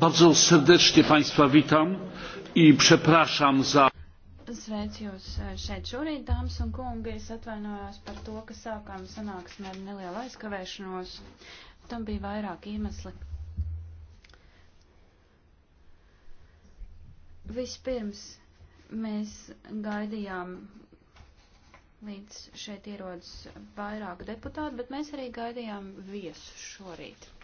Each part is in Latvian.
Bardzo serdecznie Państwa witam i przepraszam za. Sveicu jūs e, šeit šorīt, dāmas un kungi. Es atvainojos par to, ka sākām sanāksmi ar nelielu aizkavēšanos. Tam bija vairāk iemesli. Vispirms mēs gaidījām līdz šeit ierodas vairāku deputātu, bet mēs arī gaidījām viesu šorīt.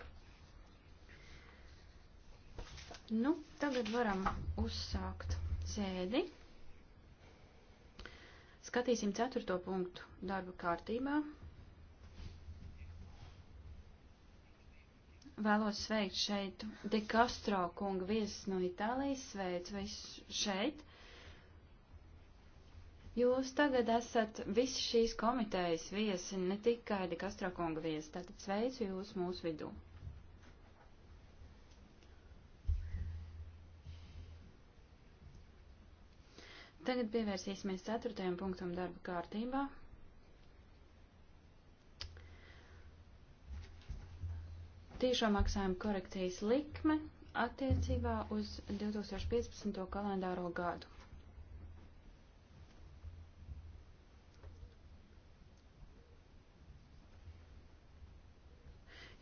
Nu, tagad varam uzsākt sēdi. Skatīsim ceturto punktu darba kārtībā. Vēlos sveikt šeit De Castro kunga viesis no Itālijas. Sveic visus šeit. Jūs tagad esat visi šīs komitejas viesi, ne tikai De Castro kunga viesi. Tātad sveicu jūs mūsu vidū. Tagad pievērsīsimies ceturtajam punktam darba kārtībā. Tīšo maksājumu korekcijas likme attiecībā uz 2015. kalendāro gadu.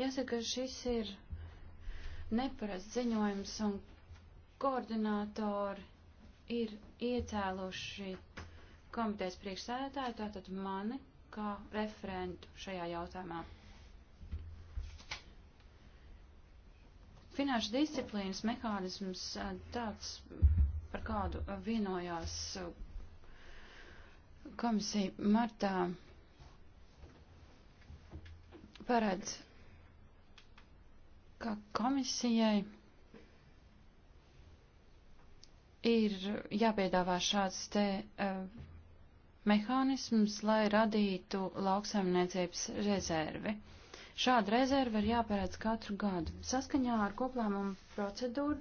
Jāsaka, šis ir neparasts ziņojums un koordinātori ir iecēluši komitejas priekšsēdētāju, tātad mani, kā referentu šajā jautājumā. Finanšu disciplīnas mehānisms tāds, par kādu vienojās komisija martā, paredz, ka komisijai ir jāpiedāvā šāds te uh, mehānisms, lai radītu lauksaimniecības rezervi. Šāda rezerva ir jāparedz katru gadu. Saskaņā ar koplēmumu procedūru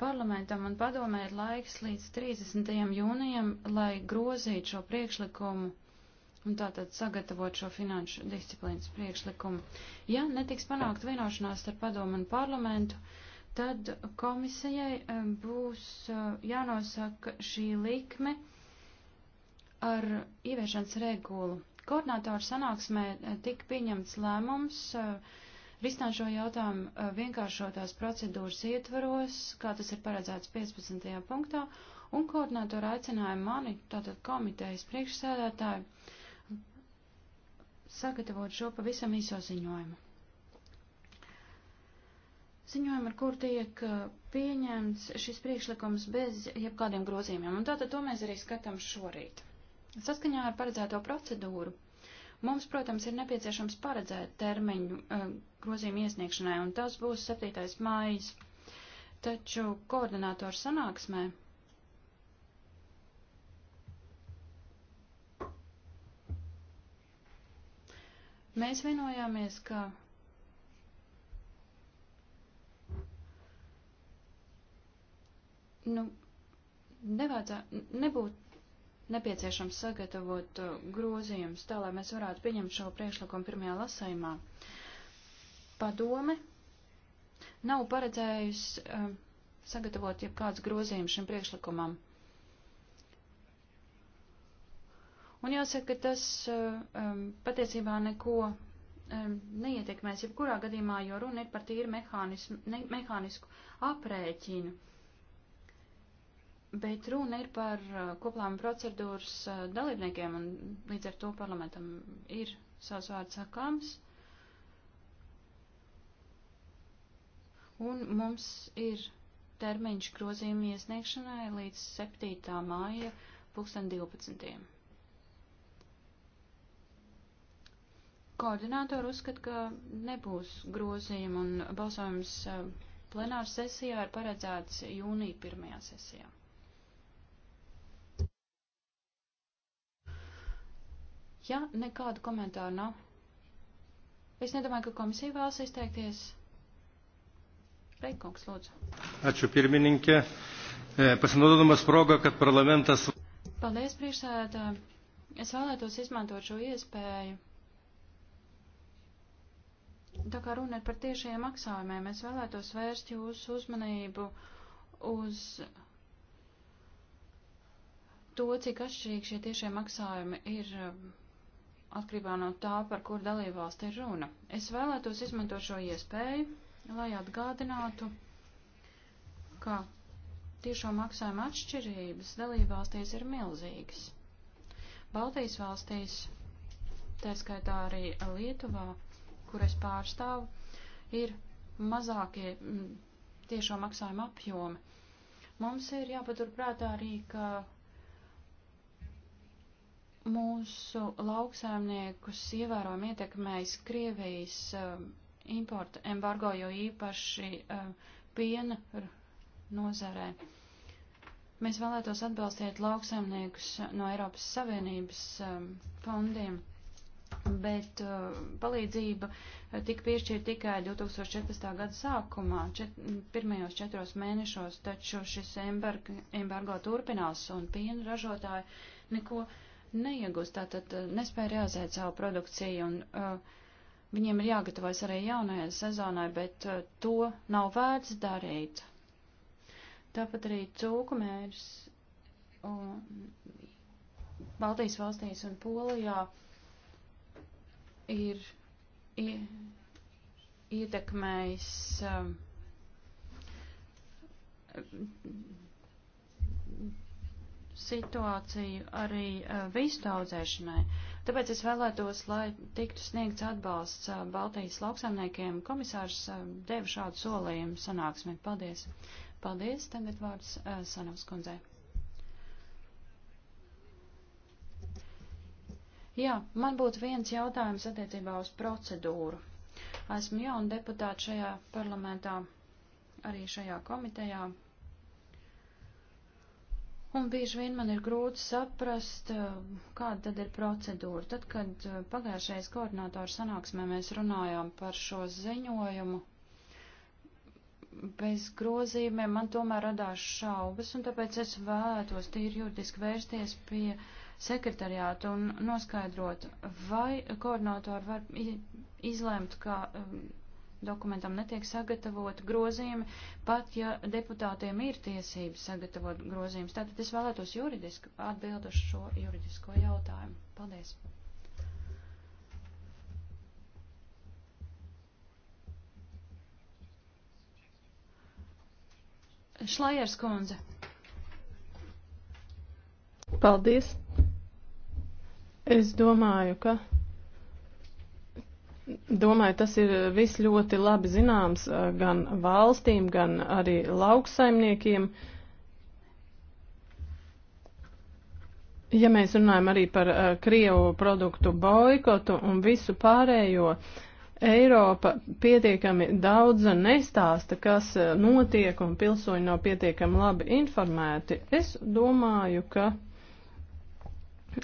parlamentam un padomē ir laiks līdz 30. jūnijam, lai grozītu šo priekšlikumu un tātad sagatavot šo finanšu disciplīnas priekšlikumu. Ja netiks panākt vienošanās ar padomu un parlamentu, uh, tad komisijai būs eh, jānosaka šī likme ar ieviešanas regulu. Koordinātoru sanāksmē eh, tika pieņemts lēmums eh, risināt šo jautājumu vienkāršotās procedūras ietvaros, kā tas ir paredzēts 15. punktā, un koordinātori aicināja mani, tātad komitejas priekšsēdētāju, sagatavot šo pavisam īso ziņojumu ziņojumu, ar kur tiek uh, pieņemts šis priekšlikums bez jebkādiem grozījumiem. Un tātad to mēs arī skatām šorīt. Saskaņā ar paredzēto procedūru mums, protams, ir nepieciešams paredzēt termiņu uh, grozījumu iesniegšanai, un tas būs 7. mājas. Taču koordinātoru sanāksmē mēs vienojāmies, ka nu, nevajadzētu, nebūtu nepieciešams sagatavot uh, grozījumus tā, lai mēs varētu pieņemt šo priekšlikumu pirmajā lasējumā. Padome nav paredzējusi uh, sagatavot jebkāds grozījums šim priekšlikumam. Un jāsaka, ka tas uh, um, patiesībā neko um, neietekmēs jebkurā gadījumā, jo runa ir par tīru mehānismu, ne, mehānisku aprēķinu. Uh, Bet runa ir par uh, koplāma procedūras uh, dalībniekiem, un līdz ar to parlamentam ir savs vārds sakāms. Un mums ir termiņš grozījuma iesniegšanai līdz 7. māja 2012. Koordinātori uzskata, ka nebūs grozījuma un balsojums uh, plenāra sesijā ir paredzēts jūnija pirmajā sesijā. Ja nekādu komentāru nav, es nedomāju, ka komisija vēlas izteikties. Reikungs, lūdzu. Ačiū pirmininkė. E, Pasinaudodamas progą, kad parlamentas. Paldies, priekšsēdētāji. Es vēlētos izmantot šo iespēju. Tā kā runa ir par tiešajiem maksājumiem, es vēlētos vērst jūsu uzmanību uz to, cik atšķirīgi šie tiešie maksājumi ir atkarībā no tā, par kur dalībvalsti ir runa. Es vēlētos izmantot šo iespēju, lai atgādinātu, ka tiešo maksājumu atšķirības dalībvalstīs ir milzīgas. Baltijas valstīs, tā skaitā arī Lietuvā, kur es pārstāvu, ir mazākie mm, tiešo maksājumu apjomi. Mums ir jāpaturprātā arī, ka mūsu lauksaimniekus ievērojami ietekmējis Krievijas uh, importa embargo, jo īpaši uh, piena nozarē. Mēs vēlētos atbalstīt lauksaimniekus no Eiropas Savienības um, fondiem, bet um, uh, palīdzība tika piešķirta tikai 2014. gada sākumā, čet, pirmajos četros mēnešos, taču šis embargo, embargo turpinās un piena ražotāji neko uh, neiegūst, tātad eh, nespēja realizēt savu produkciju, un uh, viņiem ir jāgatavojas arī jaunajai sezonai, bet uh, to nav vērts darīt. Tāpat arī cūku mērs um, Baltijas valstīs un Polijā ir ietekmējis um, situāciju arī eh, vistu audzēšanai. Tāpēc es vēlētos, lai tiktu sniegts atbalsts eh, Baltijas lauksaimniekiem. Komisārs eh, deva šādu solījumu sanāksmē. Paldies. Paldies. Tagad vārds Sanovs kundzē. Jā, man būtu viens jautājums attiecībā uz procedūru. Esmu jauna deputāta šajā parlamentā, arī šajā komitejā, Un bieži vien man ir grūti saprast, eh, kāda tad ir procedūra. Tad, kad eh, pagājušais koordinātoru sanāksmē mēs runājām par šo ziņojumu, bez grozījumiem man tomēr radās šaubas, un tāpēc es vēlētos tīri juridiski vērsties pie sekretariāta un noskaidrot, vai koordinātori var izlemt, ka um, dokumentam netiek sagatavot grozījumi, pat ja deputātiem ir tiesības sagatavot grozījumus. Tātad es vēlētos juridiski atbild uz šo juridisko jautājumu. Paldies. Šlajers kundze. Paldies. Es domāju, ka Domāju, tas ir viss ļoti labi zināms eh, gan valstīm, gan arī lauksaimniekiem. Ja mēs runājam arī par uh, Krievu produktu boikotu un visu pārējo, Eiropa pietiekami daudz nestāsta, kas eh, notiek un pilsoņi nav pietiekami labi informēti. Es domāju, ka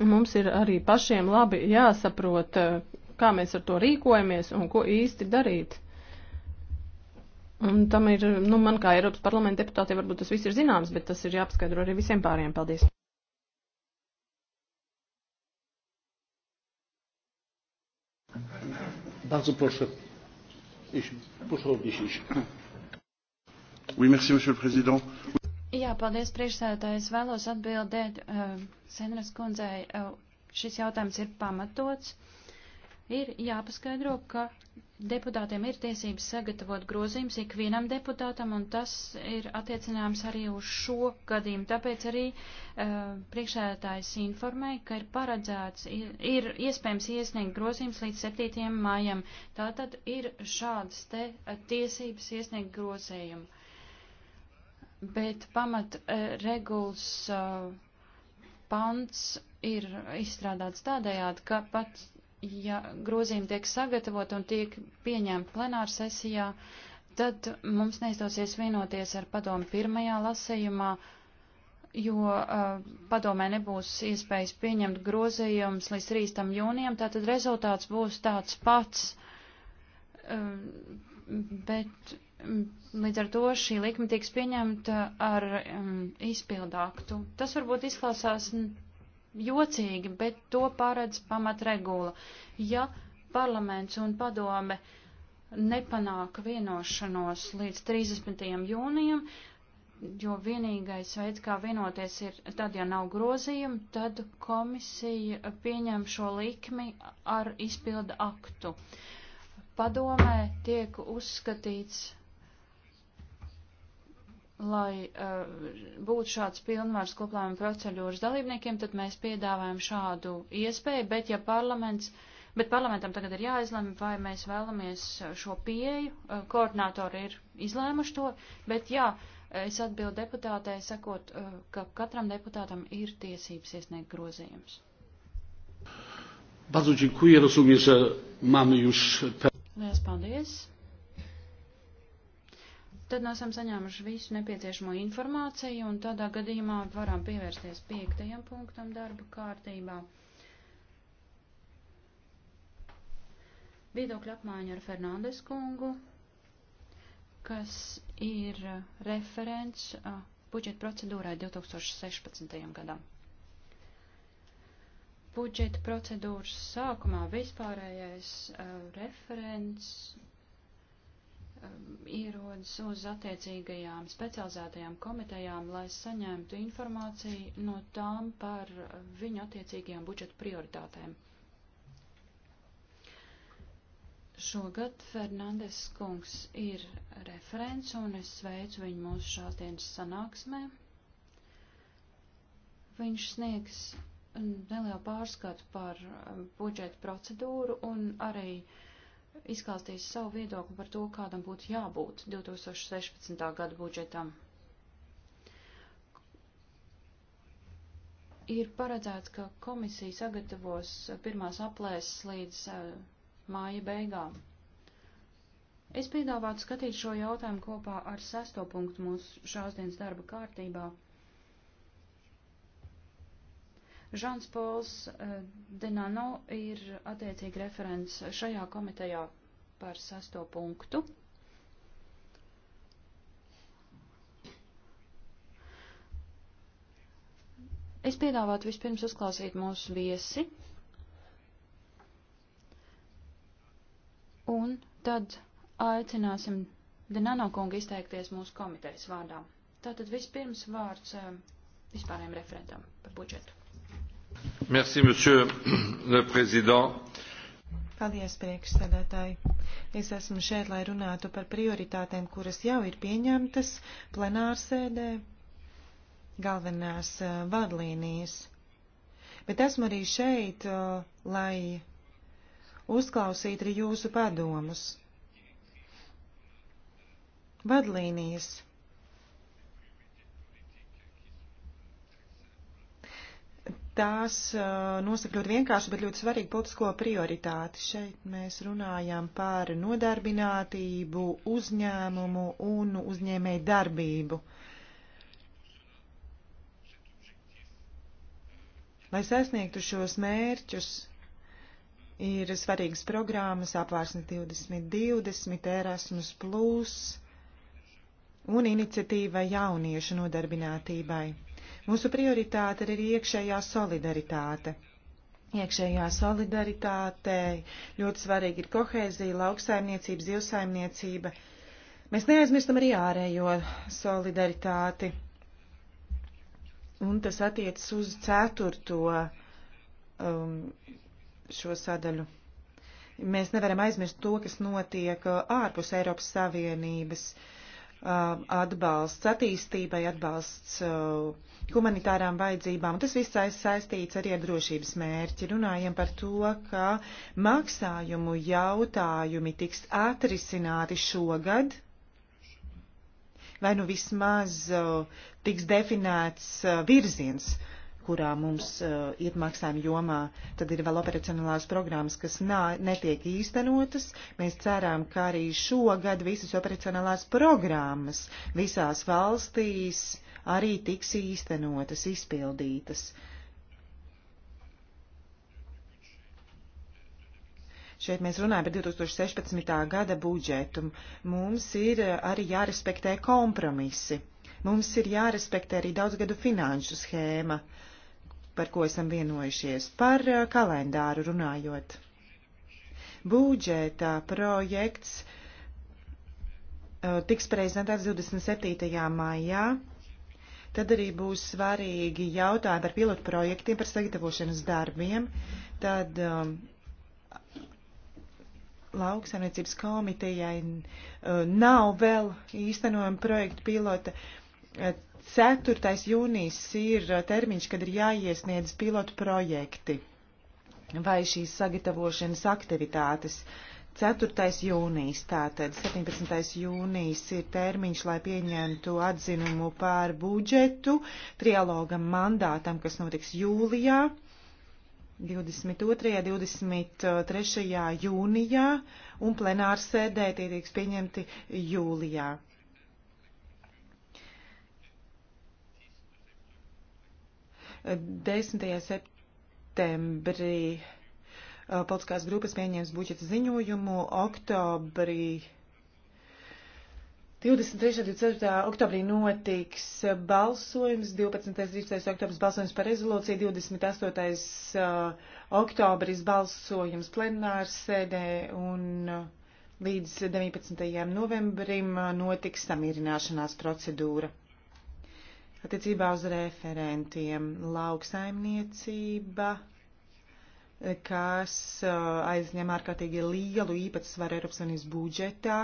mums ir arī pašiem labi jāsaprot, uh, kā mēs ar to rīkojamies un ko īsti darīt. Un tam ir, nu, man kā Eiropas parlamenta deputātei varbūt tas viss ir zināms, bet tas ir jāpaskaidro arī visiem pārējiem. Paldies! Bardzo proszę. Proszę o odniesienie. Oui, merci, monsieur le président. Jā, paldies, priekšsēdētāji. Es vēlos atbildēt uh, eh, Senras kundzei. Uh, šis jautājums ir pamatots. Uh, ir jāpaskaidro, ka deputātiem ir tiesības sagatavot grozījums ikvienam deputātam, un tas ir attiecināms arī uz šo gadījumu. Tāpēc arī uh, priekšsēdētājs informēja, ka ir paredzēts, ir, ir iespējams iesniegt grozījums līdz 7. maijam. Tātad ir šādas te eh, tiesības iesniegt grozījumu. Bet pamat uh, regulas uh, pants ir izstrādāts tādējādi, ka pats ja grozījumi tiek sagatavot un tiek pieņemti plenāra sesijā, tad mums neizdosies vienoties ar padomu pirmajā lasējumā, jo uh, padomē nebūs iespējas pieņemt grozījumus līdz 3. jūnijam, tātad rezultāts būs tāds pats. Uh, bet um, līdz ar to šī likme tiks pieņemta ar um, izpildāktu. Tas varbūt izklausās jocīgi, bet to paredz pamatregula. Ja parlaments un padome nepanāk vienošanos līdz 30. jūnijam, jo vienīgais veids, kā vienoties, ir tad, ja nav grozījumi, tad komisija pieņem šo likmi ar izpilda aktu. Padomē tiek uzskatīts lai uh, būtu šāds pilnvars koplājuma procedūras dalībniekiem, tad mēs piedāvājam šādu iespēju, bet ja parlaments, bet parlamentam tagad ir jāizlemj, vai mēs vēlamies šo pieeju, uh, koordinātori ir izlēmuši to, bet jā, es atbildu deputātei sakot, uh, ka katram deputātam ir tiesības iesniegt grozījums. Bardzo dziękuję. Rozumiem, że mamy już. Liels paldies tad esam saņēmuši visu nepieciešamo informāciju un tādā gadījumā varam pievērsties piektajam punktam darba kārtībā. Viedokļa apmaiņa ar Fernandes kungu, kas ir referents budžeta procedūrai 2016. gadam budžeta procedūras sākumā vispārējais uh, referents ierodas uz attiecīgajām specializētajām komitejām, lai saņemtu informāciju no tām par viņu attiecīgajām budžeta prioritātēm. Šogad Fernandes kungs ir referents, un es sveicu viņu mūsu šās dienas sanāksmē. Viņš sniegs nelielu pārskatu par um, budžeta procedūru un arī uh, izklāstīs savu viedokli par to, kādam būtu jābūt 2016. gada budžetam. Ir paredzēts, ka komisija sagatavos pirmās aplēses līdz uh, māja beigām. Es piedāvātu skatīt šo jautājumu kopā ar sesto punktu mūsu šās dienas darba kārtībā. Žans Pols eh, Denano ir attiecīgi referents šajā komitejā par sesto punktu. Es piedāvātu vispirms uzklausīt mūsu viesi, un tad aicināsim Denano kungu izteikties mūsu komitejas vārdā. Tātad vispirms vārds eh, vispārējiem referentam par budžetu. Merci, monsieur le président. Paldies, priekšsēdētāji. Es esmu šeit, lai runātu par prioritātēm, kuras jau ir pieņemtas plenārsēdē, galvenās eh, vadlīnijas. Bet esmu arī šeit, eh, lai uzklausītu arī jūsu padomus. Vadlīnijas tās uh, nosaka ļoti vienkārši, bet ļoti svarīgu politisko prioritāti. Šeit mēs runājam par nodarbinātību, uzņēmumu un uzņēmēju darbību. Lai sasniegtu šos mērķus, ir svarīgas programmas apvārsne 2020, Erasmus, un iniciatīva jauniešu nodarbinātībai. Mūsu prioritāte ir iekšējā solidaritāte. Iekšējā solidaritāte ļoti svarīgi ir kohēzija, lauksaimniecība, zivsaimniecība. Mēs neaizmirstam arī ārējo solidaritāti. Un tas attiecas uz ceturto um, šo sadaļu. Mēs nevaram aizmirst to, kas notiek uh, ārpus Eiropas Savienības. Uh, Um, atbalsts attīstībai, atbalsts uh, humanitārām vajadzībām. Tas viss saistīts arī ar drošības mērķi. Runājam par to, ka maksājumu jautājumi tiks atrisināti šogad, vai nu vismaz uh, tiks definēts uh, virziens kurā mums uh, eh, ir maksājuma jomā. Tad ir vēl operacionālās programmas, kas nā, netiek īstenotas. Mēs ceram, ka arī šogad visas operacionālās programmas visās valstīs arī tiks īstenotas, izpildītas. Šeit mēs runājam par 2016. gada budžetu. Mums ir eh, arī jārespektē kompromisi. Mums ir jārespektē arī daudzgadu finanšu schēma. Uh, par ko esam vienojušies, par eh, kalendāru runājot. Būdžetā projekts eh, tiks prezentēts 27. maijā. Tad arī būs svarīgi jautājumi par pilotu projektiem, par sagatavošanas darbiem. Tad um, lauksaimniecības komitejai uh, nav vēl īstenojama projekta pilota. Uh, 4. jūnijas ir uh, termiņš, kad ir jāiesniedz pilotu projekti vai šīs sagatavošanas aktivitātes. 4. jūnijas, tātad 17. jūnijas ir termiņš, lai pieņemtu atzinumu pār budžetu trialogam mandātam, kas notiks jūlijā. 22. 23. jūnijā un plenārsēdē tie tiks pieņemti jūlijā. 10. septembrī uh, politiskās grupas pieņēma budžeta ziņojumu, oktobrī 23. un 24. oktobrī notiks balsojums, 12. un 13. oktobris balsojums par rezolūciju, 28. Uh, oktobris balsojums plenārs sēdē un uh, līdz 19. novembrim notiks samierināšanās procedūra attiecībā uz referentiem. Lauksaimniecība, kas uh, aizņem ārkārtīgi lielu īpatsvaru Eiropas Savienības budžetā,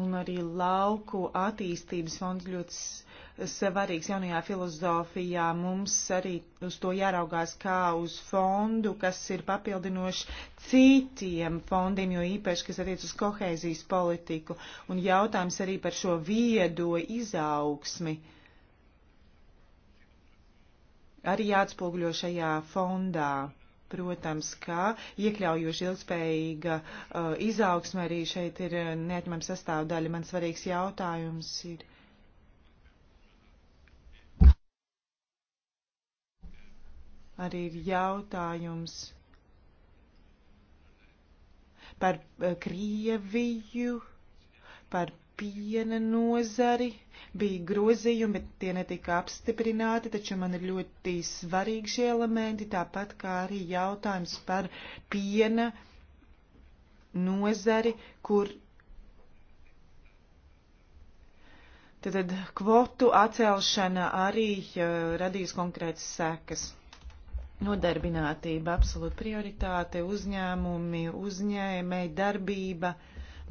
un arī lauku attīstības fonds ļoti svarīgs jaunajā filozofijā. Mums arī uz to jāraugās kā uz fondu, kas ir papildinoši citiem fondiem, jo īpaši, kas attiec uz kohēzijas politiku. Un jautājums arī par šo viedo izaugsmi arī jāatspogļo šajā fondā. Protams, ka iekļaujoši ilgspējīga uh, izaugsme arī šeit ir neatņemama sastāvdaļa. Man svarīgs jautājums ir arī ir jautājums par eh, Krieviju, par piena nozari. Bija grozījumi, bet tie netika apstiprināti, taču man ir ļoti svarīgi šie elementi, tāpat kā arī jautājums par piena nozari, kur tad kvotu atcelšana arī uh, radīs konkrētas sekas. Nodarbinātība absolūta prioritāte, uzņēmumi, uzņēmēji, darbība,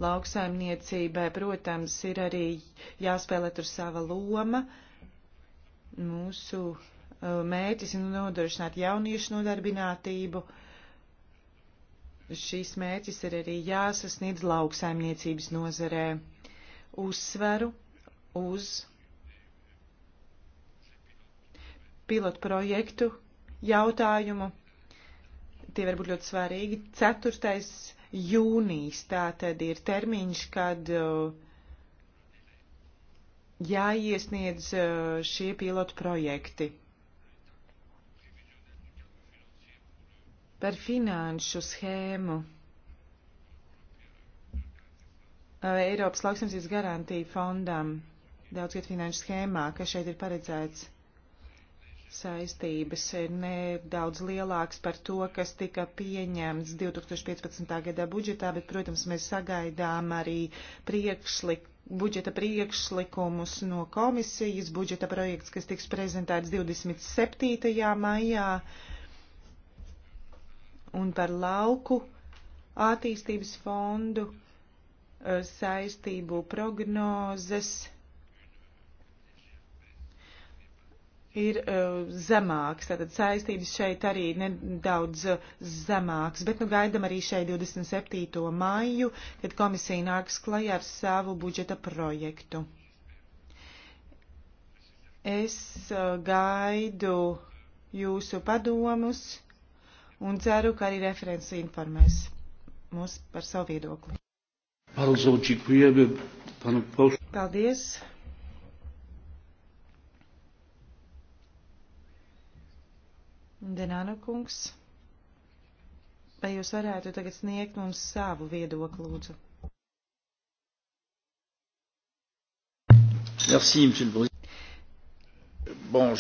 lauksaimniecībai, protams, ir arī jāspēlē tur sava loma. Mūsu uh, mērķis ir nodrošināt jauniešu nodarbinātību. Šīs mērķis ir arī jāsasniedz lauksaimniecības nozarē. Uzsveru uz pilotu projektu, jautājumu. Tie var būt ļoti svarīgi. 4. jūnijas tā tad ir termiņš, kad uh, jāiesniedz uh, šie pilotu projekti. Par finanšu schēmu. Eiropas lauksimsības garantija fondam daudzgad finanšu schēmā, kas šeit ir paredzēts saistības ir nedaudz lielāks par to, kas tika pieņemts 2015. gadā budžetā, bet, protams, mēs sagaidām arī priekšlik, budžeta priekšlikumus no komisijas, budžeta projekts, kas tiks prezentēts 27. maijā un par lauku attīstības fondu eh, saistību prognozes ir uh, zemāks. Tātad saistības šeit arī nedaudz uh, zemāks, bet nu gaidam arī šeit 27. maiju, kad komisija nāks klajā ar savu budžeta projektu. Es uh, gaidu jūsu padomus un ceru, ka arī referents informēs mūs par savu viedokli. Paldies! Denāna kungs, vai jūs varētu tagad sniegt mums savu viedokli, lūdzu? Merci, monsieur le président. Bon,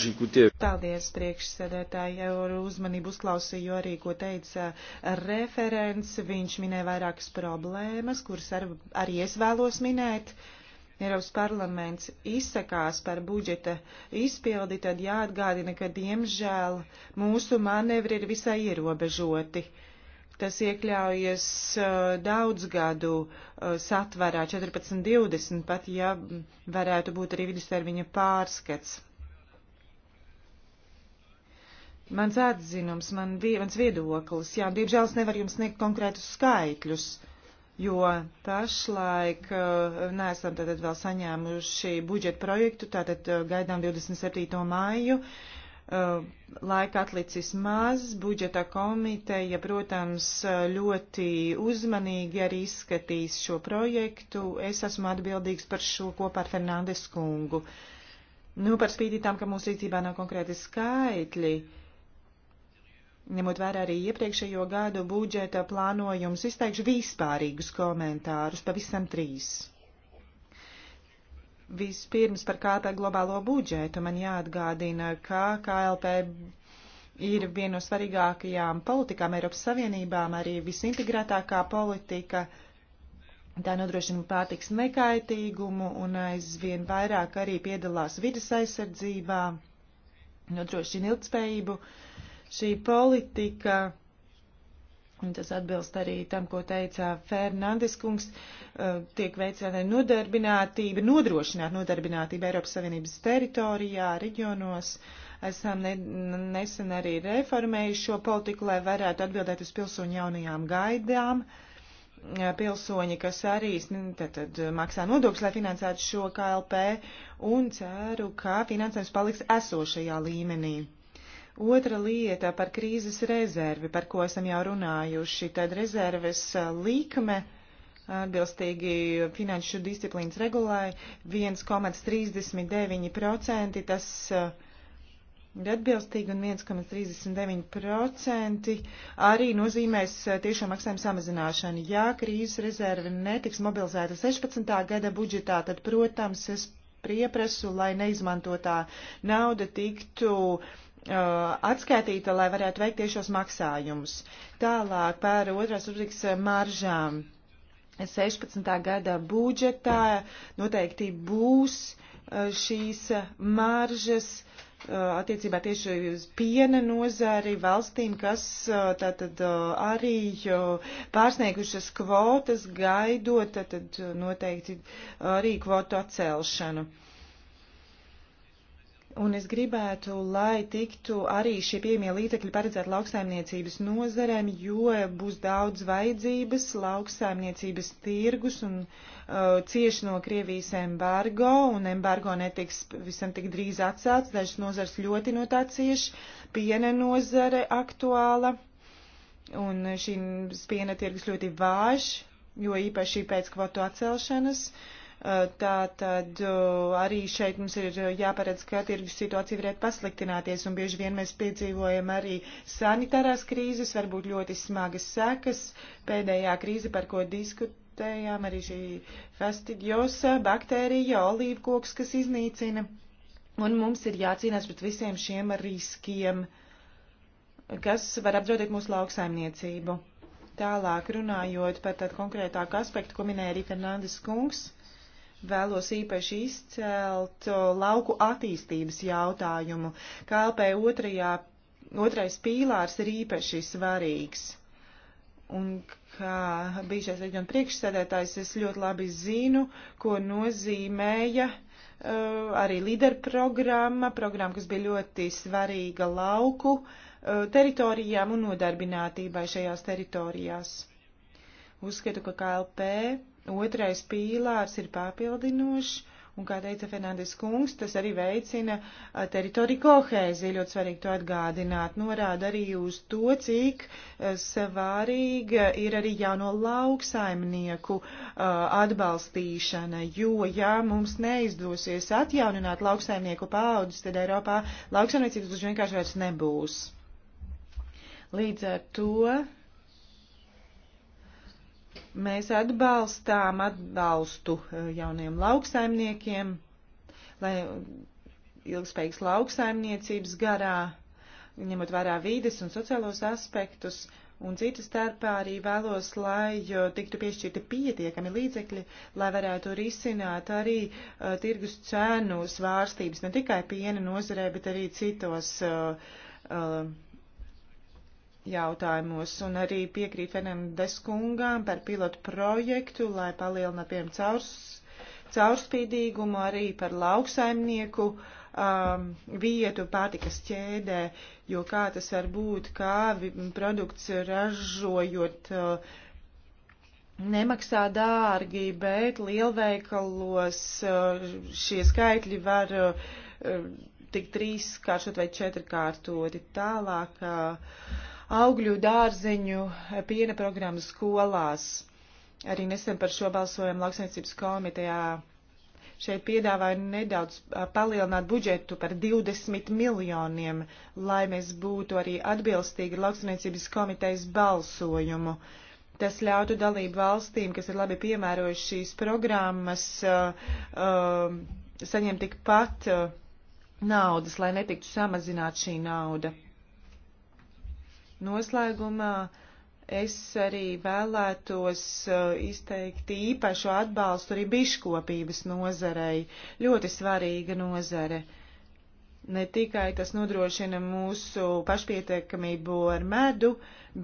Paldies, priekšsēdētāji, ar uzmanību uzklausīju arī, ko teica referents. Viņš minēja vairākas problēmas, kuras ar, arī es vēlos minēt. Uh, Eiropas parlaments izsakās par budžeta izpildi, tad jāatgādina, ka diemžēl mūsu manevri ir visai ierobežoti. Tas iekļaujas uh, daudz gadu uh, satvarā 14-20, pat ja varētu būt arī vidustermiņa pārskats. Mans atzinums, man, mans viedoklis, jā, diemžēl es nevaru jums sniegt konkrētus skaitļus. Uh, jo pašlaik eh, neesam tātad vēl saņēmuši budžeta projektu, tātad eh, gaidām 27. māju. Laika atlicis maz, budžeta komiteja, protams, eh, ļoti uzmanīgi arī izskatīs šo projektu. Es esmu atbildīgs par šo kopā ar Fernandes kungu. Nu, par spītī tam, ka mūsu rīcībā nav konkrēti skaitļi. Uh, Ņemot vērā arī iepriekšējo gadu budžeta plānojums, izteikšu vispārīgus komentārus, pavisam trīs. Vispirms par KLP globālo budžetu man jāatgādina, ka KLP ir viena no svarīgākajām politikām Eiropas Savienībām, arī visintegrētākā politika. Tā nodrošina pārtiks nekaitīgumu un aizvien vairāk arī piedalās vidas aizsardzībā, nodrošina ilgspējību. Uh, Šī politika, un tas atbilst arī tam, ko teica Fernandes kungs, uh, tiek veicināta nodarbinātība, nodrošināt nodarbinātību Eiropas Savienības teritorijā, reģionos. Esam ne, nesen arī reformējuši šo politiku, lai varētu atbildēt uz pilsoņu jaunajām gaidām uh, pilsoņi, kas arī nu, tad, tad, maksā nodokļus, lai finansētu šo KLP, un ceru, ka finansējums paliks esošajā līmenī. Otra lieta par krīzes rezervi, par ko esam jau runājuši, tad rezerves likme atbilstīgi finanšu disciplīnas regulai 1,39%, tas ir atbilstīgi, un 1,39% arī nozīmēs tiešo maksājumu samazināšanu. Ja krīzes rezerve netiks mobilizēta 16. gada budžetā, tad, protams, es prieprasu, lai neizmantotā nauda tiktu uh, Uh, atskaitīta, lai varētu veikt tiešos maksājumus. Tālāk par otrās rubrikas uh, maržām. 16. gada budžetā noteikti būs uh, šīs maržas attiecībā tieši uz piena nozari valstīm, kas tātad arī pārsniegušas kvotas gaidot, tātad noteikti arī kvotu atcelšanu. Uh, Un es gribētu, lai tiktu arī šie pieejamie līdzekļi paredzēti lauksaimniecības nozarēm, jo būs daudz vajadzības, lauksaimniecības tirgus un uh, cieši no Krievijas embargo, un embargo netiks visam tik drīz atcelts, dažas nozars ļoti no tā cieši, piena nozare aktuāla, un šī piena tirgus ļoti vāž, jo īpaši pēc kvotu atcelšanas. Uh, Tātad uh, arī šeit mums ir uh, jāparedz, ka tirgus situācija varētu pasliktināties, un bieži vien mēs piedzīvojam arī sanitārās krīzes, varbūt ļoti smagas sekas. Pēdējā krīze, par ko diskutējām, arī šī fastidiosa baktērija, olīvkoks, kas iznīcina. Un mums ir jācīnās pret visiem šiem riskiem, kas var apdraudēt mūsu lauksaimniecību. Tālāk runājot par tādu konkrētāku aspektu, ko minēja arī Fernandes kungs Vēlos īpaši izcelt lauku attīstības jautājumu. KLP otrajā, otrais pīlārs ir īpaši svarīgs. Un kā bijušais reģiona priekšsēdētājs, es ļoti labi zinu, ko nozīmēja uh, arī līderu programma, programma, kas bija ļoti svarīga lauku uh, teritorijām un nodarbinātībai šajās teritorijās. Uzskatu, ka KLP Otrais pīlārs ir papildinošs, un, kā teica Fernandes kungs, tas arī veicina teritoriju kohēziju, ļoti svarīgi to atgādināt, norāda arī uz to, cik svarīga ir arī jauno lauksaimnieku atbalstīšana, jo, ja mums neizdosies atjaunināt lauksaimnieku paudzes, tad Eiropā lauksaimniecības gluži vienkārši vairs nebūs. Līdz ar to Mēs atbalstām atbalstu e, jauniem lauksaimniekiem, lai ilgspējīgas lauksaimniecības garā, ņemot vērā vīdes un sociālos aspektus, un citas starpā arī vēlos, lai tiktu piešķirti pietiekami līdzekļi, lai varētu risināt arī uh, tirgus cēnu svārstības ne tikai piena nozarē, bet arī citos. Uh, uh, jautājumos, un arī piekrīt Fernandes kungām par pilotu projektu, lai palielinātu, piemēram, caurs, caurspīdīgumu arī par lauksaimnieku um, vietu pārtikas ķēdē, jo kā tas var būt, kā produkts ražojot uh, nemaksā dārgi, bet lielveikalos uh, šie skaitļi var uh, tik trīskāršot vai četrkārtoti tālāk. Uh, augļu dārzeņu eh, piena programmu skolās. Arī nesen par šo balsojumu lauksaimniecības komitejā šeit piedāvāju nedaudz eh, palielināt budžetu par 20 miljoniem, lai mēs būtu arī atbilstīgi lauksaimniecības komitejas balsojumu. Tas ļautu dalību valstīm, kas ir labi piemērojuši šīs programmas, uh, uh, saņemt tikpat uh, naudas, lai netiktu samazināta šī nauda. Noslēgumā es arī vēlētos uh, izteikt īpašu atbalstu arī biškopības nozarei. Ļoti svarīga nozare. Ne tikai tas nodrošina mūsu pašpietiekamību ar medu,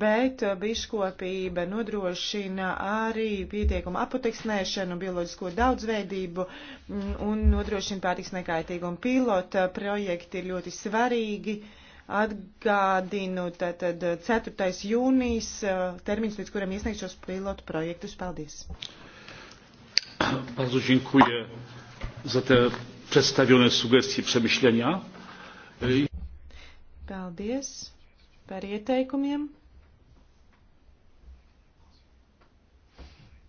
bet uh, biškopība nodrošina arī pietiekumu apoteksnēšanu, bioloģisko daudzveidību mm, un nodrošina pārtiks nekaitīgumu. Pilota projekti ir ļoti svarīgi. Uh, Atgādinu, tātad 4. Eh, jūnijas eh, termiņš, līdz kuram iesniegšu šos pilotu projektus. Paldies! Bardzo dziękuję za te przedstawione sugestie, przemyślenia. Paldies par ieteikumiem.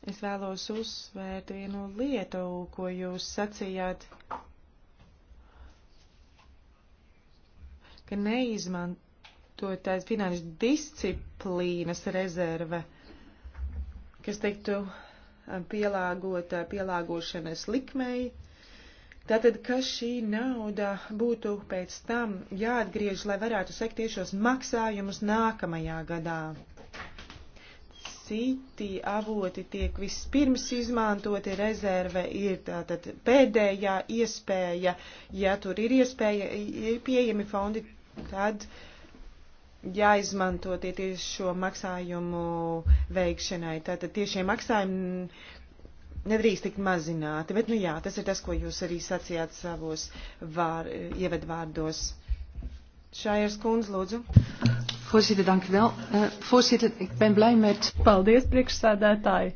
Es vēlos uzsvērt vienu lietu, ko jūs sacījāt ka neizmantotās finanšu disciplīnas rezerve, kas tiktu eh, pielāgota eh, pielāgošanas likmei, Tātad, ka šī nauda būtu pēc tam jāatgriež, lai varētu sekt tiešos maksājumus nākamajā gadā. Citi avoti tiek vispirms izmantoti, rezerve ir tātad pēdējā iespēja, ja tur ir iespēja, ir pieejami fondi, tad jāizmanto tie tieši šo maksājumu veikšanai. Tātad tiešie maksājumi nedrīkst tikt mazināti, bet, nu jā, tas ir tas, ko jūs arī sacījāt savos vār, ievedvārdos. Šājers kundz, lūdzu. Voorzitter, dank u wel. Uh, voorzitter, ik ben blij met... Paldies, priekšsēdētāji.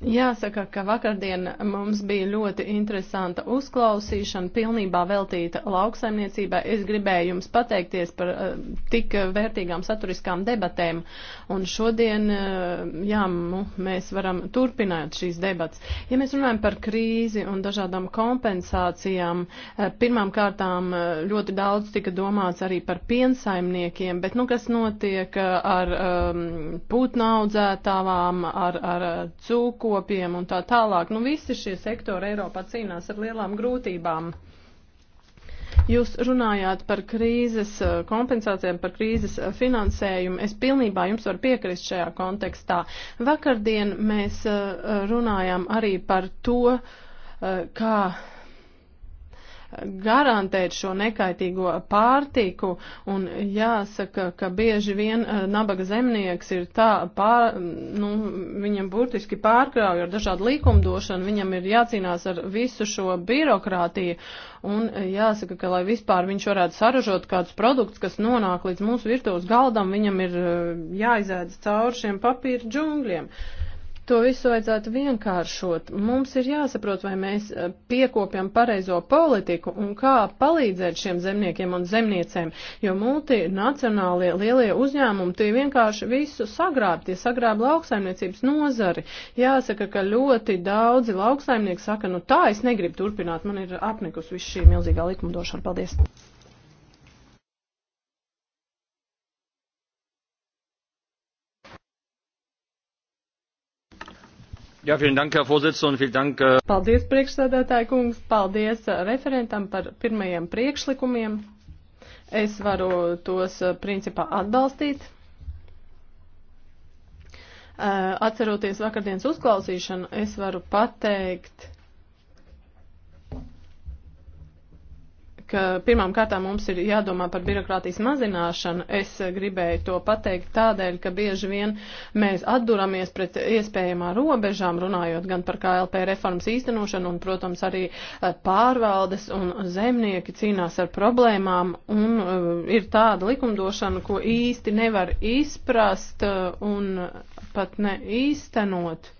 Jāsaka, ka vakardien mums bija ļoti interesanta uzklausīšana, pilnībā veltīta lauksaimniecībai. Es gribēju jums pateikties par uh, tik vērtīgām saturiskām debatēm, un šodien, uh, jā, nu, mēs varam turpināt šīs debats. Ja mēs runājam par krīzi un dažādām kompensācijām, uh, pirmām kārtām uh, ļoti daudz tika domāts arī par piensaimniekiem, bet, nu, kas notiek ar um, ehm, putnaudzētāvām, ar, ar cūku, pakopiem un tā tālāk. Nu, visi šie sektori Eiropā cīnās ar lielām grūtībām. Jūs runājāt par krīzes eh, kompensācijām, par krīzes eh, finansējumu. Es pilnībā jums varu piekrist šajā kontekstā. Vakardien mēs eh, runājām arī par to, kā garantēt šo nekaitīgo pārtiku. Un jāsaka, ka bieži vien eh, nabaga zemnieks ir tā, pār, nu, viņam burtiski pārkrauj ar dažādu likumdošanu, viņam ir jācīnās ar visu šo birokrātiju. Un jāsaka, ka lai vispār viņš varētu saražot kādus produktus, kas nonāk līdz mūsu virtuves galdam, viņam ir eh, jāizēdz cauri šiem papīra džungļiem. Uh, To visu vajadzētu vienkāršot. Mums ir jāsaprot, vai mēs eh, piekopjam pareizo politiku un kā palīdzēt šiem zemniekiem un zemniecēm, jo multinacionālie lielie uzņēmumi tie vienkārši visu sagrāb, tie sagrāb lauksaimniecības nozari. Jāsaka, ka ļoti daudzi lauksaimnieki saka, nu tā es negribu turpināt, man ir apnikus viss šī milzīgā likumdošana. Paldies! Jā, vielen dank, Herr Vorsitzender, un vielen dank. Äh, paldies, priekšsēdētāji kungs, paldies äh, referentam par pirmajiem priekšlikumiem. Es varu tos äh, principā atbalstīt. Atceroties vakardienas uzklausīšanu, es varu pateikt, ka pirmām kārtām mums ir jādomā par birokrātijas mazināšanu. Es gribēju to pateikt tādēļ, ka bieži vien mēs atduramies pret iespējamā robežām, runājot gan par KLP reformas īstenošanu, un, protams, arī eh, pārvaldes un zemnieki cīnās ar problēmām, un eh, ir tāda likumdošana, ko īsti nevar izprast eh, un pat ne īstenot.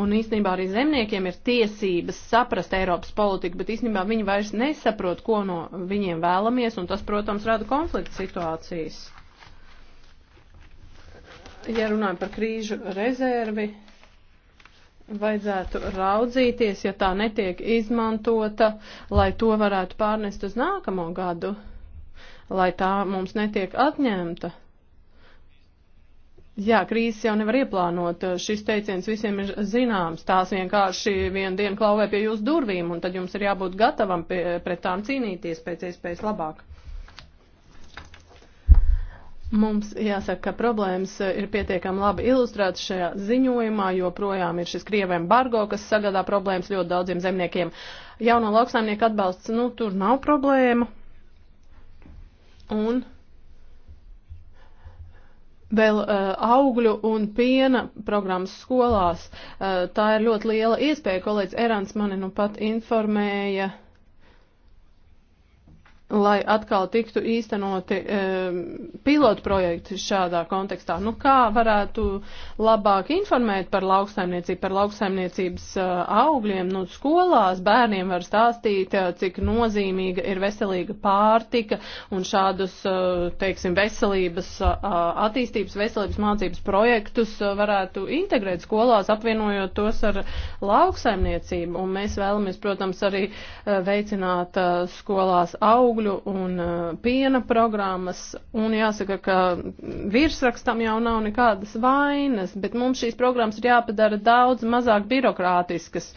Un īstenībā arī zemniekiem ir tiesības saprast Eiropas politiku, bet īstenībā viņi vairs nesaprot, ko no viņiem vēlamies, un tas, protams, rada konflikta situācijas. Ja runājam par krīžu rezervi, vajadzētu raudzīties, ja tā netiek izmantota, lai to varētu pārnest uz nākamo gadu, lai tā mums netiek atņemta. Jā, krīzes jau nevar ieplānot. Šis teiciens visiem ir zināms. Tās vienkārši vienu dienu klauvē pie jūsu durvīm, un tad jums ir jābūt gatavam pie, pret tām cīnīties pēc iespējas labāk. Mums jāsaka, ka problēmas ir pietiekami labi ilustrētas šajā ziņojumā, jo projām ir šis krievēm bargo, kas sagādā problēmas ļoti daudziem zemniekiem. Jauno lauksaimnieku atbalsts, nu, tur nav problēma. Un Vēl uh, augļu un piena programmas skolās. Uh, tā ir ļoti liela iespēja. Kolēģis Erants mani nu pat informēja lai atkal tiktu īstenoti e, pilotu projekti šādā kontekstā. Nu, kā varētu labāk informēt par lauksaimniecību, par lauksaimniecības e, augļiem? Nu, skolās bērniem var stāstīt, e, cik nozīmīga ir veselīga pārtika un šādus, e, teiksim, veselības, e, attīstības veselības mācības projektus e, varētu integrēt skolās, apvienojot tos ar lauksaimniecību. Un mēs vēlamies, protams, arī e, veicināt e, skolās augļus augļu un uh, piena programmas, un jāsaka, ka virsrakstam jau nav nekādas vainas, bet mums šīs programmas ir jāpadara daudz mazāk birokrātiskas.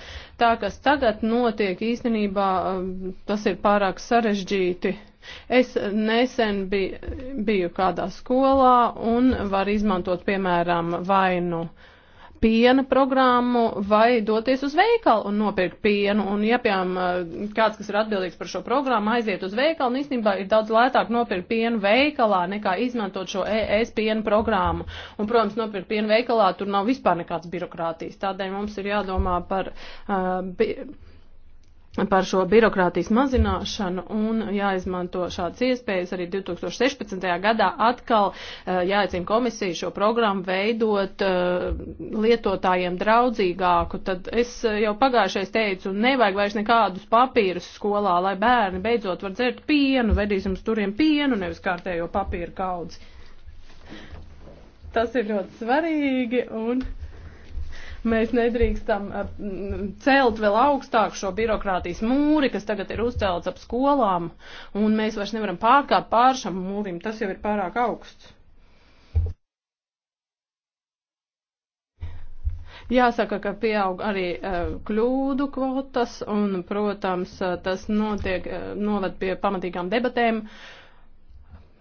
Tā, kas tagad notiek, īstenībā um, tas ir pārāk sarežģīti. Es nesen biju, biju kādā skolā un var izmantot, piemēram, vainu. No piena programmu vai doties uz veikalu un nopirkt pienu. Un, ja, piemēram, kāds, kas ir atbildīgs par šo programmu, aiziet uz veikalu, un īstenībā ir daudz lētāk nopirkt pienu veikalā, nekā izmantot šo ES piena programmu. Un, protams, nopirkt pienu veikalā tur nav vispār nekāds birokrātijas. Tādēļ mums ir jādomā par. Uh, bi par šo birokrātijas mazināšanu un jāizmanto šādas iespējas arī 2016. gadā atkal eh, jāicina komisija šo programmu veidot eh, lietotājiem draudzīgāku. Tad es eh, jau pagājušais teicu, nevajag vairs nekādus papīrus skolā, lai bērni beidzot var dzert pienu, vedīsim uz turiem pienu, nevis kārtējo papīru kaudzi. Tas ir ļoti svarīgi un. Mēs nedrīkstam eh, celt vēl augstāk šo birokrātijas mūri, kas tagad ir uzcelts ap skolām, un mēs vairs nevaram pārkāpt pār šam mūrim. Tas jau ir pārāk augsts. Jāsaka, ka pieaug arī uh, kļūdu kvotas, un, protams, uh, tas notiek, uh, novad pie pamatīgām debatēm. Uh,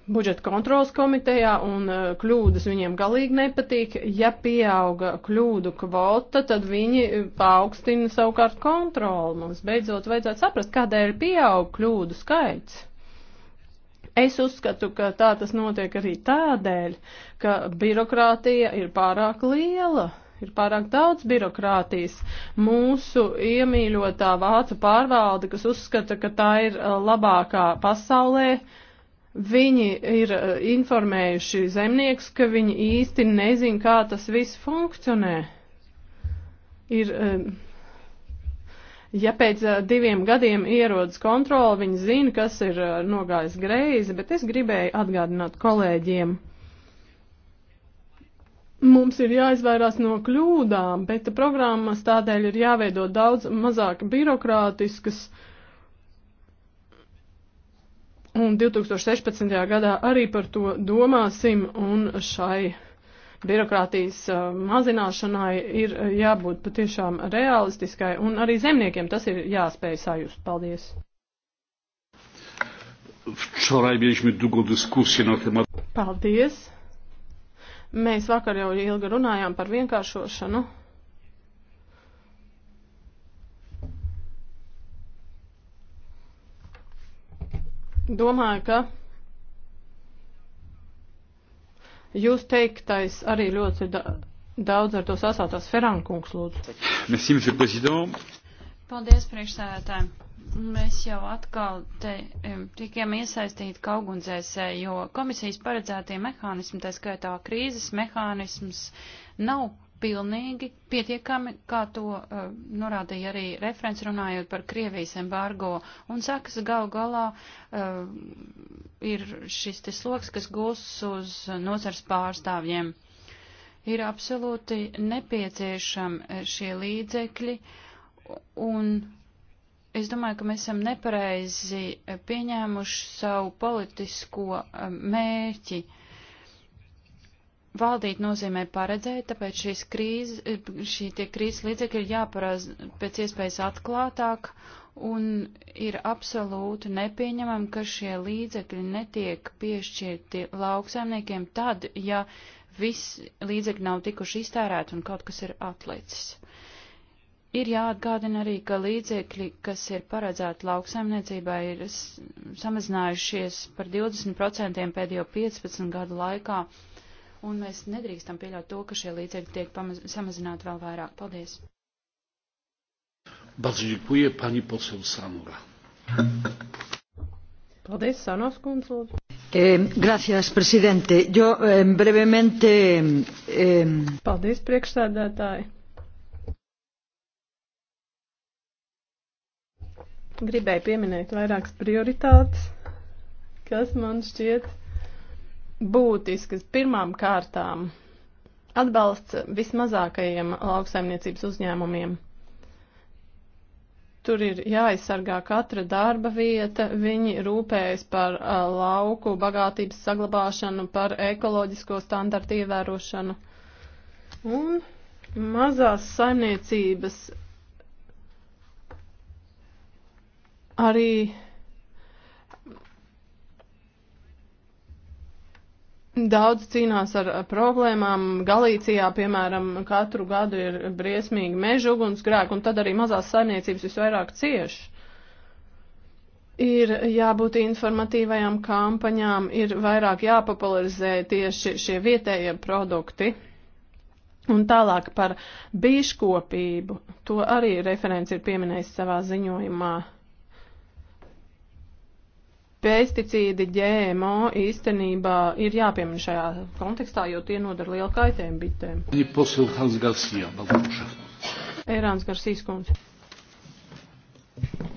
budžeta kontrolas komitejā, un eh, kļūdas viņiem galīgi nepatīk. Ja pieauga kļūdu kvota, tad viņi eh, paaugstina savukārt kontroli. Mums beidzot vajadzētu saprast, kādēļ pieauga kļūdu skaits. Es uzskatu, ka tā tas notiek arī tādēļ, ka birokrātija ir pārāk liela ir pārāk daudz birokrātijas. Mūsu iemīļotā vācu pārvalde, kas uzskata, ka tā ir eh, labākā pasaulē, uh, Viņi ir eh, informējuši zemnieks, ka viņi īsti nezin, kā tas viss funkcionē. Ir, eh, ja pēc eh, diviem gadiem ierodas kontroli, viņi zina, kas ir nogājis greizi, bet es gribēju atgādināt kolēģiem. Mums ir jāizvairās no kļūdām, bet programmas tādēļ ir jāveido daudz mazāk birokrātiskas, uh, Un 2016. gadā arī par to domāsim un šai birokrātijas uh, mazināšanai ir uh, jābūt patiešām realistiskai un arī zemniekiem tas ir jāspēj sajust. Paldies! Wczoraj mieliśmy długą dyskusję na temat. Paldies! Mēs vakar jau ilgi runājām par vienkāršošanu. Domāju, ka Jūs teiktais arī ļoti daudz ar to sasācās. Ferankungs, lūdzu. Merci, monsieur président. Paldies, priekšsēdētāji. Mēs jau atkal te tikiem iesaistīti kaugundzēsē, eh, jo komisijas paredzētie mehānismi, tā skaitā krīzes mehānisms, nav pilnīgi pietiekami, kā to uh, norādīja arī referents runājot par Krievijas embargo. Un sakas gal galā uh, ir šis te sloks, kas gūs uz nozars pārstāvjiem. Ir absolūti nepieciešami eh, šie līdzekļi, un es domāju, ka mēs esam nepareizi pieņēmuši savu politisko mērķi. Uh, Valdīt nozīmē paredzēt, tāpēc šīs krīzes, šī tie krīzes līdzekļi ir jāparāz pēc iespējas atklātāk un ir absolūti nepieņemam, ka šie līdzekļi netiek piešķirti lauksaimniekiem tad, ja viss līdzekļi nav tikuši iztērēti un kaut kas ir atlicis. Ir jāatgādina arī, ka līdzekļi, kas ir paredzēti lauksaimniecībai, ir samazinājušies par 20% pēdējo 15 gadu laikā un mēs nedrīkstam pieļaut to, ka šie līdzekļi tiek samazināti vēl vairāk. Paldies! Bardzo dziękuję. Pani poseł Sanura. Paldies, Sanos kundz, lūdzu. Eh, gracias, presidente. Yo eh, brevemente... Eh... Paldies, priekšsēdētāji. Gribēju pieminēt vairākas prioritātes, kas man šķiet būtiskas. Pirmām kārtām atbalsts vismazākajiem lauksaimniecības uzņēmumiem. Tur ir jāaizsargā katra darba vieta, viņi rūpējas par uh, lauku bagātības saglabāšanu, par ekoloģisko standartu ievērošanu. Un mazās saimniecības arī Daudz cīnās ar problēmām. Galīcijā, piemēram, katru gadu ir briesmīgi meža ugunsgrēki, un tad arī mazās saimniecības visvairāk cieši. Ir jābūt informatīvajām kampaņām, ir vairāk jāpopularizē tieši šie vietējie produkti. Un tālāk par bīškopību. To arī referents ir pieminējis savā ziņojumā pesticīdi GMO īstenībā ir jāpiemina šajā kontekstā, jo tie nodara lielu kaitējumu bitēm. Erāns Garsīs kundze.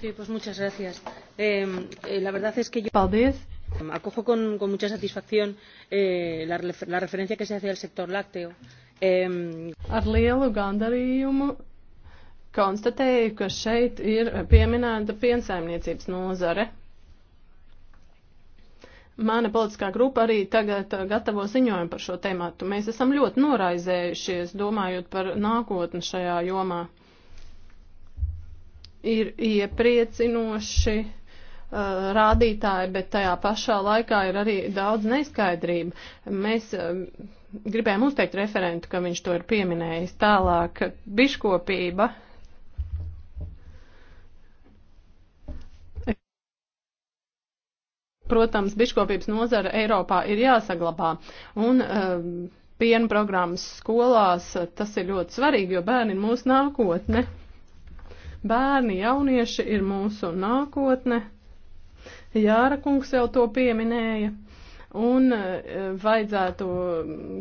Sí, pues muchas gracias. Eh, eh, la verdad es que yo Paldies. acojo con, con mucha satisfacción eh, la, la referencia que se hace al sector lácteo. Eh, Ar lielu gandarījumu konstatēju, ka šeit ir pieminēta piensaimniecības nozare. Mana politiskā grupa arī tagad uh, gatavo ziņojumu par šo tēmātu. Mēs esam ļoti noraizējušies, domājot par nākotni šajā jomā. Ir iepriecinoši uh, rādītāji, bet tajā pašā laikā ir arī daudz neskaidrība. Mēs um, gribējām uzteikt referentu, ka viņš to ir pieminējis tālāk. Biškopība Protams, biškopības nozara Eiropā ir jāsaglabā. Un, um, piena programmas skolās, tas ir ļoti svarīgi, jo bērni ir mūsu nākotne. Bērni, jaunieši ir mūsu nākotne. Jāra kungs jau to pieminēja. Un uh, vajadzētu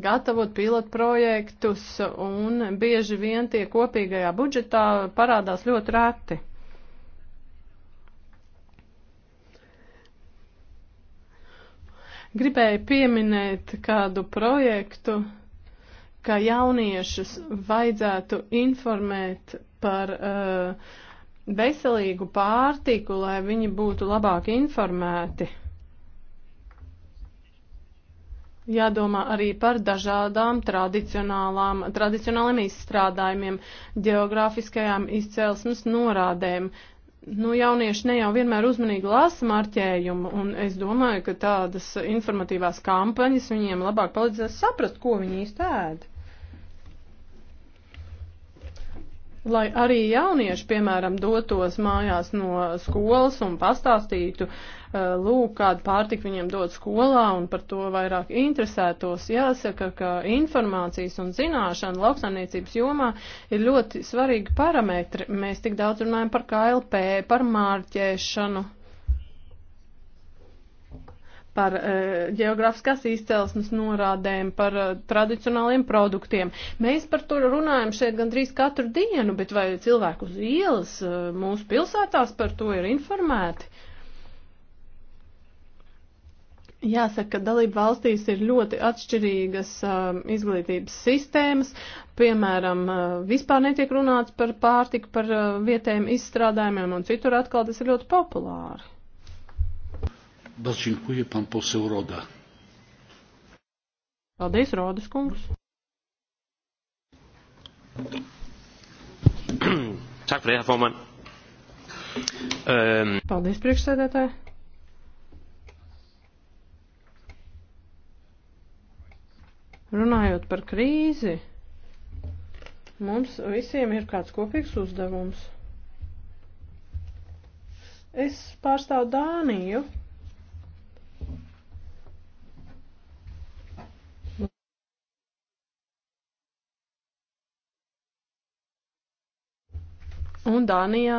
gatavot pilotu projektus, un bieži vien tie kopīgajā budžetā parādās ļoti reti. Gribēju pieminēt kādu projektu, ka jauniešus vajadzētu informēt par uh, veselīgu pārtiku, lai viņi būtu labāk informēti. Jādomā arī par dažādām tradicionālām, tradicionāliem izstrādājumiem, geogrāfiskajām izcelsmes norādēm nu, jaunieši ne jau vienmēr uzmanīgi lasa marķējumu, un es domāju, ka tādas informatīvās kampaņas viņiem labāk palīdzēs saprast, ko viņi īsti ēda. lai arī jaunieši, piemēram, dotos mājās no skolas un pastāstītu, eh, lūk, kādu pārtiku viņiem dod skolā un par to vairāk interesētos. Jāsaka, ka informācijas un zināšana lauksaimniecības jomā ir ļoti svarīgi parametri. Mēs tik daudz runājam par KLP, par mārķēšanu par e, geogrāfiskās izcelsmes norādēm, par e, tradicionāliem produktiem. Mēs par to runājam šeit gandrīz katru dienu, bet vai cilvēku uz ielas e, mūsu pilsētās par to ir informēti? Jāsaka, ka dalība valstīs ir ļoti atšķirīgas um, izglītības sistēmas. Piemēram, uh, vispār netiek runāts par pārtiku, par uh, vietējiem izstrādājumiem, un citur atkal tas ir ļoti populāri. Bardzo dziękuję, pan poseł Roda. Paldies, Rodas kungs. Tak for det, herr formand. Øhm. Paldies, priekšsēdētāji. Runājot par krīzi, mums visiem ir kāds kopīgs uzdevums. Es pārstāvu Dāniju. Un Dānijā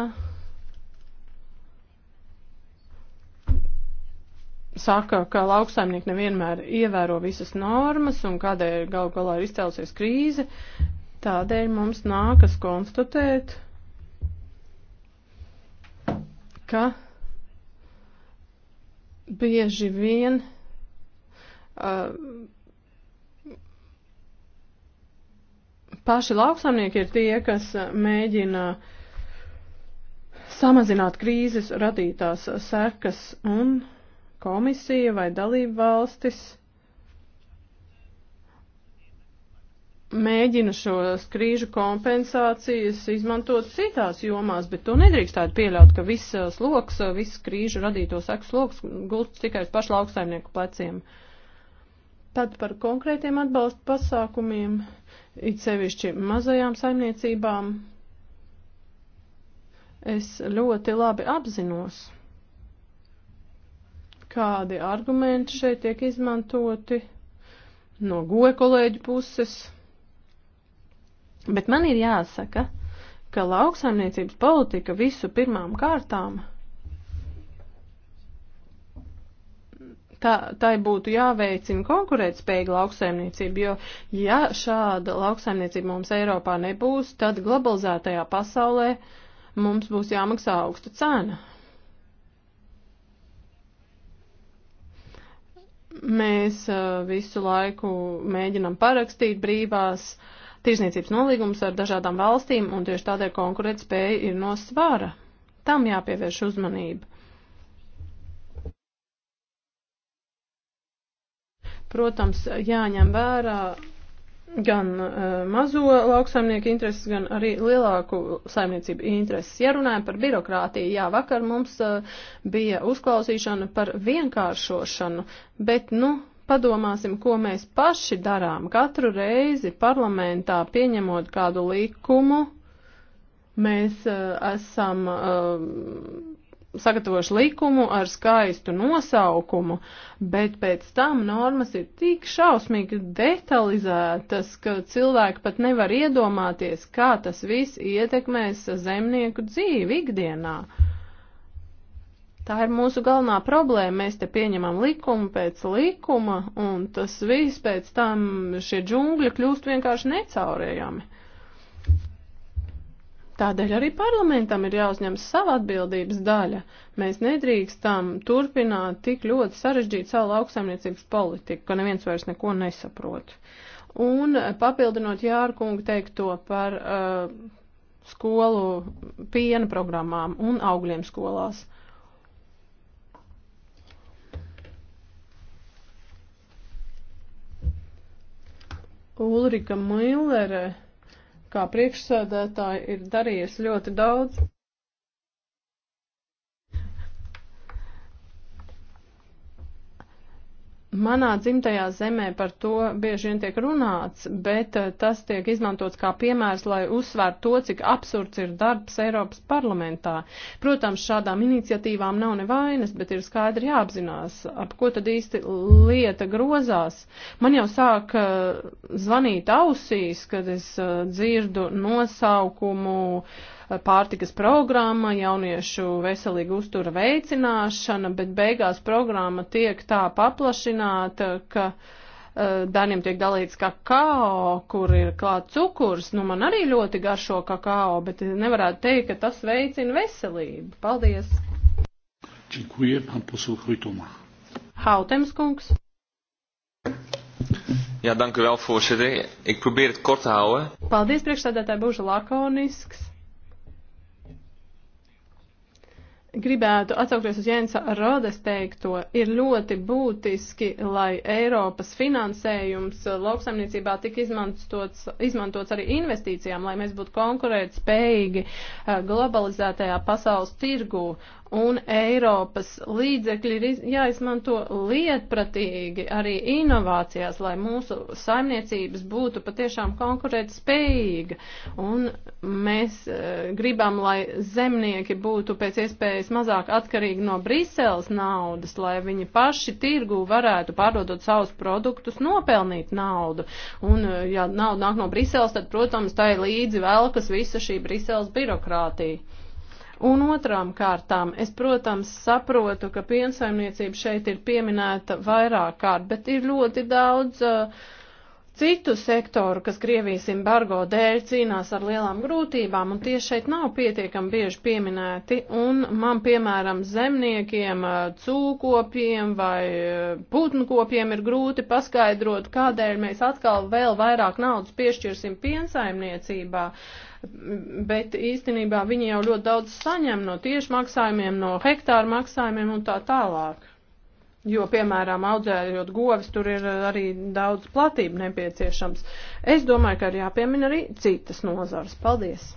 saka, ka lauksaimnieki nevienmēr ievēro visas normas un kādēļ gal galā ir izcēlusies krīze. Tādēļ mums nākas konstatēt, ka bieži vien uh, paši lauksaimnieki ir tie, kas mēģina uh, samazināt krīzes radītās sekas un komisija vai dalība valstis mēģina šos krīžu kompensācijas izmantot citās jomās, bet to nedrīkstētu pieļaut, ka viss uh, sloks, uh, viss krīžu radīto seku sloks gulst tikai uz pašu lauksaimnieku pleciem. Tad par konkrētiem atbalsta pasākumiem, it sevišķi mazajām saimniecībām, Es ļoti labi apzinos, kādi argumenti šeit tiek izmantoti no goja kolēģu puses. Bet man ir jāsaka, ka lauksaimniecības politika visu pirmām kārtām tā, tai būtu jāveicina konkurētspējīga lauksaimniecība, jo ja šāda lauksaimniecība mums Eiropā nebūs, tad globalizētajā pasaulē uh, mums būs jāmaksā augsta cena. Mēs uh, visu laiku mēģinam parakstīt brīvās tirzniecības nolīgumus ar dažādām valstīm, un tieši tādēļ konkurētspēja ir no svara. Tam jāpievērš uzmanība. Protams, jāņem vērā gan uh, mazo lauksaimnieku intereses, gan arī lielāku saimniecību intereses. Ja runājam par birokrātiju, jā, vakar mums uh, bija uzklausīšana par vienkāršošanu, bet, nu, padomāsim, ko mēs paši darām. Katru reizi parlamentā pieņemot kādu likumu, mēs uh, esam. Uh, sagatavojuši likumu ar skaistu nosaukumu, bet pēc tam normas ir tik šausmīgi detalizētas, ka cilvēki pat nevar iedomāties, kā tas viss ietekmēs zemnieku dzīvi ikdienā. Tā ir mūsu galvenā problēma. Mēs te pieņemam likumu pēc likuma, un tas viss pēc tam šie džungļi kļūst vienkārši necaurējami. Tādēļ arī parlamentam ir jāuzņem sava atbildības daļa. Mēs nedrīkstam turpināt tik ļoti sarežģīt savu lauksaimniecības politiku, ka neviens vairs neko nesaprot. Un eh, papildinot Jārkungu teikto par uh, skolu piena programmām un augļiem skolās. Ulrika Millere kā priekšsēdētāji ir darījis ļoti daudz. Manā dzimtajā zemē par to bieži vien tiek runāts, bet eh, tas tiek izmantots kā piemērs, lai uzsvērtu to, cik absurds ir darbs Eiropas parlamentā. Protams, šādām iniciatīvām nav nevainas, bet ir skaidri jāapzinās, ap ko tad īsti lieta grozās. Man jau sāk eh, zvanīt ausīs, kad es eh, dzirdu nosaukumu. Uh, pārtikas programma, jauniešu veselīga uztura veicināšana, bet beigās programma tiek tā paplašināta, ka eh, daļiem tiek dalīts kakao, kur ir klāt cukurs. Nu, man arī ļoti garšo kakao, bet nevarētu teikt, ka tas veicina veselību. Paldies! Dziękuję, pan poseł Hojtoma. Houtems kungs. Ja, dank u wel, voorzitter. Ik probeer het kort te houden. Paldies, priekšstādātāji, būšu lakonisks. gribētu atsaukties uz Jēnsa Rodes teikto, ir ļoti būtiski, lai Eiropas finansējums lauksaimniecībā tik izmantots, izmantots arī investīcijām, lai mēs būtu konkurēt spējīgi eh, globalizētajā pasaules tirgū un Eiropas līdzekļi ir jāizmanto lietpratīgi arī inovācijās, lai mūsu saimniecības būtu patiešām konkurēt spējīga. Un mēs e, gribam, lai zemnieki būtu pēc iespējas mazāk atkarīgi no Briseles naudas, lai viņi paši tirgu varētu pārdodot savus produktus, nopelnīt naudu. Un, e, ja nauda nāk no Briseles, tad, protams, tā ir līdzi velkas visa šī Briseles birokrātija. Un otrām kārtām, es, protams, saprotu, ka piensaimniecība šeit ir pieminēta vairāk kārt, bet ir ļoti daudz uh, citu sektoru, kas Krievijas embargo dēļ cīnās ar lielām grūtībām, un tie šeit nav pietiekami bieži pieminēti, un man, piemēram, zemniekiem, cūkopiem vai putnkopiem ir grūti paskaidrot, kādēļ mēs atkal vēl vairāk naudas piešķirsim piensaimniecībā, bet īstenībā viņi jau ļoti daudz saņem no tieši maksājumiem, no hektāru maksājumiem un tā tālāk. Jo, piemēram, audzējot govis, tur ir eh, arī daudz platība nepieciešams. Es domāju, ka ir jāpiemina arī citas nozars. Paldies!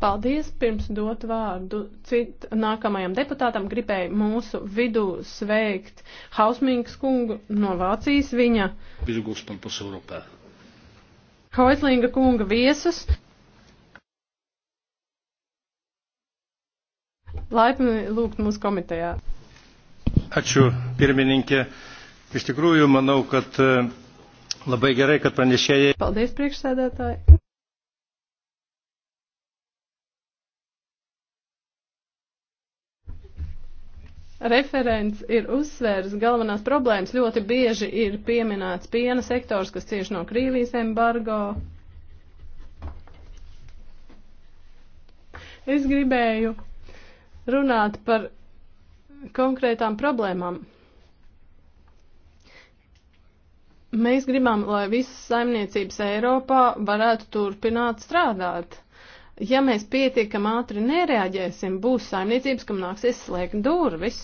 Paldies! Pirms dot vārdu cit, nākamajam deputātam gribēju mūsu vidū sveikt Hausmīngas kungu no Vācijas viņa. Hoislinga kunga viesus. Laipni lūgt mūsu komitejā. Ačiū, pirmininkė. Iš tikrųjų, manau, kad e, labai gerai, kad pranešėjai. Paldies, priekšsēdētāji. Referents ir uzsvērs galvenās problēmas. Ļoti bieži ir pieminēts piena sektors, kas cieši no Krīvijas embargo. Es gribēju runāt par konkrētām problēmām. Mēs gribam, lai visas saimniecības Eiropā varētu turpināt strādāt ja mēs pietiekam ātri nereaģēsim, būs saimniecības, kam nāksies slēgt durvis.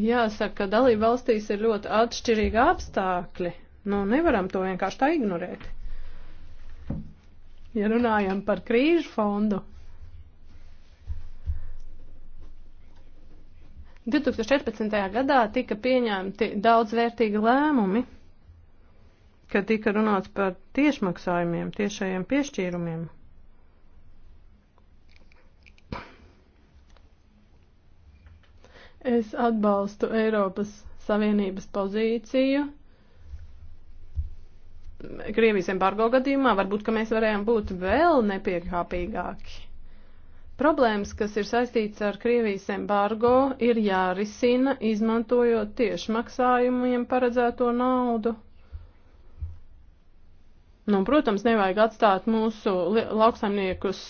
Jāsaka, ka dalība valstīs ir ļoti atšķirīgi apstākļi. Nu, nevaram to vienkārši tā ignorēt. Ja runājam par krīžu fondu. 2014. gadā tika pieņemti daudz vērtīgi lēmumi, kad tika runāts par tiešmaksājumiem, tiešajiem piešķīrumiem. Es atbalstu Eiropas Savienības pozīciju. Krievijas embargo gadījumā varbūt, ka mēs varējām būt vēl nepiekāpīgāki. Problēmas, kas ir saistīts ar Krievijas embargo, ir jārisina, izmantojot tiešmaksājumiem paredzēto naudu. Nu, protams, nevajag atstāt mūsu lauksaimniekus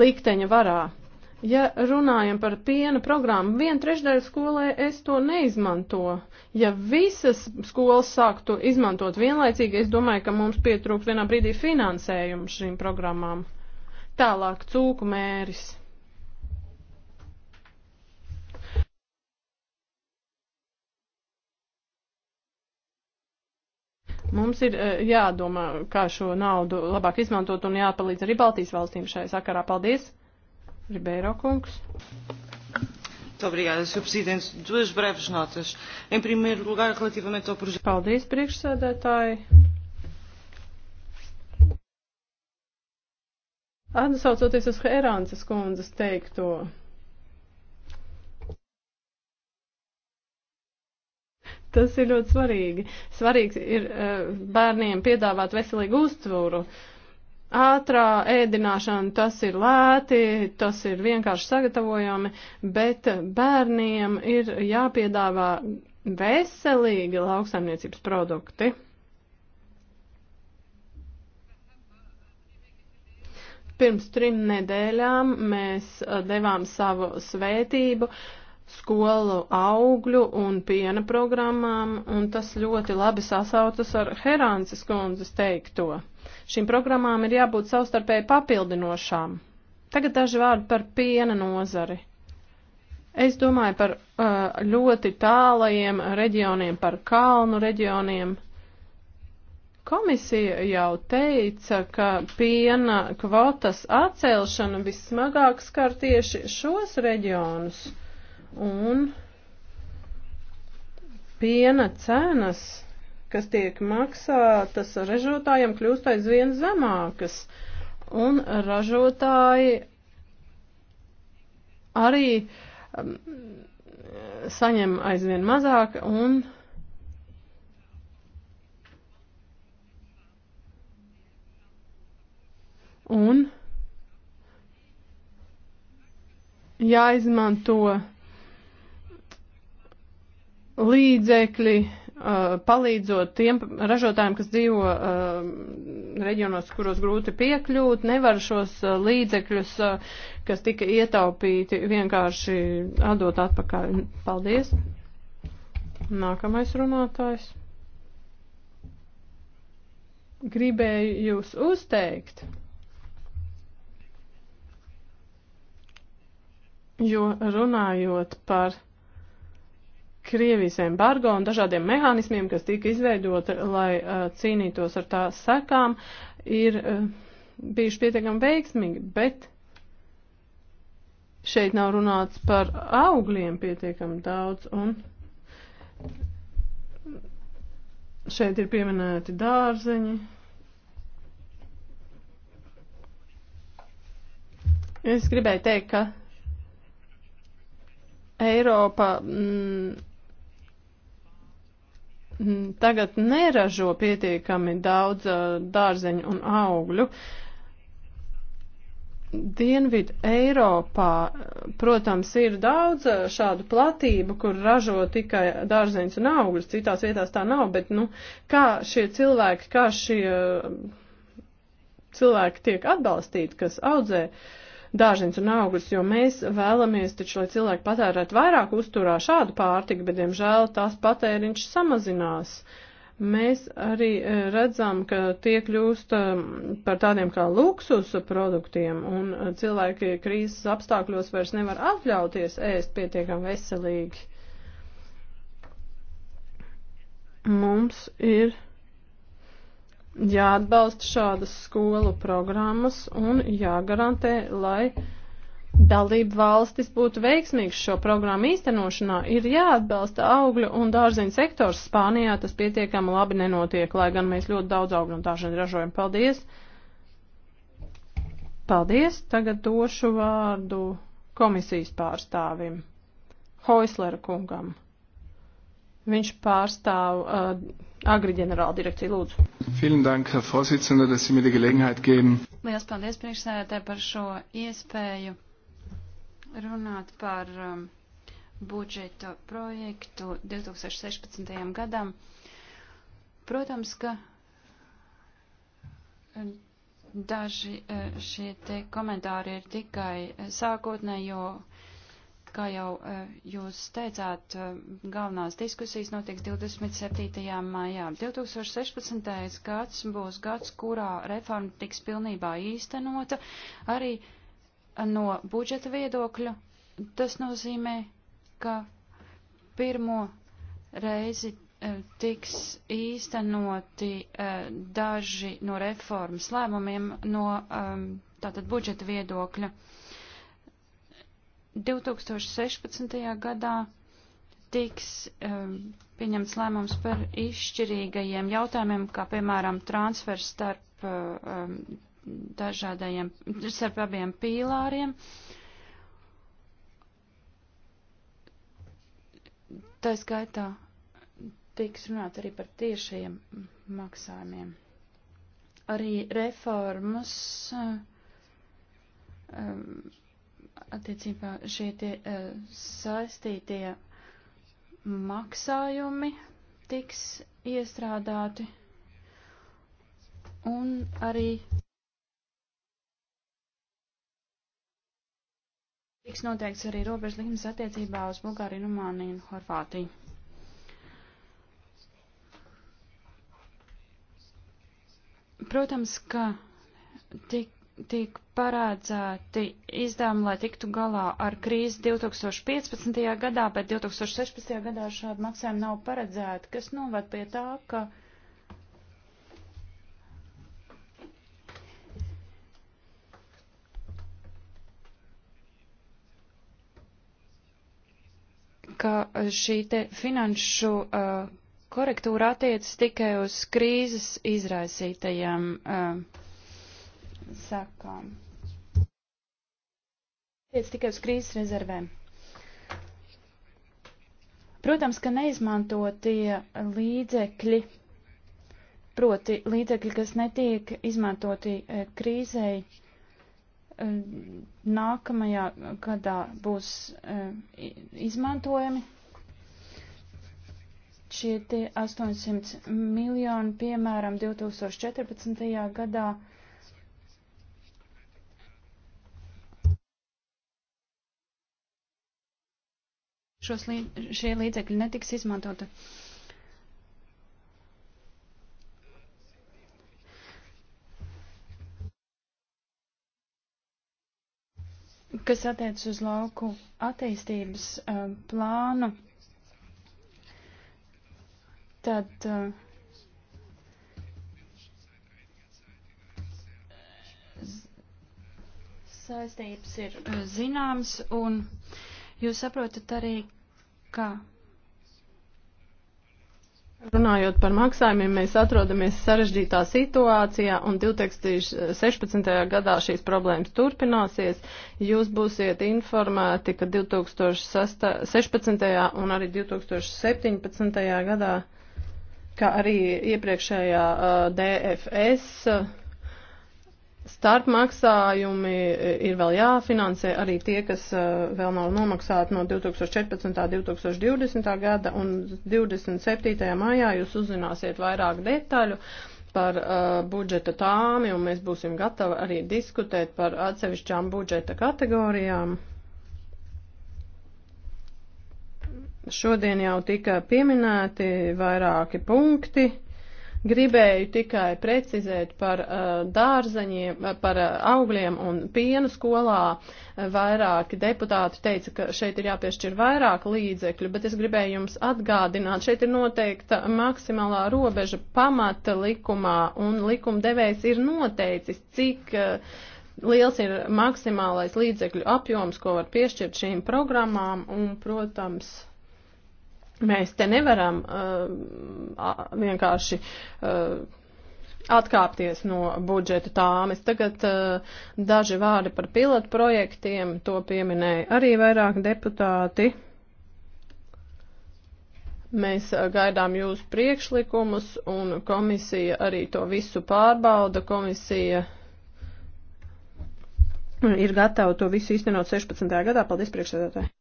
likteņa varā. Ja runājam par piena programmu, viena trešdaļa skolē es to neizmanto. Ja visas skolas sāktu izmantot vienlaicīgi, es domāju, ka mums pietrūks vienā brīdī finansējumu šīm programmām. Tālāk cūku mēris. Mums ir eh, jādomā, kā šo naudu labāk izmantot un jāpalīdz arī Baltijas valstīm šai sakarā. Paldies! Ribeiro kungs. Muito obrigada, Sr. Presidente. Duas breves notas. Em primeiro lugar, relativamente ao projeto. Paldies, priekšsēdētāji. Atsaucoties ah, nu, uz Herānces kundzes teikto, tas ir ļoti svarīgi. Svarīgs ir uh, bērniem piedāvāt veselīgu uztvuru. Uh, ātrā ēdināšana, tas ir lēti, tas ir vienkārši sagatavojami, bet bērniem ir jāpiedāvā veselīgi lauksaimniecības produkti. Pirms trim nedēļām mēs devām savu svētību skolu augļu un piena programmām, un tas ļoti labi sasautas ar Herānces kundzes teikto. Šīm programmām ir jābūt savstarpēji papildinošām. Tagad daži vārdi par piena nozari. Es domāju par uh, ļoti tālajiem reģioniem, par kalnu reģioniem. Komisija jau teica, ka piena kvotas atcelšana vissmagāk skar tieši šos reģionus. Un piena cenas kas tiek maksātas ražotājiem, kļūst aizvien zemākas. Un ražotāji arī um, saņem aizvien mazāk un un jāizmanto līdzekļi Uh, palīdzot tiem ražotājiem, kas dzīvo uh, reģionos, kuros grūti piekļūt, nevar šos uh, līdzekļus, uh, kas tika ietaupīti, vienkārši atdot atpakaļ. Paldies! Nākamais runātājs. Gribēju jūs uzteikt, jo runājot par Krievijas embargo un dažādiem mehānismiem, kas tika izveidoti, lai uh, cīnītos ar tā sekām, ir uh, bijuši pietiekami veiksmīgi, bet šeit nav runāts par augļiem pietiekami daudz un šeit ir pieminēti dārzeņi. Es gribēju teikt, ka Eiropa. Mm, Mm, tagad neražo pietiekami daudz uh, dārzeņu un augļu. Dienvidu Eiropā, protams, ir daudz uh, šādu platību, kur ražo tikai dārzeņus un augļus, citās vietās tā nav, bet, nu, kā šie cilvēki, kā šie uh, cilvēki tiek atbalstīti, kas audzē uh, dārziņus un augus, jo mēs vēlamies taču, lai cilvēki patērētu vairāk uzturā šādu pārtiku, bet, diemžēl, tās patēriņš samazinās. Mēs arī e, redzam, ka tie kļūst e, par tādiem kā luksusa produktiem, un e, cilvēki krīzes apstākļos vairs nevar atļauties ēst pietiekami veselīgi. Mums ir jāatbalsta šādas skolu programmas un jāgarantē, lai dalību valstis būtu veiksmīgs šo programmu īstenošanā, ir jāatbalsta augļu un dārziņu sektors. Spānijā tas pietiekami labi nenotiek, lai gan mēs ļoti daudz augļu un dārziņu ražojam. Paldies! Paldies! Tagad došu vārdu komisijas pārstāvim, Hoislera kungam. Viņš pārstāv uh, Agri ģenerāla direkciju. Lūdzu. Vielen Dank, Herr Vorsitzender, dass Sie mir die Gelegenheit geben. Lielas paldies priekšsēdētāji par šo iespēju runāt par um, budžeta projektu 2016. gadam. Protams, ka uh, daži uh, šie te komentāri ir tikai sākotnējo Kā jau e, jūs teicāt, e, galvenās diskusijas notiks 27. maijā. 2016. gads būs gads, kurā reforma tiks pilnībā īstenota arī no budžeta viedokļa. Tas nozīmē, ka pirmo reizi e, tiks īstenoti daži no reformas lēmumiem no tātad budžeta viedokļa. 2016. gadā tiks um, pieņemts lēmums par izšķirīgajiem jautājumiem, kā piemēram transfers starp uh, um, dažādajiem, starp abiem pīlāriem. Tā skaitā tiks runāts arī par tiešajiem maksājumiem. Arī reformas uh, um, attiecībā šie tie eh, saistītie maksājumi tiks iestrādāti un arī tiks noteikts arī robežu likmes attiecībā uz Bulgāriju, Rumāniju un Horvātiju. Protams, ka tik tiek parādzēti izdevumi, lai tiktu galā ar krīzi 2015. gadā, bet 2016. gadā šādi maksājumi nav paredzēti, kas novad pie tā, ka ka šī te finanšu uh, korektūra attiecas tikai uz krīzes izraisītajiem uh, sekām. Tiec tikai uz krīzes rezervēm. Protams, ka neizmantotie līdzekļi, proti līdzekļi, kas netiek izmantoti e, krīzei, nākamajā gadā būs e, izmantojami. Šie 800 miljoni, piemēram, 2014. gadā šos, šie līdzekļi netiks izmantota. Kas attiec uz lauku attīstības uh, plānu, tad uh, saistības ir eh, zināmas, un jūs saprotat arī, ka Runājot par maksājumiem, mēs atrodamies sarežģītā situācijā, un 2016. gadā šīs problēmas turpināsies. Jūs būsiet informēti, ka 2016. un arī 2017. gadā, kā arī iepriekšējā uh, DFS Starpmaksājumi e, ir vēl jāfinansē arī tie, kas e, vēl nav nomaksāti no 2014. un 2020. gada, un 27. maijā jūs uzzināsiet vairāk detaļu par uh, budžeta tāmi, un mēs būsim gatavi arī diskutēt par atsevišķām budžeta kategorijām. Šodien jau tika pieminēti vairāki punkti. Gribēju tikai precizēt par uh, dārzeņiem, uh, par uh, augļiem un pienu skolā. Uh, vairāki deputāti teica, ka šeit ir jāpiešķir vairāk līdzekļu, bet es gribēju jums atgādināt, šeit ir noteikta maksimālā robeža pamata likumā, un likumdevējs ir noteicis, cik. Uh, liels ir maksimālais līdzekļu apjoms, ko var piešķirt šīm programmām, un, protams, Mēs te nevaram uh, vienkārši uh, atkāpties no budžeta tāmes. Tagad uh, daži vārdi par pilotu projektiem, to pieminēja arī vairāk deputāti. Mēs uh, gaidām jūsu priekšlikumus, un komisija arī to visu pārbauda. Komisija ir gatava to visu īstenot 16. gadā. Paldies priekšsēdētāji!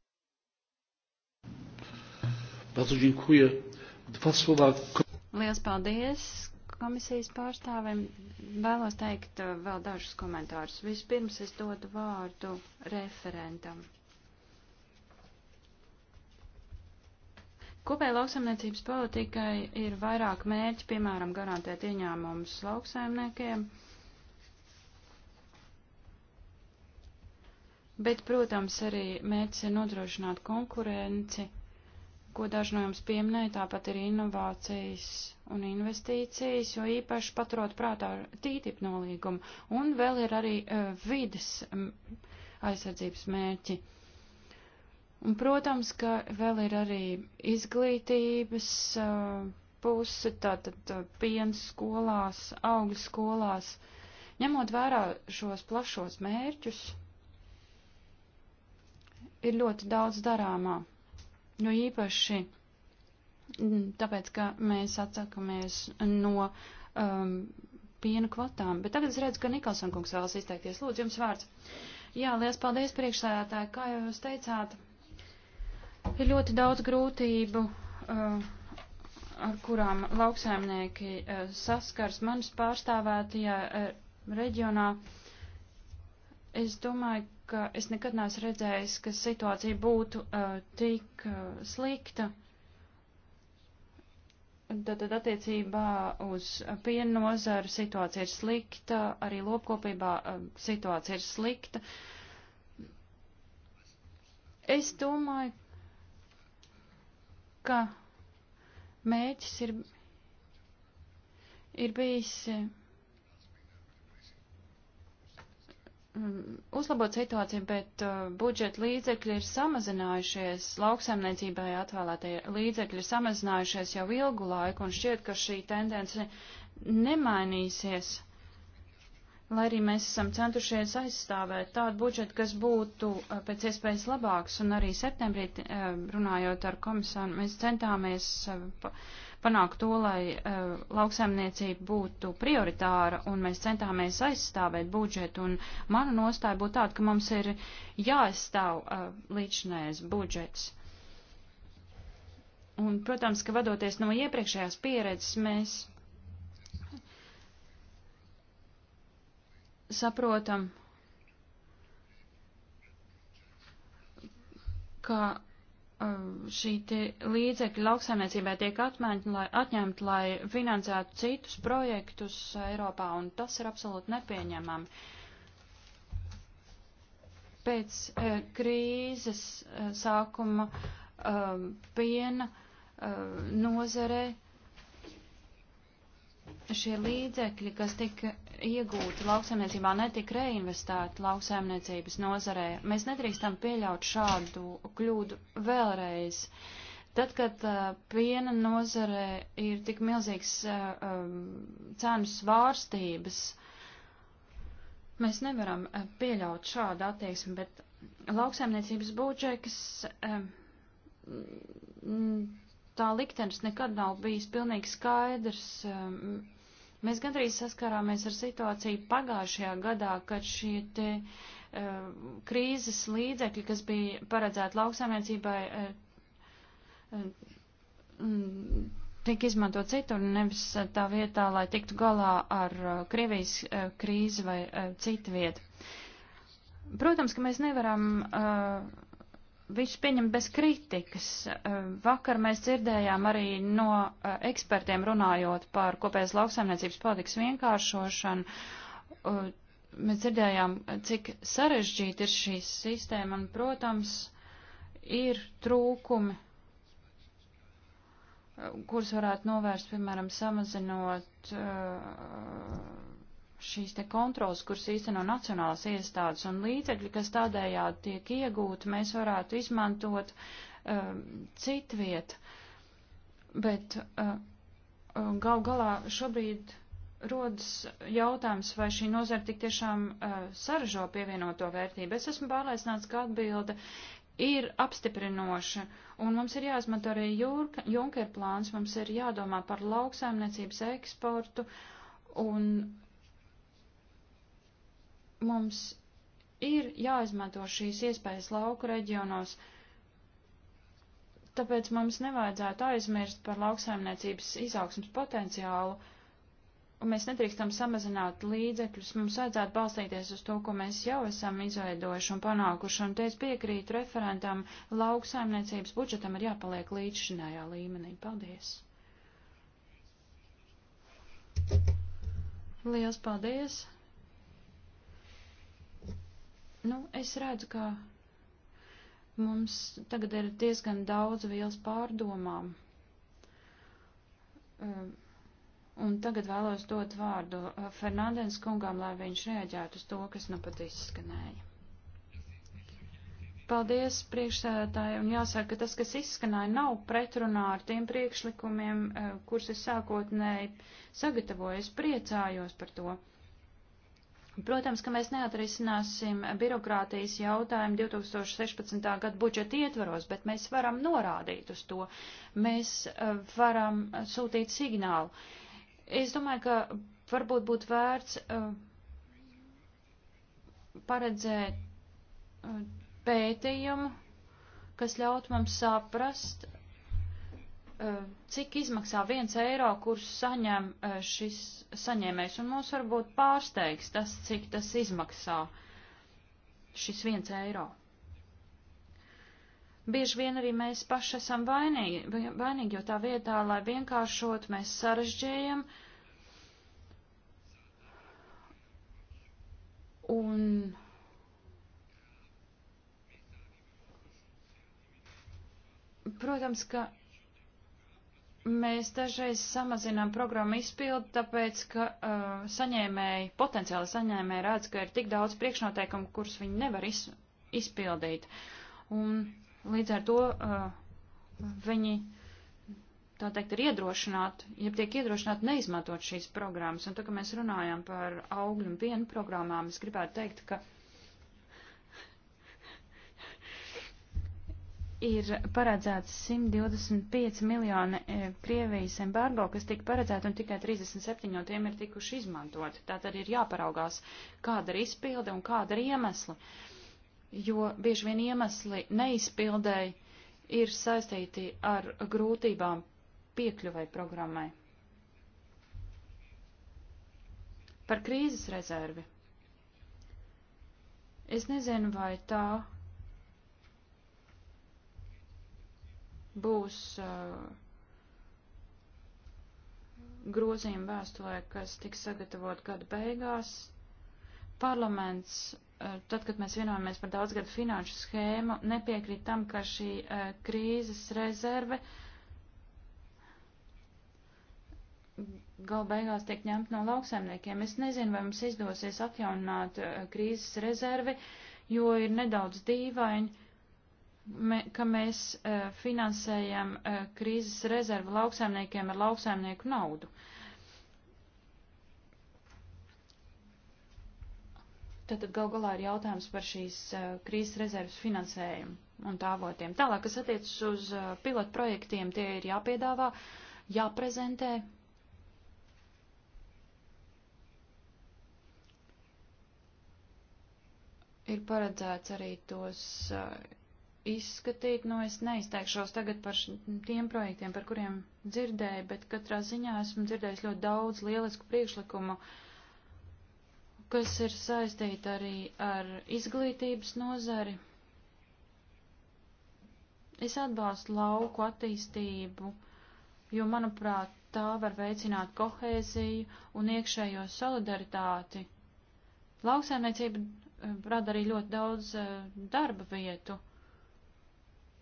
Bardzo dziękuję. Dwa słowa. Liels paldies komisijas pārstāvim. Vēlos teikt uh, vēl dažus komentārus. Vispirms es dodu vārdu referentam. Kopēja lauksaimniecības politikai ir vairāk mērķi, piemēram, garantēt ieņēmumus lauksaimniekiem. Bet, protams, arī mērķis ir nodrošināt konkurenci ko daži no jums pieminēja, tāpat ir inovācijas un investīcijas, jo īpaši paturot prātā tītip nolīgumu. Un vēl ir arī uh, e, vidas aizsardzības mērķi. Un, protams, ka vēl ir arī izglītības uh, puse, tātad e, piens skolās, augļu skolās. Ņemot vērā šos plašos mērķus, ir ļoti daudz darāmā jo īpaši mm, tāpēc, ka mēs atsakamies no um, piena kvotām. Bet tagad es redzu, ka Nikolson kungs vēlas izteikties. Lūdzu, jums vārds. Jā, liels paldies priekšsēdētāji. Kā jau jūs teicāt, ir ļoti daudz grūtību. Uh, ar kurām lauksaimnieki uh, saskars manas pārstāvētajā uh, reģionā. Es domāju, ka es nekad neesmu redzējis, ka situācija būtu uh, tik uh, slikta. Tad, tad attiecībā uz piena nozaru situācija ir slikta, arī lopkopībā uh, situācija ir slikta. Es domāju, ka mēģis ir, ir bijis. Uh, Mm, uzlabot situāciju, bet uh, budžeta līdzekļi ir samazinājušies, lauksaimniecībai atvēlētie līdzekļi ir samazinājušies jau ilgu laiku, un šķiet, ka šī tendence nemainīsies. Lai arī mēs esam centušies aizstāvēt tādu budžetu, kas būtu uh, pēc iespējas labāks, un arī septembrī uh, runājot ar komisāru, mēs centāmies. Uh, panākt to, lai uh, lauksaimniecība būtu prioritāra, un mēs centāmies aizstāvēt budžetu, un mana nostāja būtu tāda, ka mums ir jāaizstāv uh, līdzinējais budžets. Un, protams, ka vadoties no iepriekšējās pieredzes, mēs saprotam, ka šī līdzekļa lauksaimniecībai tiek atņemta, lai, atņemt, lai finansētu citus projektus Eiropā, un tas ir absolūti nepieņemami. Pēc e, krīzes e, sākuma e, piena e, nozarei šie līdzekļi, kas tika iegūti lauksaimniecībā, netika reinvestēti lauksaimniecības nozarē. Mēs nedrīkstam pieļaut šādu kļūdu vēlreiz. Tad, kad uh, piena nozarē ir tik milzīgs uh, cenu svārstības, mēs nevaram uh, pieļaut šādu attieksmi, bet lauksaimniecības budžets. Uh, tā liktenis nekad nav bijis pilnīgi skaidrs. Mēs gandrīz saskārāmies ar situāciju pagājušajā gadā, kad šie te uh, krīzes līdzekļi, kas bija paredzēti lauksaimniecībai, uh, uh, tika izmanto citur, nevis tā vietā, lai tiktu galā ar Krievijas krīzi vai citu vietu. Protams, ka mēs nevaram uh, visu pieņemt bez kritikas. Eh, vakar mēs dzirdējām arī no eh, ekspertiem runājot par kopējas lauksaimniecības politikas vienkāršošanu. Eh, mēs dzirdējām, cik sarežģīta ir šī sistēma un, protams, ir trūkumi, kurus varētu novērst, piemēram, samazinot uh, šīs te kontrols, kuras īsteno nacionālās iestādes un līdzekļi, kas tādējādi tiek iegūti, mēs varētu izmantot um, citviet. Bet uh, uh, gal galā šobrīd rodas jautājums, vai šī nozara tik tiešām uh, saražo pievienoto vērtību. Es esmu pārliecināts, ka atbilde ir apstiprinoša, un mums ir jāizmanto arī Junker plāns, mums ir jādomā par lauksaimniecības eksportu, un Mums ir jāizmanto šīs iespējas lauku reģionos, tāpēc mums nevajadzētu aizmirst par lauksaimniecības izaugsmas potenciālu, un mēs nedrīkstam samazināt līdzekļus, mums vajadzētu balstīties uz to, ko mēs jau esam izveidojuši un panākuši, un te es piekrītu referentam, lauksaimniecības budžetam ir jāpaliek līdzšinējā līmenī. Paldies! Liels paldies! Nu, es redzu, ka mums tagad ir diezgan daudz vielas pārdomām. Um, un tagad vēlos dot vārdu uh, Fernandens kungām, lai viņš reaģētu uz to, kas nu pat izskanēja. Paldies priekšsēdētāji, un jāsaka, ka tas, kas izskanēja, nav pretrunā ar tiem priekšlikumiem, uh, kurus es sākotnēji sagatavoju. Es priecājos par to. Protams, ka mēs neatrisināsim birokrātijas jautājumu 2016. gada budžeta ietvaros, bet mēs varam norādīt uz to, mēs eh, varam sūtīt signālu. Es domāju, ka varbūt būtu vērts eh, paredzēt eh, pētījumu, kas ļaut mums saprast, Eh, cik izmaksā viens eiro, kurš saņem eh, šis saņēmējs, un mūs varbūt pārsteigs tas, cik tas izmaksā šis viens eiro. Bieži vien arī mēs paši esam vainīgi, vainīgi jo tā vietā, lai vienkāršot, mēs sarežģējam. Un protams, ka Mēs dažreiz samazinām programmu izpildu, tāpēc, ka uh, saņēmēji, potenciāli saņēmēji redz, ka ir tik daudz priekšnoteikumu, kurus viņi nevar iz, izpildīt. Un līdz ar to uh, viņi, tā teikt, ir iedrošināti, ja tiek iedrošināti neizmantot šīs programmas. Un tā, ka mēs runājam par augļu un pienu programmām, es gribētu teikt, ka uh, ir paredzēts 125 miljoni e, Krievijas embargo, kas tika paredzēta un tikai 37 no tiem ir tikuši izmantoti. Tātad ir jāparaugās, kāda ir izpilde un kāda ir iemesli, jo bieži vien iemesli neizpildēji ir saistīti ar grūtībām piekļuvai programmai. Par krīzes rezervi. Es nezinu, vai tā būs uh, grozījuma vēstulē, kas tiks sagatavot gada beigās. Parlaments uh, tad, kad mēs vienojamies par daudzgadu finanšu schēmu, nepiekrīt tam, ka šī uh, krīzes rezerve gal beigās tiek ņemta no lauksaimniekiem. Es nezinu, vai mums izdosies atjaunināt uh, krīzes rezervi, jo ir nedaudz dīvaini, me, ka mēs uh, finansējam uh, krīzes rezervu lauksaimniekiem ar lauksaimnieku naudu. Tātad gal galā ir jautājums par šīs uh, krīzes rezervas finansējumu un tā avotiem. Tālāk, kas attiecas uz uh, pilotu projektiem, tie ir jāpiedāvā, jāprezentē. Ir paredzēts arī tos uh, izskatīt. Nu, es neizteikšos tagad par tiem projektiem, par kuriem dzirdēju, bet katrā ziņā esmu dzirdējis ļoti daudz lielisku priekšlikumu, kas ir saistīti arī ar izglītības nozari. Es atbalstu lauku attīstību, jo, manuprāt, tā var veicināt kohēziju un iekšējo solidaritāti. Lauksaimniecība eh, rada arī ļoti daudz eh, darba vietu.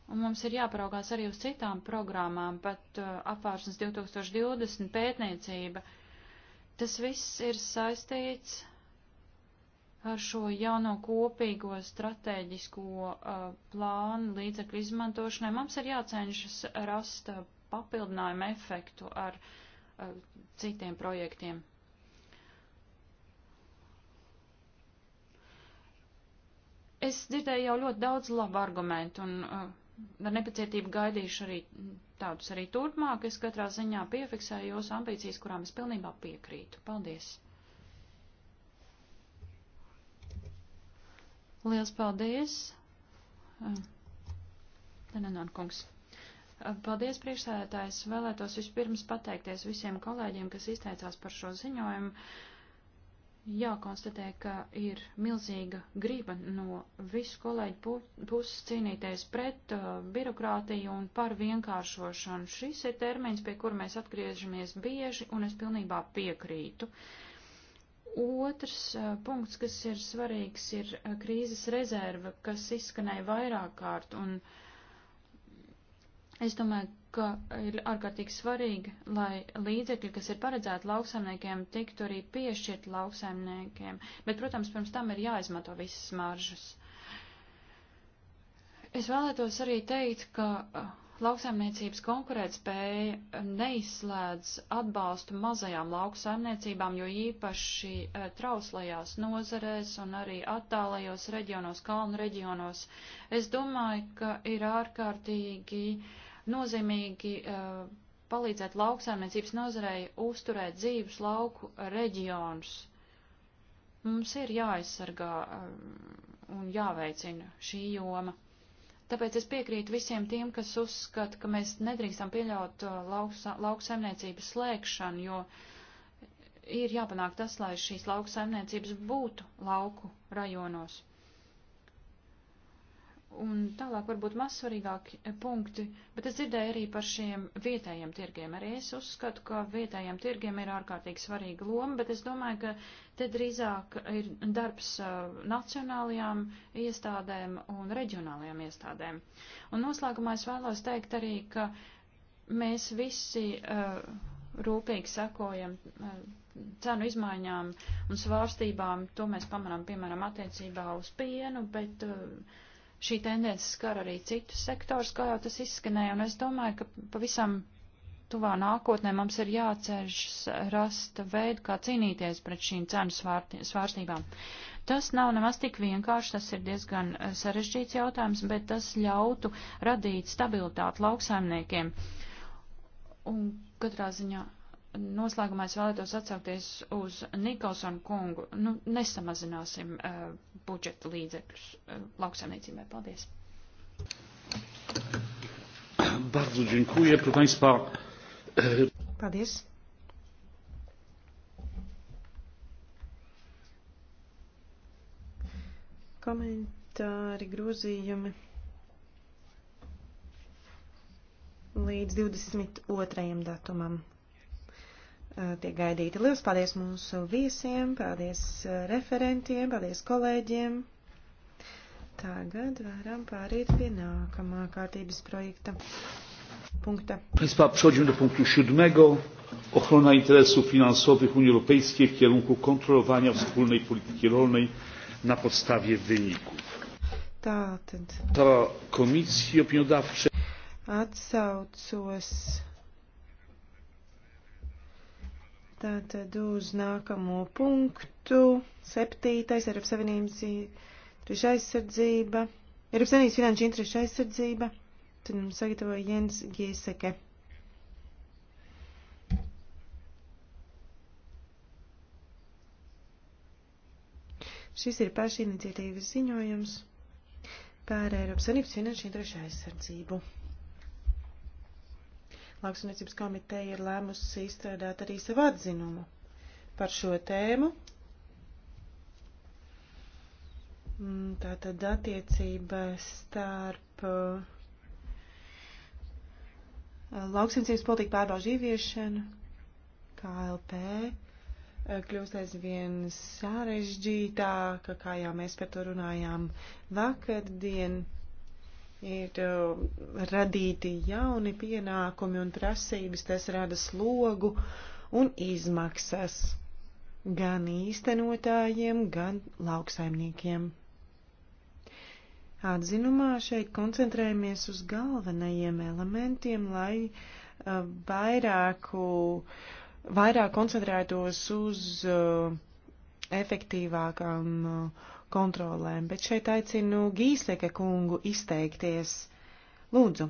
Un mums ir jāparaugās arī uz citām programmām, pat uh, apvāršanas 2020 pētniecība. Tas viss ir saistīts ar šo jauno kopīgo stratēģisko uh, plānu līdzekļu izmantošanai. Mums ir jācenšas rast uh, papildinājumu efektu ar uh, citiem projektiem. Es dzirdēju jau ļoti daudz labu argumentu un uh, ar nepacietību gaidīšu arī mm, tādus arī turpmāk. Es katrā ziņā piefiksēju jūsu ambīcijas, kurām es pilnībā piekrītu. Paldies! Liels paldies! Tenenon kungs. Paldies, priekšsēdētājs. Vēlētos vispirms pateikties visiem kolēģiem, kas izteicās par šo ziņojumu jākonstatē, ka ir milzīga griba no visu kolēģu puses cīnīties pret uh, birokrātiju un par vienkāršošanu. Šis ir termins, pie kura mēs atgriežamies bieži, un es pilnībā piekrītu. Otrs uh, punkts, kas ir svarīgs, ir uh, krīzes rezerve, kas izskanēja vairāk kārt, un es domāju, ka ir ārkārtīgi svarīgi, lai līdzekļi, kas ir paredzēti lauksaimniekiem, tiktu arī piešķirt lauksaimniekiem, bet, protams, pirms tam ir jāizmanto visas maržas. Es vēlētos arī teikt, ka uh, lauksaimniecības konkurētspēja neizslēdz atbalstu mazajām lauksaimniecībām, jo īpaši uh, trauslajās nozarēs un arī attālajos reģionos, kalnu reģionos. Es domāju, ka ir ārkārtīgi uh, nozīmīgi uh, palīdzēt lauksaimniecības nozarei uzturēt dzīves lauku reģionus. Mums ir jāaizsargā uh, un jāveicina šī joma. Tāpēc es piekrītu visiem tiem, kas uzskata, ka mēs nedrīkstam pieļaut uh, lauksaimniecības slēgšanu, jo ir jāpanāk tas, lai šīs lauksaimniecības būtu lauku rajonos. Un tālāk varbūt mazsvarīgāki eh, punkti, bet es dzirdēju arī par šiem vietējiem tirgiem. Arī es uzskatu, ka vietējiem tirgiem ir ārkārtīgi svarīga loma, bet es domāju, ka te drīzāk ir darbs uh, nacionālajām iestādēm un reģionālajām iestādēm. Un noslēgumā es vēlos teikt arī, ka mēs visi uh, rūpīgi sekojam. Uh, cenu izmaiņām un svārstībām, to mēs pamanām, piemēram, attiecībā uz pienu, bet uh, Šī tendence skar arī citus sektors, kā jau tas izskanēja, un es domāju, ka pavisam tuvā nākotnē mums ir jāceļš rast veidu, kā cīnīties pret šīm cenu svārstībām. Tas nav nemaz tik vienkārši, tas ir diezgan eh, sarežģīts jautājums, bet tas ļautu radīt stabilitāti lauksaimniekiem. Un katrā ziņā noslēgumā es vēlētos atsaukties uz Nikolsonu kungu. Nu, nesamazināsim uh, budžeta līdzekļus uh, lauksaimniecībai. Paldies. Bardzo dziękuję, proszę Państwa. Eh, Paldies. Komentāri, grozījumi līdz 22. datumam. Eh, tiek gaidīti. Lielas paldies mūsu viesiem, paldies eh, referentiem, paldies kolēģiem. Tagad varam pārīt pie nākamā kārtības projekta. Punkta. Państwa, przechodzimy do punktu siódmego. Ochrona interesów finansowych Unii Europejskiej w kierunku kontrolowania wspólnej polityki rolnej na podstawie wyników. Tātad. Tā komisija opiniodavče. Atsaucos Tātad uz nākamo punktu. Septītais Eiropas Savienības interešu aizsardzība. Eiropas Savienības finanšu interešu aizsardzība. Tad mums sagatavoja Jens Gieseke. Šis ir pašiniciatīvas ziņojums par Eiropas Savienības finanšu interešu aizsardzību. Lauksaimniecības komiteja ir lēmusi izstrādāt arī savu atzinumu par šo tēmu. Mm, tātad attiecība starp uh, lauksaimniecības politiku pārbaužu ieviešanu, KLP, uh, kļūst aizvien sarežģītāka, kā jau mēs par to runājām vakardien ir uh, radīti jauni pienākumi un prasības, tas rada slogu un izmaksas gan īstenotājiem, gan lauksaimniekiem. Atzinumā šeit koncentrējamies uz galvenajiem elementiem, lai uh, vairāku, vairāk koncentrētos uz uh, efektīvākām uh, kontrolēm, bet šeit aicinu Gīsleka kungu izteikties. Lūdzu,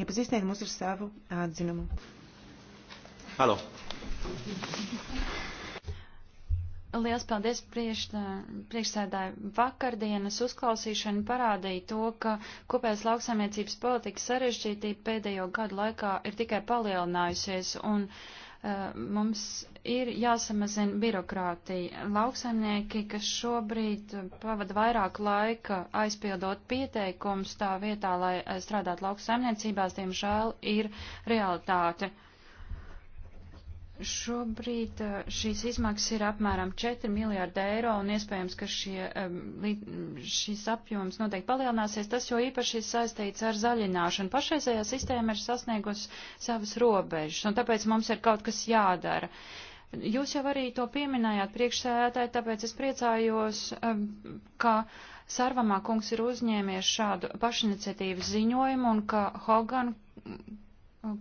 iepazīstiniet mūs ar savu atzinumu. Halo. Liels paldies priekšsēdāju. Vakardienas uzklausīšana parādīja to, ka kopējas lauksaimniecības politikas sarežģītība pēdējo gadu laikā ir tikai palielinājusies, un uh, Eh, mums ir jāsamazina birokrātija. Lauksaimnieki, kas šobrīd pavada vairāk laika aizpildot pieteikums tā vietā, lai eh, strādātu lauksaimniecībās, diemžēl ir realitāte. Uh, Šobrīd eh, šīs izmaksas ir apmēram 4 miljārdi eiro un iespējams, ka šie, šis apjoms noteikti palielināsies. Tas jo īpaši ir saistīts ar zaļināšanu. Pašreizējā sistēma ir sasniegusi savas robežas un tāpēc mums ir kaut kas jādara. Jūs jau arī to pieminējāt priekšsēdētāji, tāpēc es priecājos, ka Sarvamā kungs ir uzņēmies šādu pašiniciatīvas ziņojumu un ka Hogan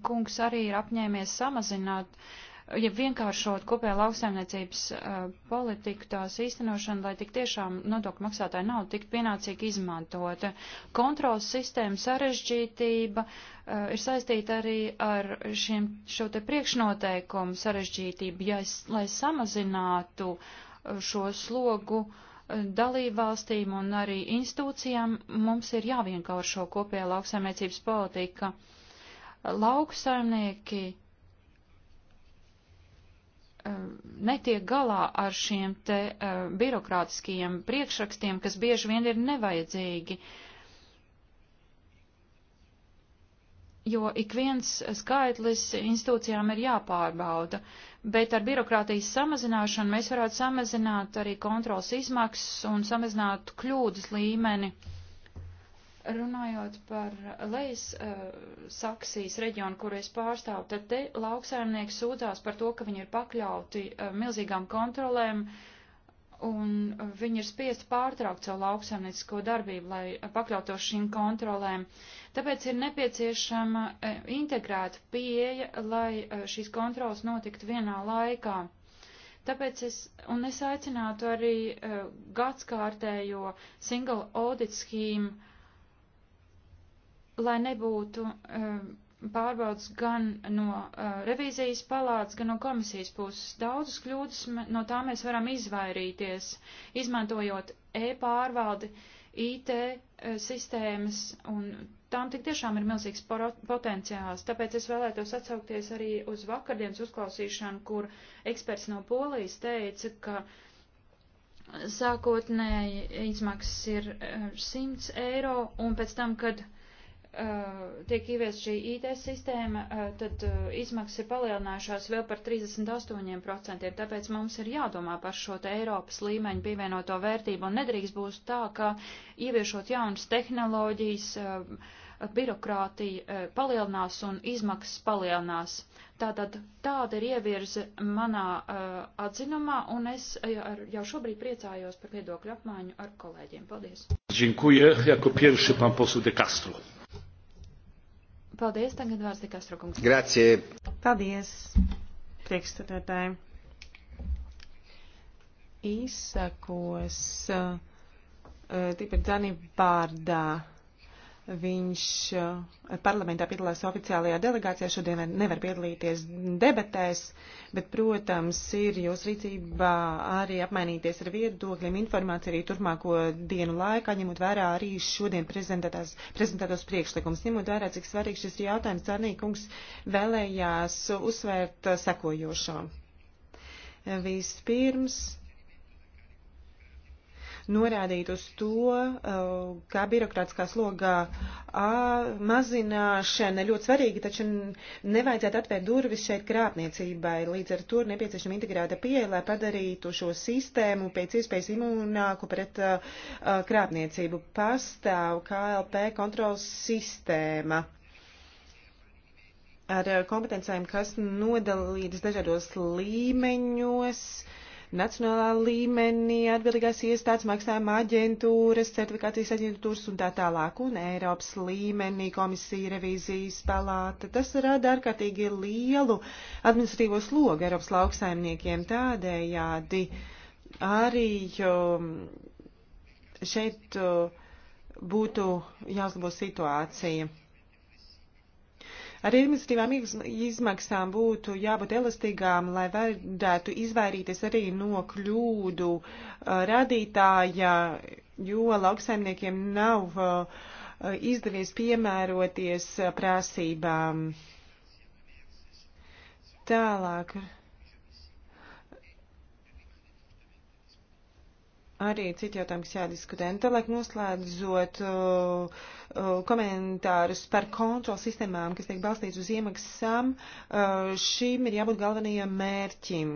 kungs arī ir apņēmies samazināt uh, ja vienkāršot kopējā lauksaimniecības uh, politiku, tās īstenošanu, lai tik tiešām nodokļu maksātāja nav tik pienācīgi izmantota. Kontrols sistēma sarežģītība uh, ir saistīta arī ar šiem, šo te priekšnoteikumu sarežģītību, ja es, lai samazinātu eh, šo slogu dalībvalstīm un arī institūcijām, mums ir jāvienkāršo kopējā lauksaimniecības politika. Lauksaimnieki Eh, netiek galā ar šiem te uh, birokrātiskajiem priekšrakstiem, kas bieži vien ir nevajadzīgi. Jo ik viens skaitlis institūcijām ir jāpārbauda, bet ar birokrātijas samazināšanu mēs varētu samazināt arī kontrols izmaksas un samazināt kļūdas līmeni. Uh, Runājot par lejas uh, saksijas reģionu, kur es pārstāvu, tad te lauksaimnieki sūdzās par to, ka viņi ir pakļauti uh, milzīgām kontrolēm un viņi ir spiesti pārtraukt savu lauksaimniecisko darbību, lai uh, pakļautos šīm kontrolēm. Tāpēc ir nepieciešama uh, integrēta pieeja, lai uh, šīs kontrolas notiktu vienā laikā. Tāpēc es, un es aicinātu arī uh, gadskārtējo single audit schēmu lai nebūtu um, pārbaudas gan no uh, revīzijas palātas, gan no komisijas puses. Daudzas kļūdas no tā mēs varam izvairīties, izmantojot e-pārvaldi, IT uh, eh, sistēmas, un tām tik tiešām ir milzīgs potenciāls. Tāpēc es vēlētos atsaukties arī uz vakardienas uzklausīšanu, kur eksperts no Polijas teica, ka uh, sākotnēji izmaksas ir 100 eiro, un pēc tam, kad Eh, tiek ieviest šī IT sistēma, eh, tad eh, izmaksas ir palielinājušās vēl par 38%, tāpēc mums ir jādomā par šo te Eiropas līmeņu pievienoto vērtību un nedrīkst būs tā, ka ieviešot jaunas tehnoloģijas, birokrātija palielinās un izmaksas palielinās. Tātad tāda ir ievirze manā atzinumā un es jau šobrīd priecājos par viedokļu apmaiņu ar kolēģiem. Paldies! Dziękuję. Jako pierwszy pan poseł De Castro. Paldies, tagad vārds tikai Strukungs. Grazie. Paldies, priekšstādātāji. Izsakos uh, eh, Tiper Dzani vārdā. Viņš eh, parlamentā piedalās oficiālajā delegācijā, šodien nevar piedalīties debatēs, bet, protams, ir jūs rīcībā arī apmainīties ar viedokļiem, informāciju arī turpmāko dienu laikā, ņemot vērā arī šodien prezentētos priekšlikums. Ņemot vērā, cik svarīgs šis jautājums, Cārnīkungs vēlējās uzsvērt eh, sekojošo. Vispirms norādīt uz to, uh, kā birokrātiskā slogā mazināšana ļoti svarīga, taču nevajadzētu atvērt durvis šeit krāpniecībai. Līdz ar to ir nepieciešama integrēta pieeja, lai padarītu šo sistēmu pēc iespējas imūnāku pret uh, uh, krāpniecību. Pastāv KLP kontrols sistēma ar kompetencijām, kas nodalītas dažādos līmeņos. Uh, nacionālā līmenī atbildīgās iestādes, maksājuma aģentūras, certifikācijas aģentūras un tā tālāk, un Eiropas līmenī komisija, revīzijas palāta. Tas rada ārkārtīgi lielu administratīvo slogu Eiropas lauksaimniekiem tādējādi. Arī um, šeit uh, būtu jāuzlabo situācija. Arī administratīvām izmaksām būtu jābūt elastīgām, lai varētu izvairīties arī no kļūdu uh, radītāja, jo lauksaimniekiem nav uh, izdevies piemēroties uh, prasībām. Tālāk arī citi jautājumi, kas jādiskutē. Un tālāk noslēdzot uh, uh, komentārus par kontrols sistēmām, kas tiek balstīts uz iemaksām, uh, šīm ir jābūt galvenajam mērķim.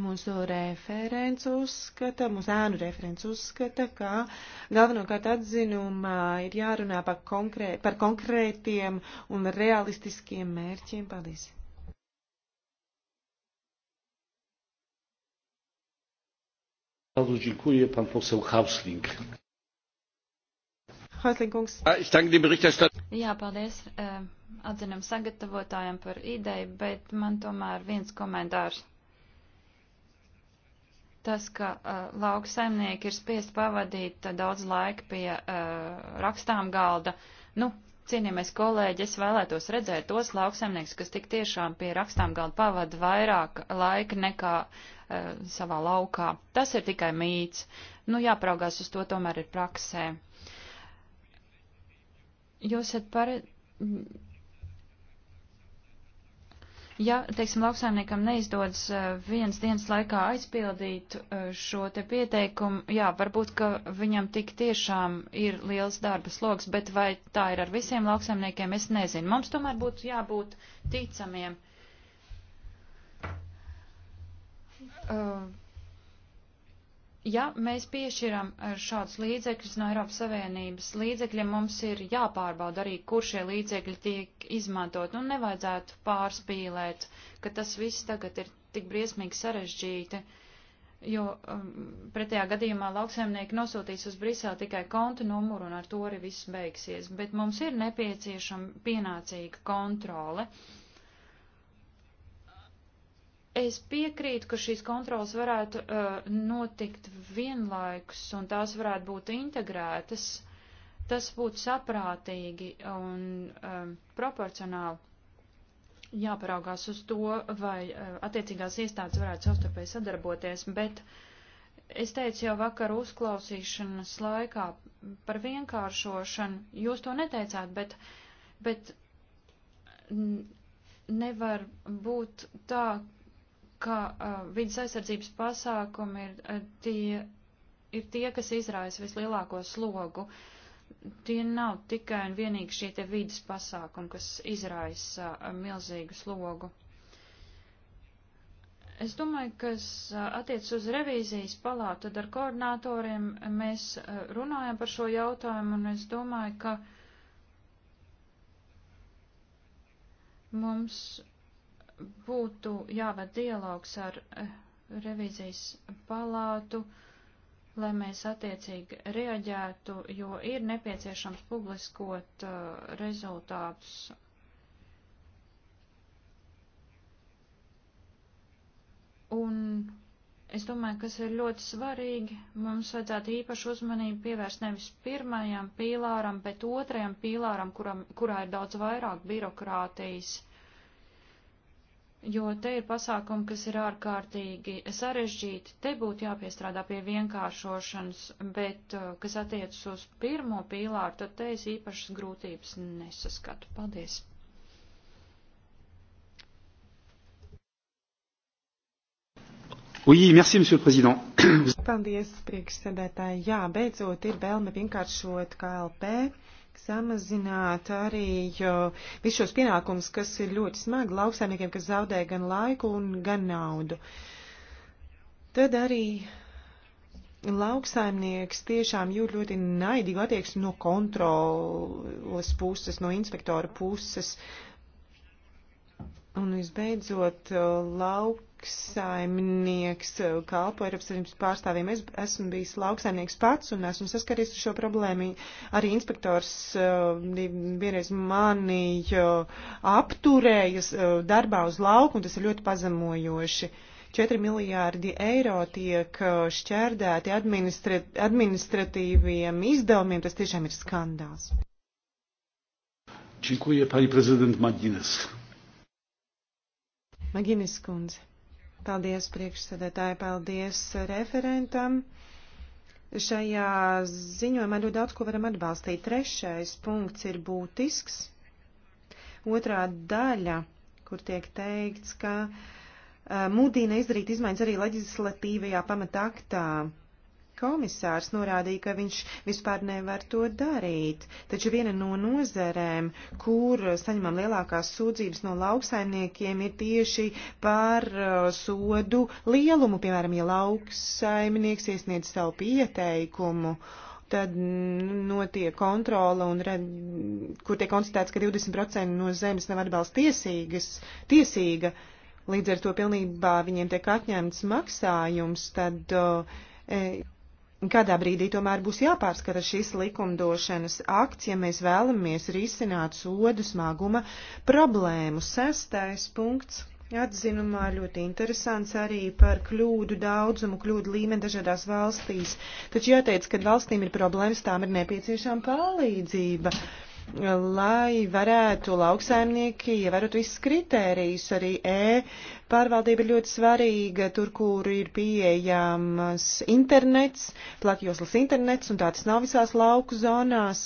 Mūsu referents uzskata, mūsu ēnu referents uzskata, ka galvenokārt atzinumā ir jārunā par, konkrē, par konkrētiem un realistiskiem mērķiem. Paldies! Bardzo dziękuję, pan poseł Hausling. Hauslinkungs. Jā, paldies atzinam sagatavotājiem par ideju, bet man tomēr viens komentārs. Tas, ka uh, lauka saimnieki ir spiest pavadīt uh, daudz laika pie uh, rakstām galda, nu, Cienījamies kolēģi, es vēlētos redzēt tos lauksaimnieks, kas tik tiešām pie rakstām galda pavada vairāk laika nekā e, savā laukā. Tas ir tikai mīts. Nu, jāpraugās uz to tomēr ir praksē. Jūs esat pare Ja, teiksim, lauksaimniekam neizdodas eh, viens dienas laikā aizpildīt eh, šo te pieteikumu, jā, varbūt, ka viņam tik tiešām ir liels darba sloks, bet vai tā ir ar visiem lauksaimniekiem, es nezinu. Mums tomēr būtu jābūt ticamiem. Uh, Ja mēs piešķiram eh, šādus līdzekļus no Eiropas Savienības līdzekļiem, mums ir jāpārbauda arī, kur šie līdzekļi tiek izmantot, un nu, nevajadzētu pārspīlēt, ka tas viss tagad ir tik briesmīgi sarežģīti, jo um, pretējā gadījumā lauksaimnieki nosūtīs uz Briselu tikai konta numuru, un ar to arī viss beigsies, bet mums ir nepieciešama pienācīga kontrole. Uh, Es piekrītu, ka šīs kontrolas varētu uh, notikt vienlaikus un tās varētu būt integrētas. Tas būtu saprātīgi un um, proporcionāli. Jāparaugās uz to, vai uh, attiecīgās iestādes varētu savstarpēji sadarboties, bet es teicu jau vakar uzklausīšanas laikā par vienkāršošanu. Jūs to neteicāt, bet, bet nevar būt tā, ka uh, vidas aizsardzības pasākumi ir, uh, tie, ir tie, kas izraisa vislielāko slogu. Tie nav tikai un vienīgi šie te vidas pasākumi, kas izraisa uh, milzīgu slogu. Es domāju, kas attiec uz revīzijas palātu, tad ar koordinatoriem mēs runājam par šo jautājumu, un es domāju, ka mums būtu jāved dialogs ar eh, revizijas palātu, lai mēs attiecīgi reaģētu, jo ir nepieciešams publiskot uh, rezultātus. Un es domāju, kas ir ļoti svarīgi, mums vajadzētu īpašu uzmanību pievērst nevis pirmajam pīlāram, bet otrajam pīlāram, kuram, kurā ir daudz vairāk birokrātijas jo te ir pasākumi, kas ir ārkārtīgi sarežģīti. Te būtu jāpiestrādā pie vienkāršošanas, bet uh, kas attiecas uz pirmo pīlāru, tad te es īpašas grūtības nesaskatu. Paldies! Oui, merci, monsieur le président. Paldies, priekšsēdētāji. Jā, beidzot ir vēlme vienkāršot KLP samazināt arī visus šos pienākumus, kas ir ļoti smagi lauksaimniekiem, kas zaudē gan laiku un gan naudu. Tad arī lauksaimnieks tiešām jūt ļoti naidīgu attieksmi no kontrolas puses, no inspektora puses. Uh, Un visbeidzot, lauksaimnieks eh, kalpo Eiropas Savienības pārstāvjiem. Es esmu bijis lauksaimnieks pats un esmu saskaries ar šo problēmu. Arī inspektors eh, vienreiz mani eh, apturējas darbā uz lauku, un tas ir ļoti pazemojoši. 4 miljārdi eiro tiek šķērdēti administratīviem izdevumiem. Tas tiešām ir skandāls. Dziękuję, pani prezydent Magines. Maginis kundze. Paldies priekšsēdētāji, paldies referentam. Šajā ziņojumā ļoti daudz ko varam atbalstīt. Trešais punkts ir būtisks. Otrā daļa, kur tiek teikts, ka uh, mudina izdarīt izmaiņas arī leģislatīvajā pamataktā. aktā Komisārs norādīja, ka viņš vispār nevar to darīt, taču viena no nozerēm, kur saņemam lielākās sūdzības no lauksaimniekiem, ir tieši par uh, sodu lielumu. Piemēram, ja lauksaimnieks iesniedz savu pieteikumu, tad notiek kontrola, un red, kur tiek konstatēts, ka 20% no zemes nav atbalsta tiesīga, līdz ar to pilnībā viņiem tiek atņemts maksājums, tad. Uh, e, Kādā brīdī tomēr būs jāpārskata šis likumdošanas akts, ja mēs vēlamies risināt sodu smaguma problēmu. Sestais punkts. Atzinumā ļoti interesants arī par kļūdu daudzumu, kļūdu līmeni dažādās valstīs. Taču jāteic, ka valstīm ir problēmas, tām ir nepieciešama palīdzība. Uh, lai varētu lauksaimnieki ievērot visus kritērijus. Arī E pārvaldība ir ļoti svarīga, tur, kur ir pieejams internets, plakjoslas internets, un tāds nav visās lauku zonās.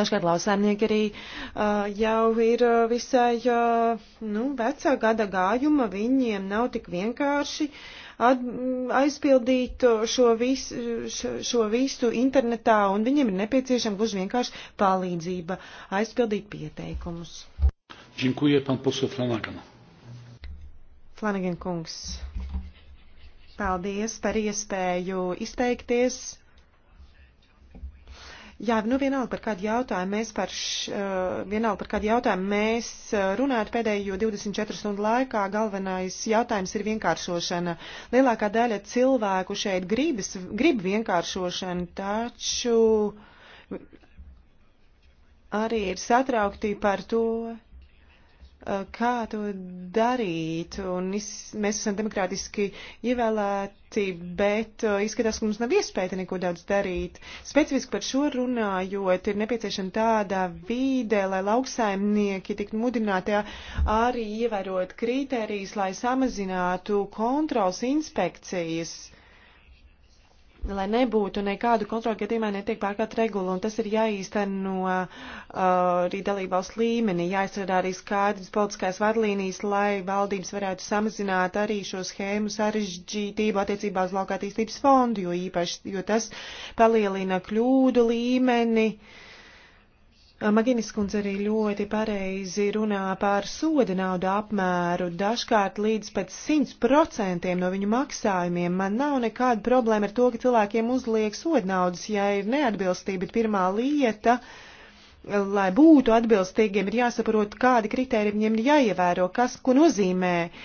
Dažkārt lausēmnieki arī uh, jau ir visai, uh, nu, vecā gada gājuma, viņiem nav tik vienkārši uh, at, mm, aizpildīt šo visu, šo, šo visu internetā, un viņiem ir nepieciešama gluži vienkārši palīdzība aizpildīt pieteikumus. Dziękuję pan poseł Flanagan. Flanagan kungs. Paldies par iespēju izteikties. Jā, nu vienalga par kādu jautājumu mēs par, š, vienalga par kādu jautājumu mēs runājot pēdējo 24 stundu laikā, galvenais jautājums ir vienkāršošana. Lielākā daļa cilvēku šeit gribas, grib vienkāršošanu, taču arī ir satraukti par to, Eh, kā to darīt. Un es, mēs esam demokrātiski ievēlēti, bet eh, izskatās, ka mums nav iespēja neko daudz darīt. Specifiski par šo runājot, ir nepieciešama tāda vīde, lai lauksaimnieki tiktu mudināti arī ievērot kritērijas, lai samazinātu kontrols inspekcijas. Uh, lai nebūtu nekādu kontroli, ja tiemēr netiek pārkārt regula, un tas ir jāīsteno uh, arī dalībvalsts līmenī, jāizstrādā arī skaidrs politiskās vadlīnijas, lai valdības varētu samazināt arī šo schēmu sarežģītību attiecībā uz laukātīstības fondu, jo īpaši, jo tas palielina kļūdu līmeni. Uh, Maginis kundze arī ļoti pareizi runā par soda naudu apmēru, dažkārt līdz pat 100% no viņu maksājumiem. Man nav nekāda problēma ar to, ka cilvēkiem uzliek soda naudas, ja ir neatbilstība, bet pirmā lieta, lai būtu atbilstīgiem, ir jāsaprot, kādi kritēriji viņiem ir jāievēro, kas, ko nozīmē uh,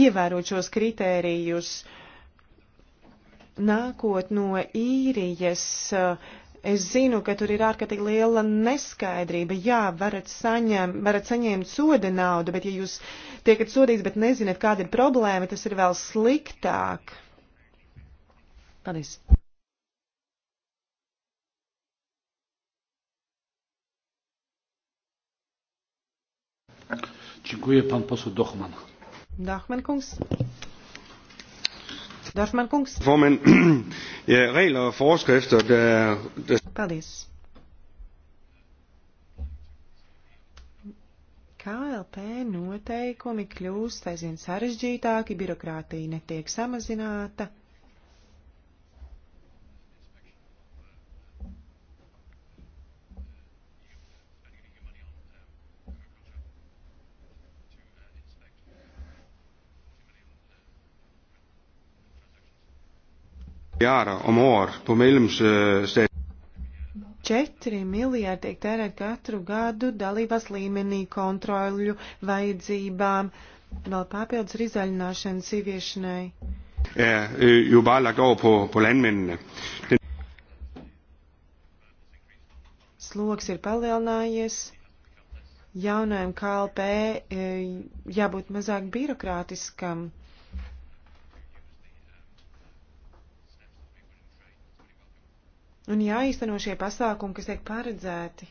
ievērot šos kritērijus. Nākot no īrijas. Uh, Es zinu, ka tur ir ārkārtīgi liela neskaidrība. Jā, varat, saņem, varat saņemt soda naudu, bet ja jūs tiekat sodīts, bet nezināt, kāda ir problēma, tas ir vēl sliktāk. Paldies. Dziękuję pan poseł Dochman. Dochman kungs. Dorfman kungs. Formand, ja, regler og forskrifter, der... Er- der... Paldies. KLP noteikumi kļūst aizvien sarežģītāki, birokrātija netiek samazināta. Jāra omor, to mēļums stēt. 4 miljārdi tiek tērēt katru gadu dalībās līmenī kontroļu vajadzībām, vēl papildus ir izaļināšana sieviešanai. Ja, jo bare lagt over på, på landmændene. Den... Sloks ir palielinājies, jaunajam KLP eh, jābūt mazāk birokrātiskam Un jāīsteno šie pasākumi, kas tiek paredzēti.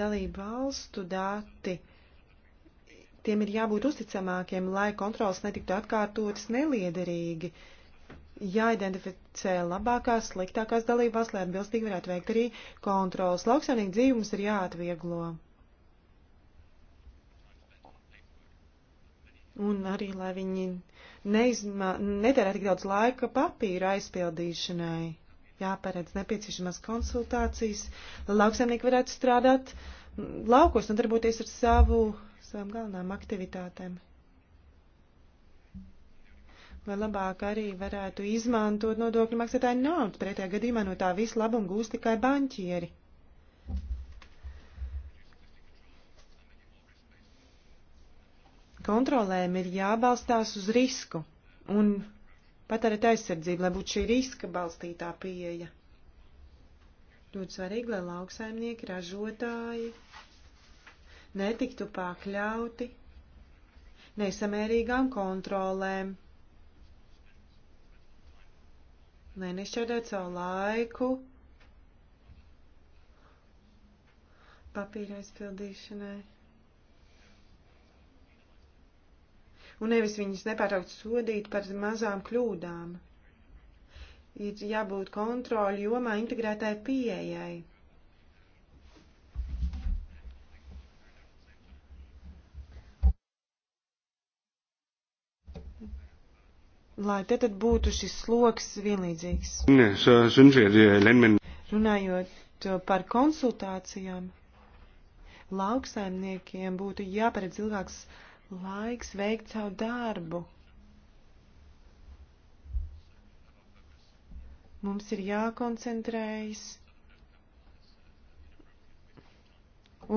Dalību valstu dati. Tiem ir jābūt uzticamākiem, lai kontrols netiktu atkārtotas neliederīgi. Jāidentificē labākās, sliktākās dalībās, lai atbilstīgi varētu veikt arī kontrols. Lauksaimnieku dzīvums ir jāatvieglo. un arī, lai viņi neizmā, nedara tik daudz laika papīra aizpildīšanai. Jāparedz nepieciešamās konsultācijas, lai lauksaimnieki varētu strādāt laukos un darboties ar savu, savām galvenām aktivitātēm. Lai labāk arī varētu izmantot nodokļu maksātāju naudu, pretējā gadījumā no tā visu labumu gūst tikai banķieri. kontrolēm ir jābalstās uz risku un patērēt aizsardzību, lai būtu šī riska balstītā pieeja. Ļoti svarīgi, lai lauksaimnieki, ražotāji netiktu pakļauti nesamērīgām kontrolēm, lai nešķērdētu savu laiku papīra aizpildīšanai. un nevis viņus nepārtraukt sodīt par mazām kļūdām. Ir jābūt kontroli jomā integrētai pieejai. Lai te tad būtu šis sloks vienlīdzīgs. Runājot par konsultācijām, lauksaimniekiem būtu jāparedz ilgāks laiks veikt savu darbu. Mums ir jākoncentrējas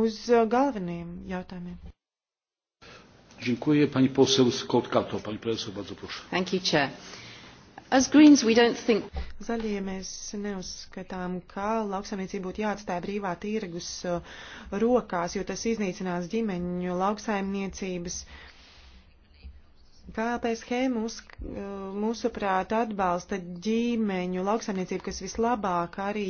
uz uh, galveniem jautājumiem. Dziękuję. Pani poseł Scott Cato. Pani profesor, bardzo proszę. Thank you, Chair. Greens, think... Zaļie mēs neuzskatām, ka lauksaimniecība būtu jāatstāja brīvā tirgus uh, rokās, jo tas iznīcinās ģimeņu lauksaimniecības. Uh, KLP schēma mūs, eh, mūsuprāt atbalsta ģimeņu lauksaimniecību, kas vislabāk arī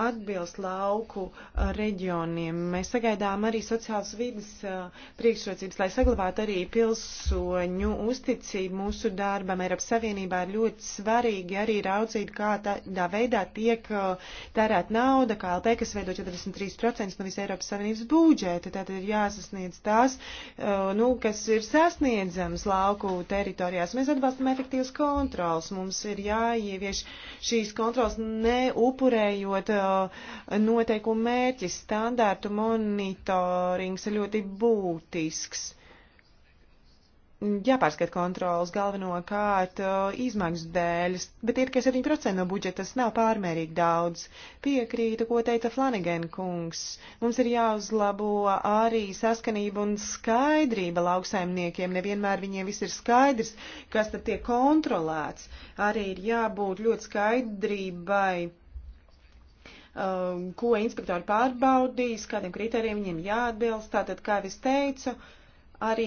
atbilst lauku eh, reģioniem. Mēs sagaidām arī sociālas vidas eh, priekšrocības, lai saglabātu arī pilsoņu uzticību mūsu darbam. Eiropas Savienībā ir ļoti svarīgi arī raudzīt, kā tādā veidā tiek tērēt nauda, KLP, kas veido 43% no visas Eiropas Savienības budžeta. Tātad ir jāsasniedz tās, nu, kas ir sasniedzams lauku lauku teritorijās. Mēs atbalstam efektīvas kontrols. Mums ir jāievieš šīs kontrols neupurējot uh, noteikumu mērķis. Standārtu monitorings ir ļoti būtisks jāpārskat kontrolas galvenokārt uh, izmaksu dēļ, bet ir tikai 7% no budžeta, tas nav pārmērīgi daudz. Piekrītu, ko teica Flanagan kungs. Mums ir jāuzlabo arī saskanība un skaidrība lauksaimniekiem. Nevienmēr viņiem viss ir skaidrs, kas tad tiek kontrolēts. Arī ir jābūt ļoti skaidrībai uh, ko inspektori pārbaudīs, kādiem kritērijiem viņiem jāatbilst. Tātad, kā es teicu, uh, arī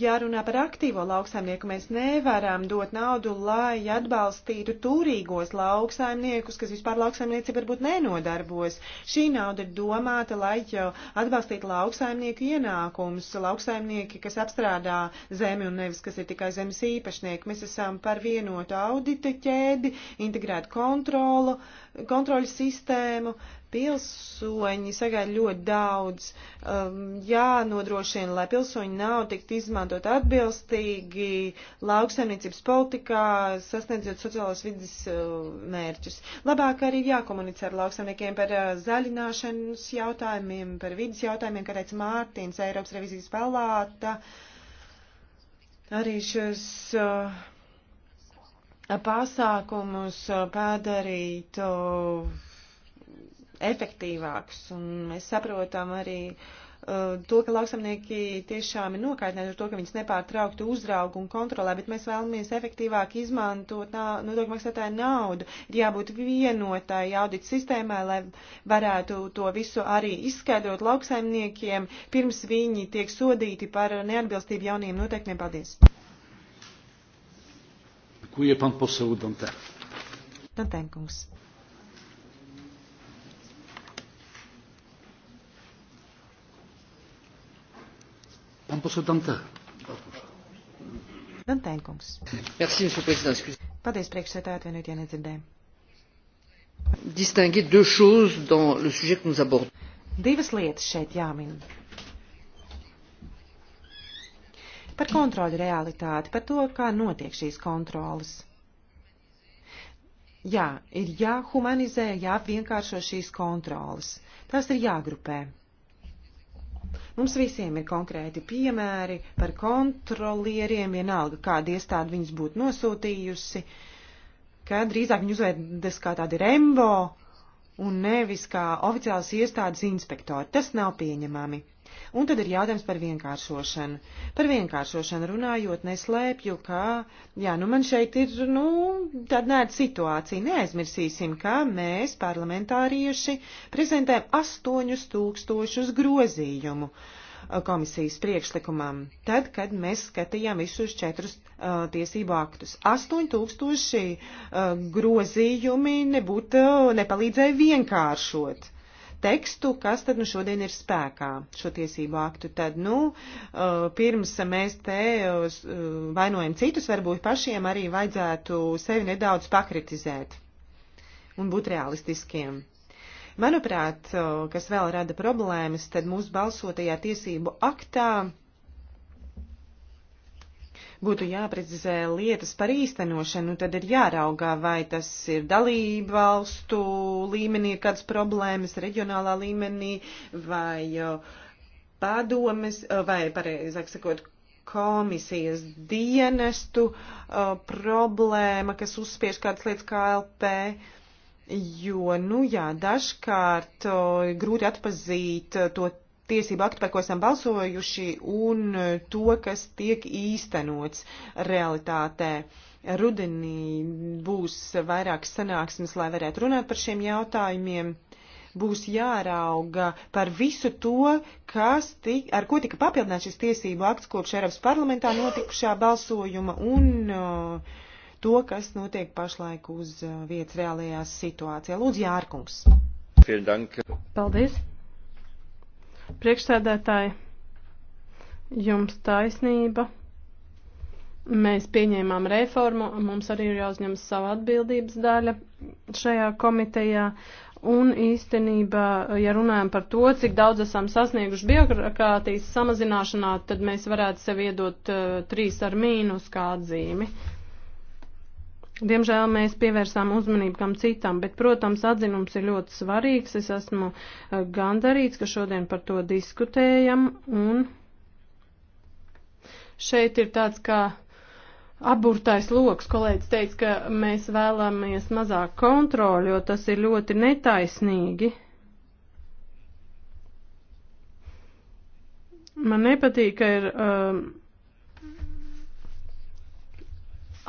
jārunā par aktīvo lauksaimnieku. Mēs nevaram dot naudu, lai atbalstītu turīgos lauksaimniekus, kas vispār lauksaimniecība varbūt nenodarbojas. Šī nauda ir domāta, lai atbalstītu lauksaimnieku ienākumus, lauksaimnieki, kas apstrādā zemi un nevis, kas ir tikai zemes īpašnieki. Mēs esam par vienotu audita ķēdi, integrētu kontrolu, kontroļu sistēmu. Pilsoņi sagaida ļoti daudz. Um, jā, nodrošina, lai pilsoņu nav tikt izmantot atbilstīgi lauksaimniecības politikā, sasniedzot sociālos vidas uh, mērķus. Labāk arī jākomunicē ar lauksaimniekiem par uh, zaļināšanas jautājumiem, par vidas jautājumiem, kā teica Mārtiņš, Eiropas revizijas palāta. Arī šos. Uh, pasākumus uh, padarītu uh, efektīvāks. Un mēs saprotam arī uh, to, ka lauksamnieki tiešām ir nokaitināti ar to, ka viņas nepārtraukti uzrauga un kontrolē, bet mēs vēlamies efektīvāk izmantot nodokļu maksātāju naudu. Ir jābūt vienotai audit sistēmai, lai varētu to visu arī izskaidrot lauksaimniekiem, pirms viņi tiek sodīti par neatbilstību jauniem noteikumiem. Paldies! Dziękuję pan poseł Dante. Dantenkungs. Pan posūd Dantē. Dantēnkungs. Merci, monsieur président. Excuse. Paldies, priekšsētā atvienot, ja nedzirdēju. Distinguer deux choses dans le sujet que nous abordons. Divas lietas šeit jāmin. Par kontroļu realitāti, par to, kā notiek šīs kontrolas. Jā, ir jāhumanizē, jāvienkāršo šīs kontrolas. Tās ir jāgrupē. Mums visiem ir konkrēti piemēri par kontrolieriem, vienalga kāda iestāde viņus būtu nosūtījusi, ka drīzāk viņi uzvedas kā tādi rembo un nevis kā oficiāls iestādes inspektori. Tas nav pieņemami. Un tad ir jautājums par vienkāršošanu. Par vienkāršošanu runājot, neslēpju, ka, jā, nu man šeit ir, nu, tāda nēta situācija. Neaizmirsīsim, ka mēs, parlamentārieši, prezentējam 8000 grozījumu uh, komisijas priekšlikumam, tad, kad mēs skatījām visus četrus uh, tiesību aktus. 8000 uh, grozījumi nebūtu, uh, nepalīdzēja vienkāršot tekstu, kas tad nu šodien ir spēkā šo tiesību aktu. Tad, nu, uh, pirms mēs te uh, vainojam citus, varbūt pašiem arī vajadzētu sevi nedaudz pakritizēt un būt realistiskiem. Manuprāt, uh, kas vēl rada problēmas, tad mūsu balsotajā tiesību aktā būtu jāprecizē lietas par īstenošanu, tad ir jāraugā, vai tas ir dalību valstu līmenī, kādas problēmas reģionālā līmenī, vai padomes, vai pareizāk sakot, komisijas dienestu problēma, kas uzspiež kādas lietas kā LP. Jo, nu jā, dažkārt o, grūti atpazīt to tiesību aktu, par ko esam balsojuši, un eh, to, kas tiek īstenots realitātē. Rudenī būs vairākas sanāksmes, lai varētu runāt par šiem jautājumiem būs jārauga par visu to, kas tik, ar ko tika papildināts šis tiesību akts kopš Eiropas parlamentā notikušā balsojuma un uh, to, kas notiek pašlaik uz eh, vietas reālajās situācijā. Lūdzu, Jārkungs. Paldies. Priekšsēdētāji, jums taisnība. Mēs pieņēmām reformu, mums arī ir jāuzņemas sava atbildības daļa šajā komitejā. Un īstenībā, ja runājam par to, cik daudz esam sasnieguši biokrātīs samazināšanā, tad mēs varētu sev iedot uh, trīs ar mīnus kā atzīmi. Uh, Diemžēl mēs pievērsām uzmanību kam citam, bet, protams, atzinums ir ļoti svarīgs. Es esmu eh, gandarīts, ka šodien par to diskutējam. Un šeit ir tāds kā aburtais loks. Kolēģis teica, ka mēs vēlamies mazāk kontroli, jo tas ir ļoti netaisnīgi. Man nepatīk, ka ir. Um,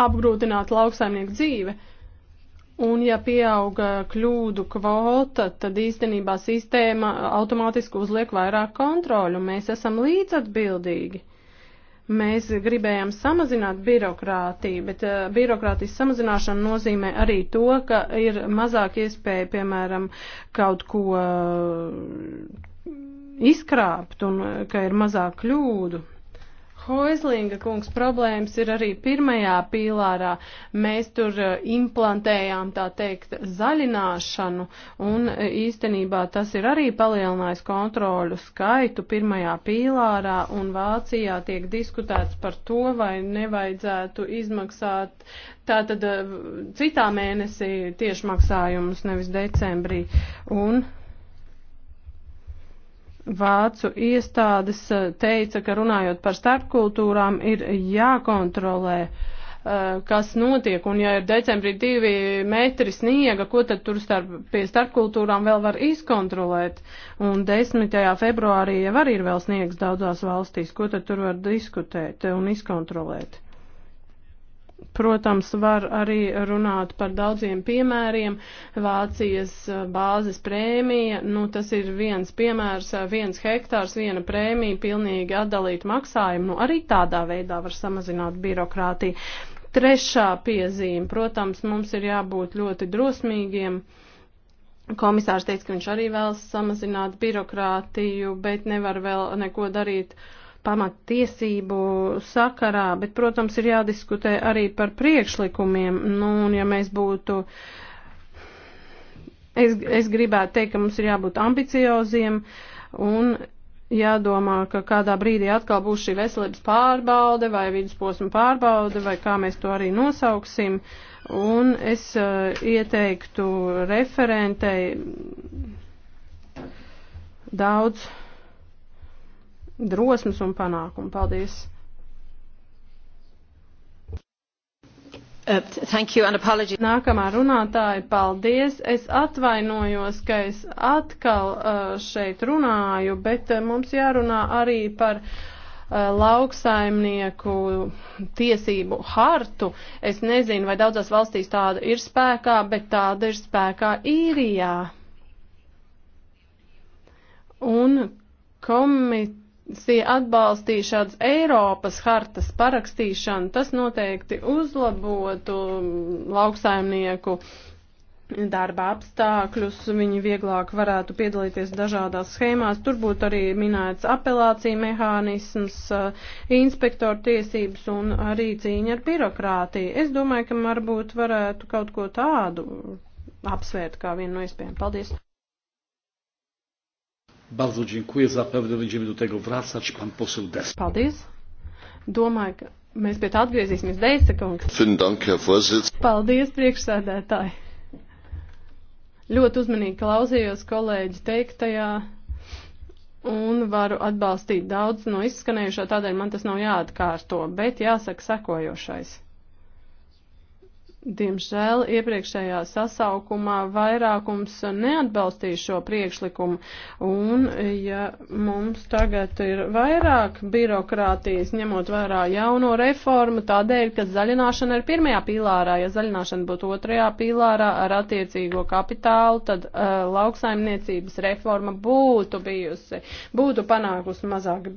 apgrūtināt lauksaimnieku dzīvi. Un ja pieauga kļūdu kvota, tad īstenībā sistēma automātiski uzliek vairāk kontroļu. Mēs esam līdzatbildīgi. Mēs gribējām samazināt birokrātiju, bet uh, birokrātijas samazināšana nozīmē arī to, ka ir mazāk iespēja, piemēram, kaut ko uh, izkrāpt un eh, ka ir mazāk kļūdu. Hoizlinga kungs problēmas ir arī pirmajā pīlārā. Mēs tur e, implantējām tā teikt zaļināšanu un e, īstenībā tas ir arī palielinājis kontroļu skaitu pirmajā pīlārā un Vācijā tiek diskutēts par to, vai nevajadzētu izmaksāt tātad e, citā mēnesī tiešmaksājumus nevis decembrī. Un Vācu iestādes eh, teica, ka runājot par starpkultūrām ir jākontrolē, eh, kas notiek, un ja ir decembrī divi metri sniega, ko tad tur starp, pie starpkultūrām vēl var izkontrolēt, un 10. februārī jau arī ir vēl sniegs daudzās valstīs, ko tad tur var diskutēt un izkontrolēt. Protams, var arī runāt par daudziem piemēriem. Vācijas eh, bāzes prēmija, nu tas ir viens piemērs, eh, viens hektārs, viena prēmija, pilnīgi atdalīt maksājumu. Nu, arī tādā veidā var samazināt birokrātiju. Trešā piezīme, protams, mums ir jābūt ļoti drosmīgiem. Komisārs teica, ka viņš arī vēlas samazināt birokrātiju, bet nevar vēl neko darīt. Uh, pamattiesību sakarā, bet, protams, ir jādiskutē arī par priekšlikumiem. Nu, un ja mēs būtu, es, es gribētu teikt, ka mums ir jābūt ambicioziem un jādomā, ka kādā brīdī atkal būs šī veselības pārbaude vai vidusposma pārbaude vai kā mēs to arī nosauksim. Un es uh, ieteiktu referentei daudz drosmes un panākumu. Paldies! Uh, thank you and apology. Nākamā runātāja, paldies. Es atvainojos, ka es atkal uh, šeit runāju, bet uh, mums jārunā arī par uh, lauksaimnieku tiesību hartu. Es nezinu, vai daudzās valstīs tāda ir spēkā, bet tāda ir spēkā īrijā. Un komit atbalstīja šādas Eiropas hartas parakstīšanu, tas noteikti uzlabotu lauksaimnieku darba apstākļus, viņi vieglāk varētu piedalīties dažādās schēmās. Tur būtu arī minēts apelācija mehānisms, eh, inspektoru tiesības un arī cīņa ar birokrātiju. Es domāju, ka varbūt varētu kaut ko tādu apsvērt kā vienu no iespējām. Paldies! Bardzo dziękuję. Zapewne będziemy do tego wracać. Pan poseł Des. Paldies. Domāju, ka mēs pie tā atgriezīsimies. Deisa kungs. Dank, Paldies, priekšsēdētāji. Ļoti uzmanīgi klausījos kolēģi teiktajā un varu atbalstīt daudz no izskanējušā, tādēļ man tas nav jāatkārto, bet jāsaka sekojošais. Diemžēl iepriekšējā sasaukumā vairākums neatbalstīja šo priekšlikumu, un ja mums tagad ir vairāk birokrātijas, ņemot vērā jauno reformu, tādēļ, ka zaļināšana ir pirmajā pīlārā, ja zaļināšana būtu otrajā pīlārā ar attiecīgo kapitālu, tad uh, lauksaimniecības reforma būtu bijusi, būtu panākusi mazāk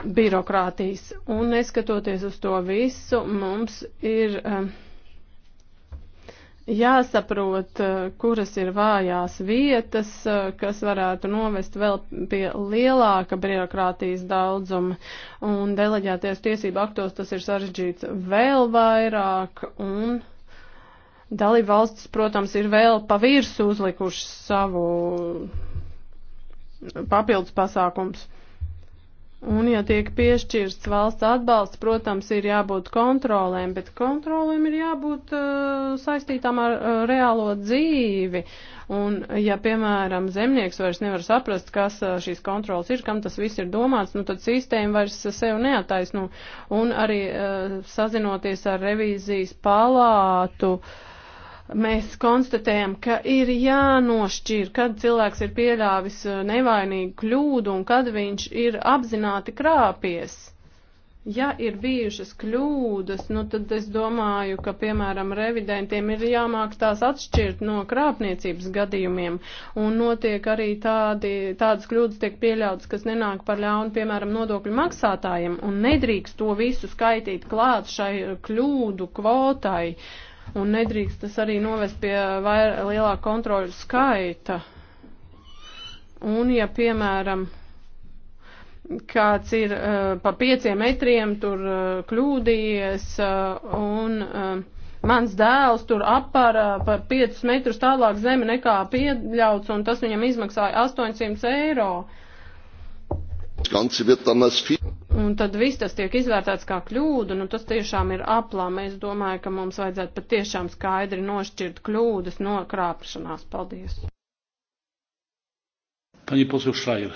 birokrātijas. Un neskatoties uz to visu, mums ir eh, jāsaprot, eh, kuras ir vājās vietas, eh, kas varētu novest vēl pie lielāka birokrātijas daudzuma. Un deleģēties tiesību aktos tas ir sarežģīts vēl vairāk. Un dalība valsts, protams, ir vēl pa virsu uzlikuši savu papildus pasākums. Un, ja tiek piešķirts valsts atbalsts, protams, ir jābūt kontrolēm, bet kontrolēm ir jābūt uh, saistītām ar uh, reālo dzīvi. Un, ja, piemēram, zemnieks vairs nevar saprast, kas uh, šīs kontrols ir, kam tas viss ir domāts, nu, tad sistēma vairs sev neataisno. Un arī uh, sazinoties ar revīzijas palātu. Uh, mēs konstatējam, ka ir jānošķir, kad cilvēks ir pieļāvis uh, nevainīgu kļūdu un kad viņš ir apzināti krāpies. Ja ir bijušas kļūdas, nu tad es domāju, ka, piemēram, revidentiem ir jāmāk tās atšķirt no krāpniecības gadījumiem, un notiek arī tādi, tādas kļūdas tiek pieļautas, kas nenāk par ļaunu, piemēram, nodokļu maksātājiem, un nedrīkst to visu skaitīt klāt šai kļūdu kvotai. Uh, un nedrīkst tas arī novest pie vair, lielā kontroļu skaita. Un, ja, piemēram, kāds ir uh, pa pieciem metriem tur uh, kļūdījies uh, un uh, mans dēls tur apara pa 5 metrus tālāk zemi nekā pieļauts, un tas viņam izmaksāja 800 eiro. Un tad viss tas tiek izvērtēts kā kļūda, nu tas tiešām ir aplama. Es domāju, ka mums vajadzētu patiešām skaidri nošķirt kļūdas no krāpšanās. Paldies. Pani posūk Šlaira.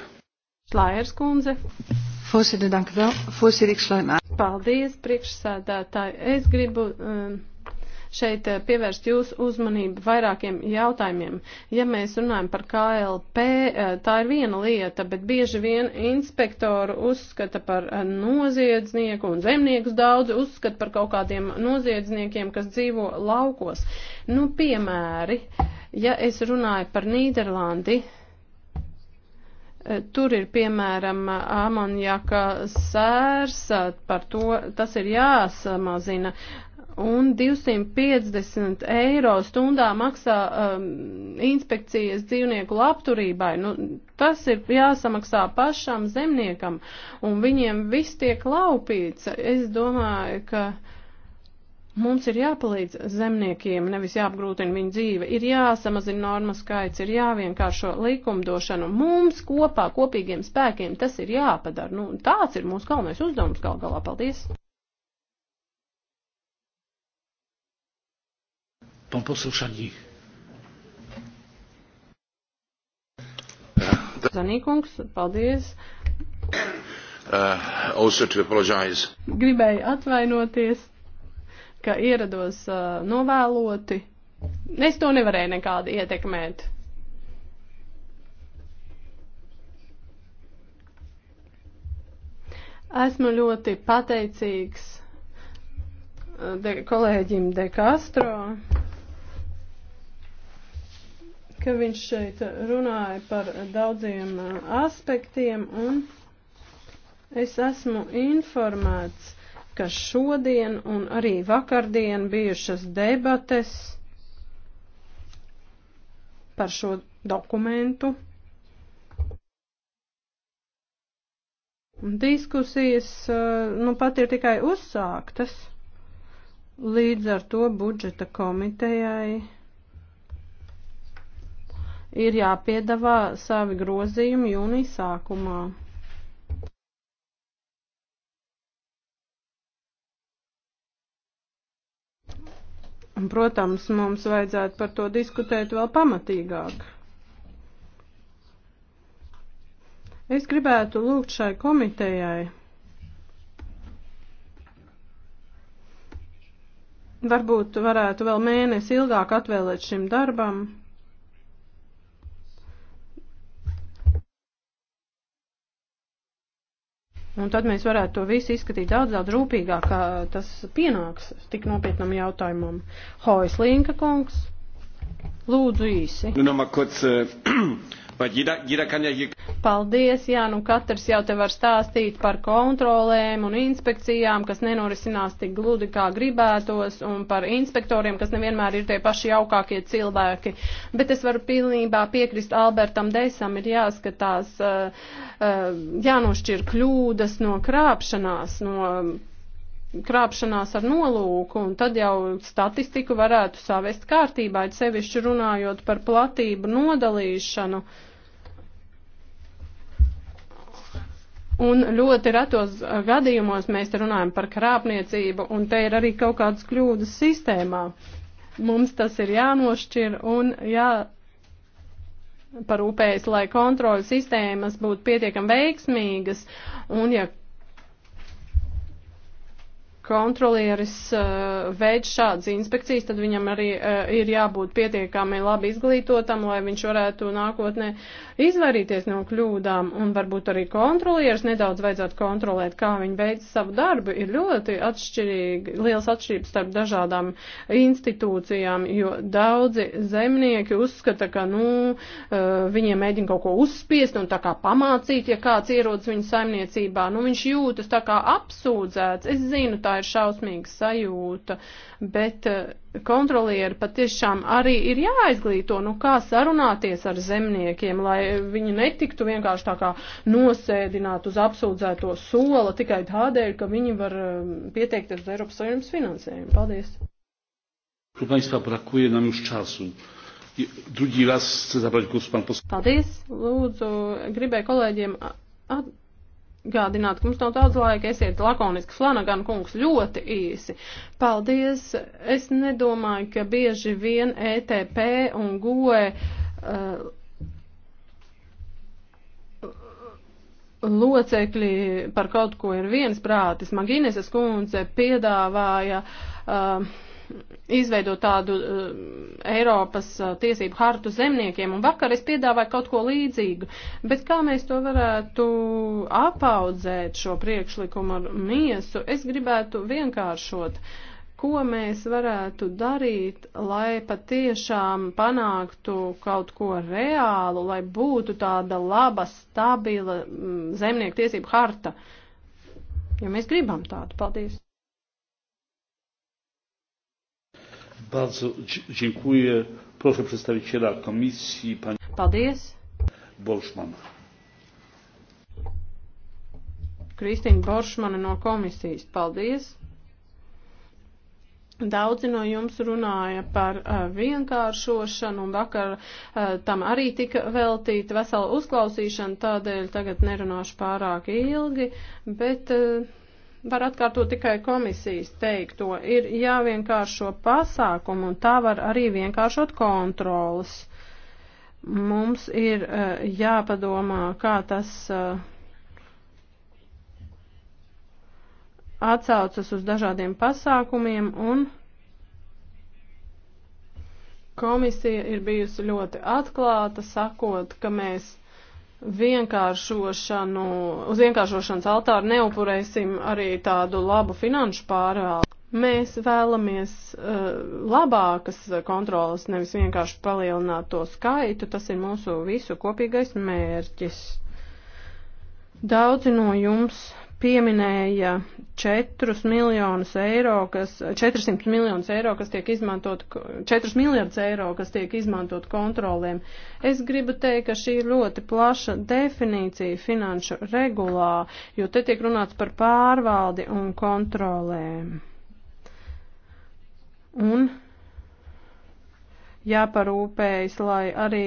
Šlairs kundze. Fosīdi, dank vēl. Fosīdi, Šlaimē. Paldies, priekšsēdētāji. Es gribu. Um, šeit eh, pievērst jūsu uzmanību vairākiem jautājumiem. Ja mēs runājam par KLP, eh, tā ir viena lieta, bet bieži vien inspektoru uzskata par eh, noziedznieku un zemniekus daudz uzskata par kaut kādiem noziedzniekiem, kas dzīvo laukos. Nu, piemēri, ja es runāju par Nīderlandi, tur ir piemēram amonjaka sērs, par to tas ir jāsamazina un 250 eiro stundā maksā um, inspekcijas dzīvnieku labturībai. Nu, tas ir jāsamaksā pašam zemniekam, un viņiem viss tiek laupīts. Es domāju, ka. Mums ir jāpalīdz zemniekiem, nevis jāapgrūtina viņu dzīve, ir jāsamazina normas skaits, ir jāvienkāršo likumdošanu. Mums kopā, kopīgiem spēkiem tas ir jāpadara. Nu, tāds ir mūsu galvenais uzdevums gal galā. Paldies! Pan poseł Szani. Zanīkungs, paldies. Uh, Gribēju atvainoties, ka ierados uh, novēloti. Es to nevarēju nekādi ietekmēt. Esmu ļoti pateicīgs uh, de kolēģim De Castro ka viņš šeit runāja par daudziem aspektiem, un es esmu informēts, ka šodien un arī vakardien bijušas debates par šo dokumentu. Diskusijas nu pat ir tikai uzsāktas, līdz ar to budžeta komitejai ir jāpiedāvā savi grozījumi jūnija sākumā. Protams, mums vajadzētu par to diskutēt vēl pamatīgāk. Es gribētu lūgt šai komitejai varbūt varētu vēl mēnesi ilgāk atvēlēt šim darbam. Un tad mēs varētu to visu izskatīt daudz, daudz rūpīgāk, kā tas pienāks tik nopietnam jautājumam. Hojas Linka kungs, lūdzu īsi. Nu, nu kurz, uh, Jeder, jeder kann ja hier... Paldies, jā, nu katrs jau te var stāstīt par kontrolēm un inspekcijām, kas nenorisinās tik gludi, kā gribētos, un par inspektoriem, kas nevienmēr ir tie paši jaukākie cilvēki. Bet es varu pilnībā piekrist Albertam Deisam, ir jāskatās, eh, eh, jānošķir kļūdas no krāpšanās, no krāpšanās ar nolūku, un tad jau statistiku varētu savest kārtībā, it sevišķi runājot par platību nodalīšanu. Un ļoti retos gadījumos mēs te runājam par krāpniecību, un te ir arī kaut kādas kļūdas sistēmā. Mums tas ir jānošķir un jā, parūpējas, lai kontrolas sistēmas būtu pietiekami veiksmīgas, un ja kontrolieris uh, veids šādas inspekcijas, tad viņam arī uh, ir jābūt pietiekami labi izglītotam, lai viņš varētu nākotnē izvairīties no kļūdām. Un varbūt arī kontrolieris nedaudz vajadzētu kontrolēt, kā viņi veic savu darbu. Ir ļoti atšķirīgi, liels atšķirības starp dažādām institūcijām, jo daudzi zemnieki uzskata, ka nu, uh, viņiem mēģina kaut ko uzspiest un tā kā pamācīt, ja kāds ierodas viņu saimniecībā. Nu, viņš jūtas tā kā apsūdzēts. Es zinu, tā tā ir šausmīga sajūta, bet eh, kontrolieri patiešām arī ir jāizglīto, nu kā sarunāties ar zemniekiem, lai viņi netiktu vienkārši tā kā nosēdināt uz apsūdzēto sola tikai tādēļ, ka viņi var eh, pieteikties uz Eiropas Savienības finansējumu. Paldies! Proszę Państwa, brakuje nam już czasu. Drugi raz chcę zabrać głos pan poseł. Paldies, lūdzu, gribēju kolēģiem at, atgādināt, ka mums nav daudz laika, esiet lakoniski, Flanagan kungs, ļoti īsi. Paldies, es nedomāju, ka bieži vien ETP un GOE uh, locekļi par kaut ko ir viens prātis. Magīneses kundze piedāvāja. Uh, izveidot tādu uh, Eiropas uh, tiesību hartu zemniekiem, un vakar es piedāvāju kaut ko līdzīgu, bet kā mēs to varētu apaudzēt šo priekšlikumu ar miesu, es gribētu vienkāršot. Uh, ko mēs varētu darīt, lai patiešām panāktu kaut ko reālu, lai būtu tāda laba, stabila mm, zemnieku tiesību harta, ja mēs gribam tādu. Paldies! Bardzo dziękuję. Proszę przedstawiciela komisji, pani Paldies. Bolšman. Kristīna Boršmana no komisijas. Paldies! Daudzi no jums runāja par uh, vienkāršošanu, un vakar uh, tam arī tika veltīta vesela uzklausīšana, tādēļ tagad nerunāšu pārāk ilgi, bet uh, var atkārtot tikai komisijas teikto. Ir jāvienkāršo pasākumu un tā var arī vienkāršot kontrolas. Mums ir uh, jāpadomā, kā tas uh, atsaucas uz dažādiem pasākumiem un komisija ir bijusi ļoti atklāta, sakot, ka mēs vienkāršošanu, uz vienkāršošanas altāru neupurēsim arī tādu labu finanšu pārvaldu. Mēs vēlamies uh, labākas kontrolas, nevis vienkārši palielināt to skaitu. Tas ir mūsu visu kopīgais mērķis. Daudzi no jums pieminēja 4 miljonus eiro, kas, 400 miljonus eiro, kas tiek izmantot, 4 miljardus eiro, kas tiek izmantot kontroliem. Es gribu teikt, ka šī ir ļoti plaša definīcija finanšu regulā, jo te tiek runāts par pārvaldi un kontrolēm. Un jāparūpējas, lai arī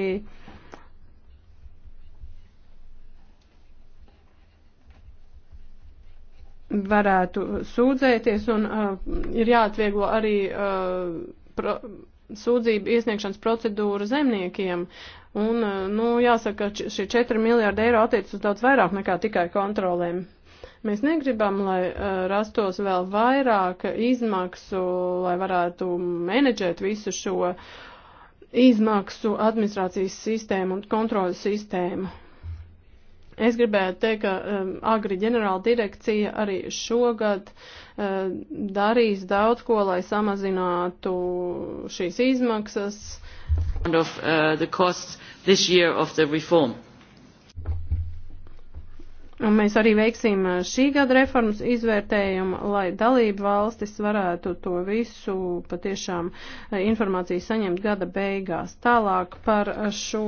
varētu sūdzēties un uh, ir jāatvieglo arī uh, pro, sūdzību iesniegšanas procedūra zemniekiem. Un, uh, nu, jāsaka, ka šie 4 miljārdi eiro attiec uz daudz vairāk nekā tikai kontrolēm. Mēs negribam, lai uh, rastos vēl vairāk izmaksu, lai varētu menedžēt visu šo izmaksu administrācijas sistēmu un kontrolas sistēmu. Es gribētu teikt, ka um, Agri ģenerāla direkcija arī šogad uh, darīs daudz ko, lai samazinātu šīs izmaksas. Of, uh, Un mēs arī veiksim uh, šī gada reformas izvērtējumu, lai dalību valstis varētu to visu patiešām uh, informāciju saņemt gada beigās. Tālāk par uh, šo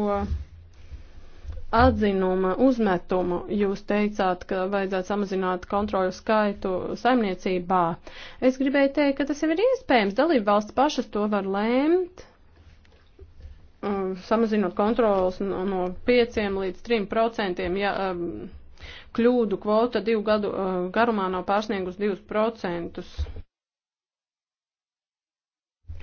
atzinuma uzmetumu. Jūs teicāt, ka vajadzētu samazināt kontroļu skaitu saimniecībā. Es gribēju teikt, ka tas jau ir iespējams. Dalība valsts pašas to var lēmt, um, samazinot kontrolas no 5 līdz 3 procentiem. Ja, um, Kļūdu kvota divu gadu uh, garumā nav pārsniegus 2%.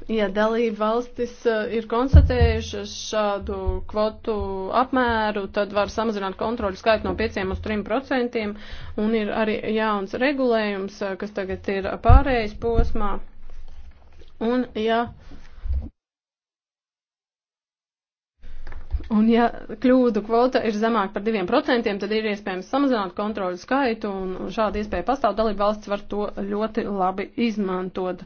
Ja dalība valstis eh, ir konstatējušas šādu kvotu apmēru, tad var samazināt kontroļu skaitu no 5 uz 3 procentiem, un ir arī jauns regulējums, eh, kas tagad ir pārējais posmā. Un, ja, un ja kļūdu kvota ir zemāk par 2%, tad ir iespējams samazināt kontroļu skaitu, un šāda iespēja pastāv, dalība valsts var to ļoti labi izmantot.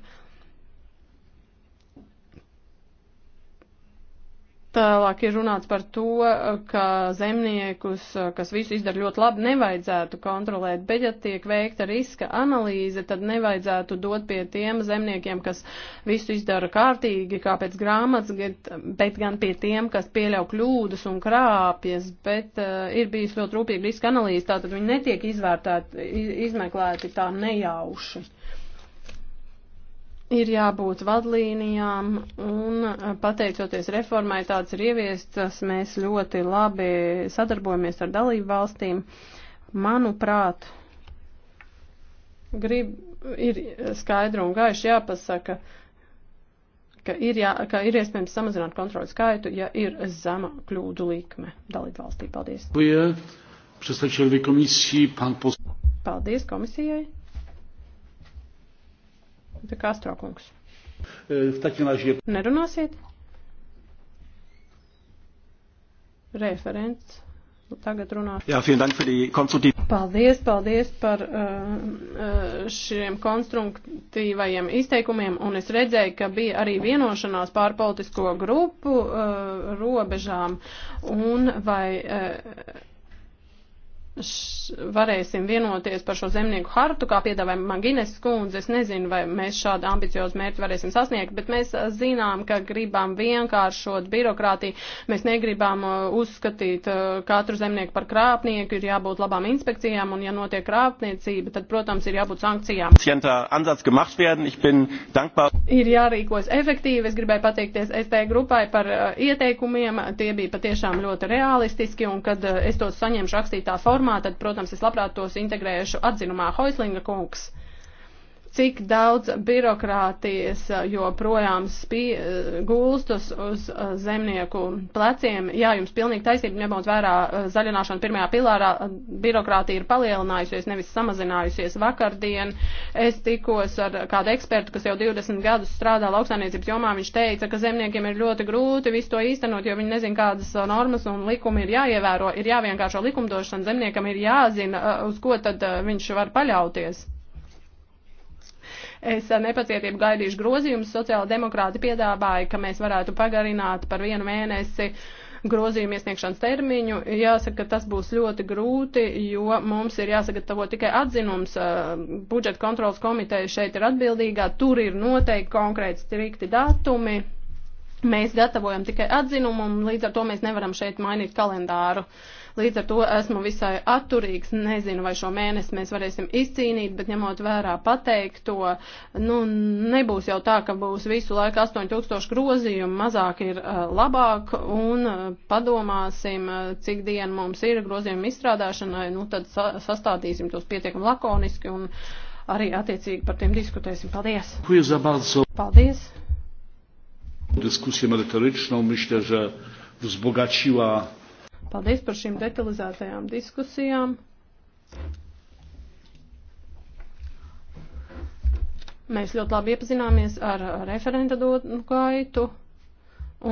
Tālāk ir runāts par to, ka zemniekus, kas visu izdara ļoti labi, nevajadzētu kontrolēt, bet ja tiek veikta riska analīze, tad nevajadzētu dot pie tiem zemniekiem, kas visu izdara kārtīgi, kā pēc grāmatas, bet gan pie tiem, kas pieļauj kļūdas un krāpjas, bet uh, ir bijis ļoti rūpīga riska analīze, tātad viņi netiek izvērtēti, izmeklēti tā nejauši ir jābūt vadlīnijām, un eh, pateicoties reformai tāds ir ieviestas, mēs ļoti labi sadarbojamies ar dalību valstīm. Manuprāt, grib, ir skaidri un gaiši jāpasaka, ka ir, jā, ka ir iespējams samazināt kontrolu skaitu, ja ir zema kļūdu likme dalību valstī. Paldies. Paldies komisijai tā kā astrokungs. E, Nerunāsiet? Referents tagad runāt. Jā, vielen dank für die konstruktīvi. Paldies, paldies par uh, šiem konstruktīvajiem izteikumiem, un es redzēju, ka bija arī vienošanās pār politisko grupu uh, robežām, un vai. Uh, varēsim vienoties par šo zemnieku hartu, kā piedāvāja Magines skundze. Es nezinu, vai mēs šādu ambiciozu mērķi varēsim sasniegt, bet mēs zinām, ka gribam vienkāršot birokrātiju. Mēs negribam uzskatīt katru zemnieku par krāpnieku, ir jābūt labām inspekcijām, un ja notiek krāpniecība, tad, protams, ir jābūt sankcijām. Ir jārīkojas efektīvi. Es gribēju pateikties ST grupai par ieteikumiem. Tie bija patiešām ļoti realistiski, un kad es tos saņemšu rakstītā formā, formā, tad, protams, es labprāt tos integrēšu atzinumā Hoislinga kungs cik daudz birokrātijas eh, joprojām spī, eh, gulstas uz eh, zemnieku pleciem. Jā, jums pilnīgi taisnība, ņemot vērā zaļināšanu pirmajā pilārā, birokrātija ir palielinājusies, nevis samazinājusies. Vakardien es tikos ar kādu ekspertu, kas jau 20 gadus strādā lauksainiecības jomā, viņš teica, ka zemniekiem ir ļoti grūti visu to īstenot, jo viņi nezin, kādas normas un likumi ir jāievēro, ir jāvienkāršo likumdošana, zemniekam ir jāzina, uz ko tad viņš var paļauties. Es ar nepacietību gaidīšu grozījumus. Sociāla demokrāti piedāvāja, ka mēs varētu pagarināt par vienu mēnesi grozījumu iesniegšanas termiņu. Jāsaka, ka tas būs ļoti grūti, jo mums ir jāsagatavo tikai atzinums. Eh, budžeta kontrolas komiteja šeit ir atbildīgā, tur ir noteikti konkrēti strikti datumi. Mēs gatavojam tikai atzinumu, un līdz ar to mēs nevaram šeit mainīt kalendāru. Uh, Līdz ar to esmu visai atturīgs, nezinu, vai šo mēnesi mēs varēsim izcīnīt, bet ņemot vērā pateikto, nu, nebūs jau tā, ka būs visu laiku 8000 grozījumu, mazāk ir eh, labāk, un eh, padomāsim, eh, cik dienu mums ir grozījumu izstrādāšanai, nu, tad sa sastādīsim tos pietiekami lakoniski un arī attiecīgi par tiem diskutēsim. Paldies! Paldies! Dyskusję merytoryczną myślę, że wzbogaciła Paldies par šīm detalizētajām diskusijām. Mēs ļoti labi iepazināmies ar referenta dotu gaitu,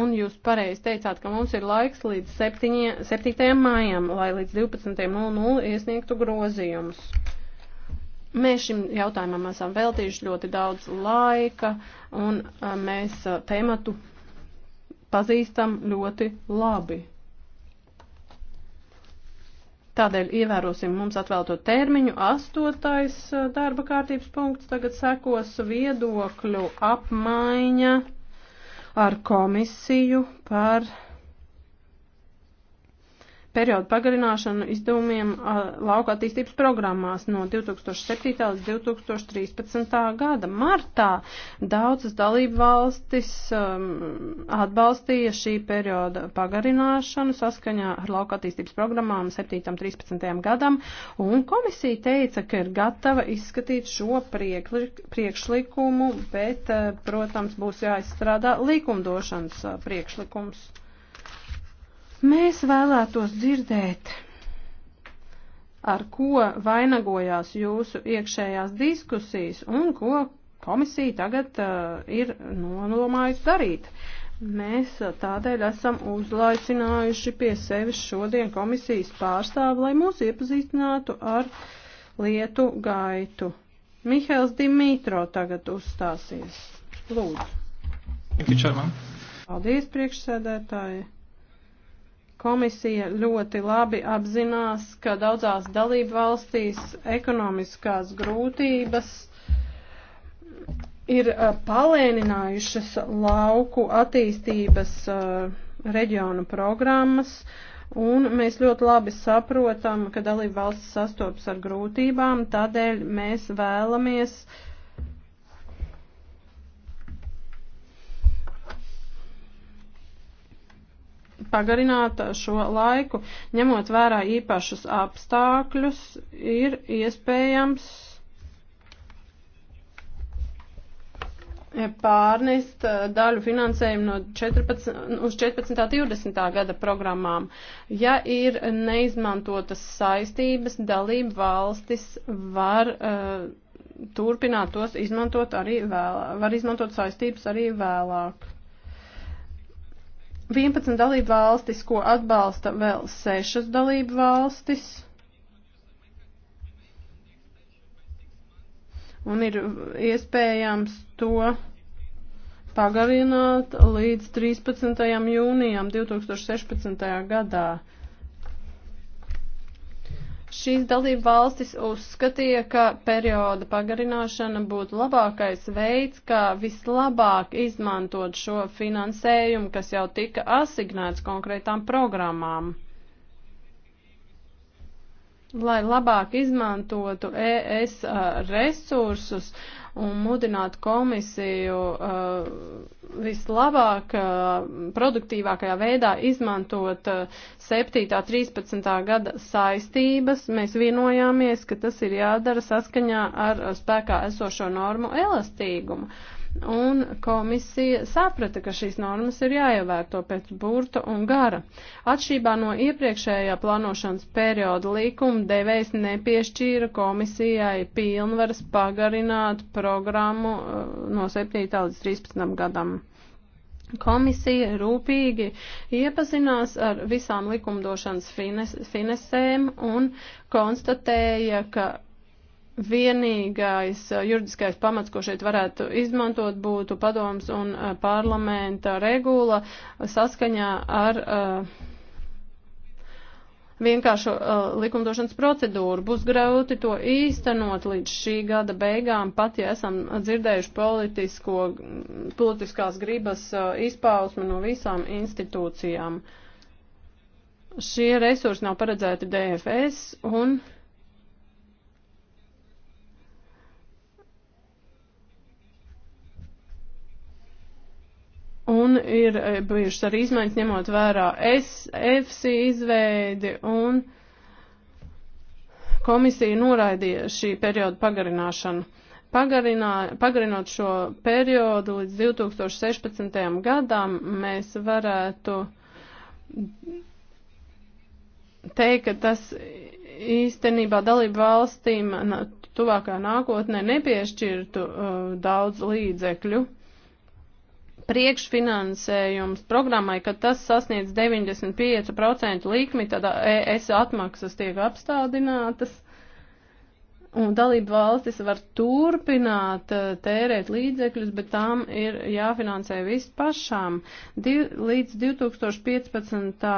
un jūs pareizi teicāt, ka mums ir laiks līdz 7. 7. mājām, lai līdz 12.00 iesniegtu grozījumus. Mēs šim jautājumam esam veltījuši ļoti daudz laika, un mēs tēmatu pazīstam ļoti labi. Tādēļ ievērosim mums atvēlto termiņu. Astotais darba kārtības punkts tagad sekos viedokļu apmaiņa ar komisiju par periodu pagarināšanu izdevumiem lauka attīstības programmās no 2007. līdz 2013. gada. Martā daudzas dalību valstis um, atbalstīja šī perioda pagarināšanu saskaņā ar lauka attīstības programmām 7.13. gadam, un komisija teica, ka ir gatava izskatīt šo priekšlikumu, bet, protams, būs jāizstrādā likumdošanas priekšlikums. Mēs vēlētos dzirdēt, ar ko vainagojās jūsu iekšējās diskusijas un ko komisija tagad uh, ir nodomājusi darīt. Mēs uh, tādēļ esam uzlaicinājuši pie sevis šodien komisijas pārstāvu, lai mūs iepazīstinātu ar lietu gaitu. Mihails Dimitro tagad uzstāsies. Lūdzu. Paldies, priekšsēdētāji. Komisija ļoti labi apzinās, ka daudzās dalību valstīs ekonomiskās grūtības ir uh, palēninājušas lauku attīstības uh, reģionu programmas, un mēs ļoti labi saprotam, ka dalību valsts sastopas ar grūtībām, tādēļ mēs vēlamies uh, pagarināt šo laiku. Ņemot vērā īpašus apstākļus, ir iespējams pārnest daļu finansējumu no 14, uz 14. 20. gada programmām. Ja ir neizmantotas saistības, dalība valstis var uh, turpināt tos izmantot arī vēlāk, var izmantot saistības arī vēlāk. 11 dalību valstis, ko atbalsta vēl 6 dalību valstis. Un ir iespējams to pagarināt līdz 13. jūnijam 2016. gadā. Šīs dalība valstis uzskatīja, ka perioda pagarināšana būtu labākais veids, kā vislabāk izmantot šo finansējumu, kas jau tika asignēts konkrētām programmām. Lai labāk izmantotu ES uh, resursus, uh, un mudināt komisiju uh, vislabāk, uh, produktīvākajā veidā izmantot uh, 7. 13. gada saistības. Mēs vienojāmies, ka tas ir jādara saskaņā ar uh, spēkā esošo normu elastīgumu. Uh, un komisija saprata, ka šīs normas ir jāievērto pēc burta un gara. Atšķībā no iepriekšējā plānošanas perioda likuma devējs nepiešķīra komisijai pilnvaras pagarināt programmu uh, no 7. līdz 13. gadam. Komisija rūpīgi iepazinās ar visām likumdošanas finesēm un konstatēja, ka vienīgais eh, juridiskais pamats, ko šeit varētu izmantot, būtu padoms un eh, parlamenta regula saskaņā ar eh, vienkāršu likumdošanas procedūru. Būs grauti to īstenot līdz šī gada beigām, pat ja esam dzirdējuši politisko, politiskās gribas izpausmi no visām institūcijām. Šie resursi nav paredzēti DFS un Un ir e, bijušas arī izmaiņas ņemot vērā FC izveidi un komisija noraidīja šī perioda pagarināšanu. Pagarinā, pagarinot šo periodu līdz 2016. gadam, mēs varētu teikt, ka tas īstenībā dalību valstīm tuvākā nākotnē nepiešķirtu uh, daudz līdzekļu. Uh, priekšfinansējums programmai, kad tas sasniedz 95% likmi, tad ES atmaksas tiek apstādinātas un dalību valstis var turpināt eh, tērēt līdzekļus, bet tām ir jāfinansē viss pašām. Div, līdz 2015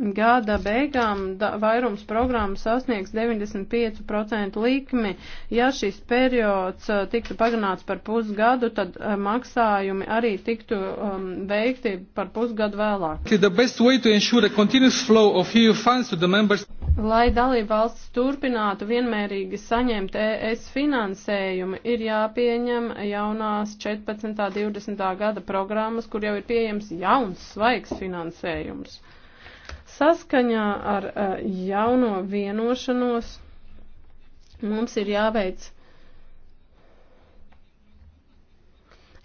gada beigām da, vairums programmu sasniegs 95% likmi. Ja šis periods uh, tiktu pagarināts par pusgadu, tad uh, maksājumi arī tiktu um, veikti par pusgadu vēlāk. Lai dalībvalsts turpinātu vienmērīgi saņemt ES finansējumu, ir jāpieņem jaunās 14. 20. gada programmas, kur jau ir pieejams jauns svaigs finansējums. Saskaņā ar eh, jauno vienošanos mums ir jāveic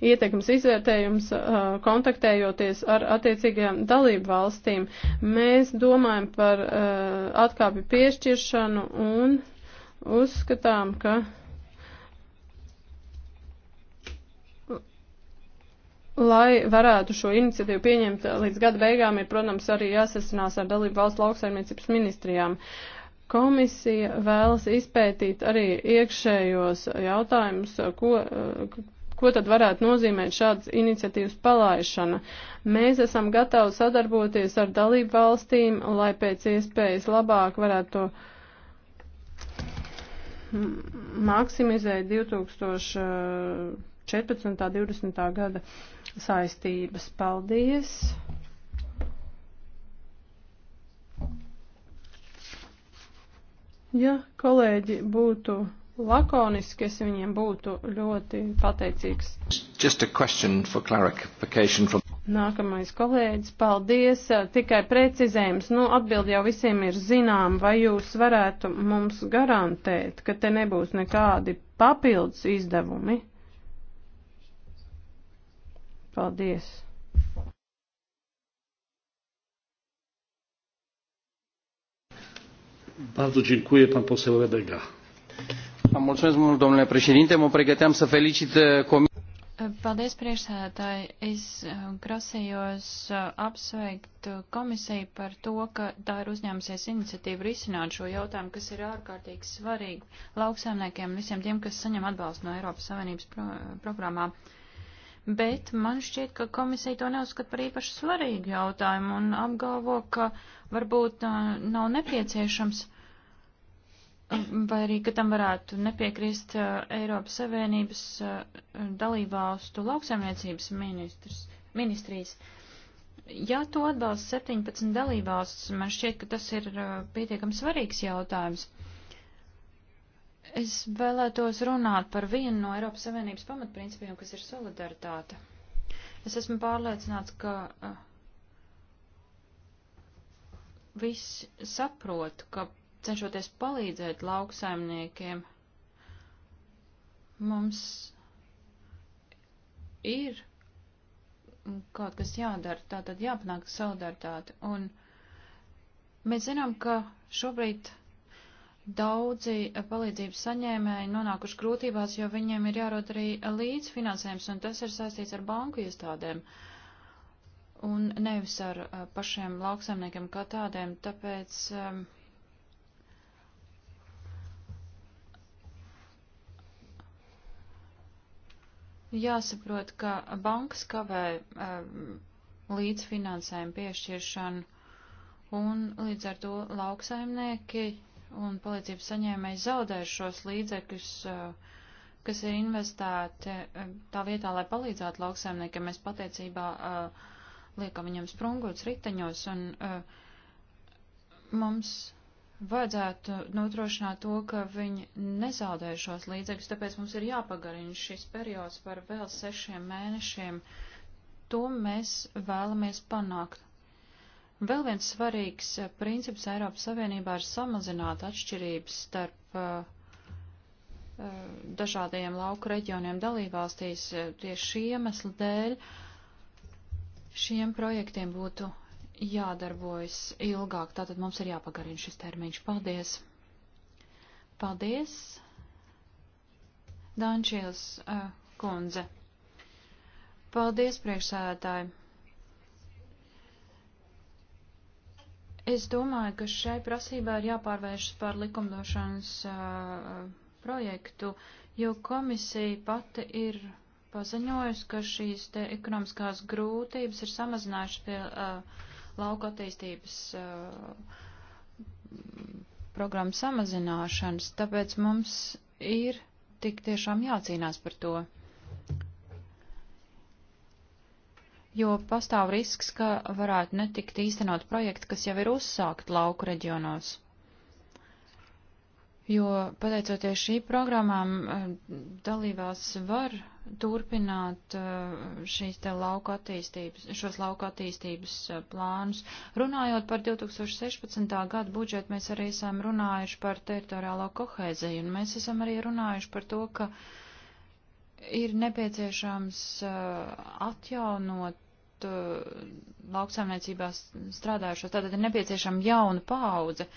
ietekmes izvērtējums, eh, kontaktējoties ar attiecīgajām dalību valstīm. Mēs domājam par eh, atkāpju piešķiršanu un uzskatām, ka Lai varētu šo iniciatīvu pieņemt eh, līdz gada beigām, ir, protams, arī jāsasinās ar dalību valsts lauksaimniecības ministrijām. Komisija vēlas izpētīt arī iekšējos jautājumus, eh, ko, eh, ko tad varētu nozīmēt šādas iniciatīvas palaišana. Mēs esam gatavi sadarboties ar dalību valstīm, lai pēc iespējas labāk varētu maksimizēt 2014. 20. gada saistības. Paldies! Ja kolēģi būtu lakoniski, es viņiem būtu ļoti pateicīgs. Just a question for clarification from. Nākamais kolēģis, paldies. Tikai precizējums, nu atbildi jau visiem ir zinām, vai jūs varētu mums garantēt, ka te nebūs nekādi papildus izdevumi? Paldies! Bardzo dziękuję, pan poseł Rebega. Mulțumesc mult, domnule președinte. Mă pregăteam să felicit e, comisia. Paldies, priekšsēdētāji. Es e, grasējos e, apsveikt komisiju par to, ka tā ir uzņēmusies iniciatīvu risināt šo jautājumu, kas ir ārkārtīgi svarīgi lauksēmniekiem un visiem tiem, kas saņem atbalstu no Eiropas Savienības pro programām. Uh, bet man šķiet, ka komisija to neuzskata par īpaši svarīgu jautājumu un apgalvo, ka varbūt nav nepieciešams vai arī, ka tam varētu nepiekrist Eiropas Savienības dalībvalstu lauksaimniecības ministrs, ministrijas. Ja to atbalsta 17 dalībvalsts, man šķiet, ka tas ir pietiekami svarīgs jautājums. Es vēlētos runāt par vienu no Eiropas Savienības pamatprincipiem, kas ir solidaritāte. Es esmu pārliecināts, ka uh, viss saprot, ka cenšoties palīdzēt lauksaimniekiem, mums ir kaut kas jādara, tā tad jāpanāk solidaritāte. Un mēs zinām, ka šobrīd Daudzi eh, palīdzības saņēmēji nonākuši grūtībās, jo viņiem ir jārod arī līdzfinansējums, un tas ir saistīts ar banku iestādēm un nevis ar eh, pašiem lauksaimniekiem kā tādiem. Tāpēc um, jāsaprot, ka bankas kavē um, līdzfinansējumu piešķiršanu, un līdz ar to lauksaimnieki un palīdzības saņēmēji zaudēs šos līdzekļus, eh, kas ir investēti eh, tā vietā, lai palīdzētu lauksaimniekiem. Mēs patiecībā eh, liekam viņiem sprungots riteņos un mums vajadzētu nodrošināt to, ka viņi nezaudē šos līdzekļus, tāpēc mums ir jāpagarina šis periods par vēl sešiem mēnešiem. To mēs vēlamies panākt. Un vēl viens svarīgs eh, princips Eiropas Savienībā ir samazināt atšķirības starp uh, dažādajiem lauku reģioniem dalībvalstīs tieši šī iemesla dēļ šiem projektiem būtu jādarbojas ilgāk. Tātad mums ir jāpagarina šis termiņš. Paldies! Paldies! Dančils uh, kundze. Paldies, priekšsēdētāji! Es domāju, ka šai prasībā ir jāpārvēršas par likumdošanas uh, projektu, jo komisija pati ir paziņojusi, ka šīs te ekonomiskās grūtības ir samazinājušas pie uh, lauka attīstības uh, programmas samazināšanas, tāpēc mums ir tik tiešām jācīnās par to. jo pastāv risks, ka varētu netikt īstenot projekti, kas jau ir uzsākt lauku reģionos. Jo pateicoties šī programmām, eh, dalībās var turpināt eh, šīs te lauka attīstības, šos lauka attīstības eh, plānus. Runājot par 2016. gadu budžetu, mēs arī esam runājuši par teritoriālo kohēziju, un mēs esam arī runājuši par to, ka ir nepieciešams atjaunot Uh, lauksaimniecībās strādājušos. Tātad ir nepieciešama jauna paudze.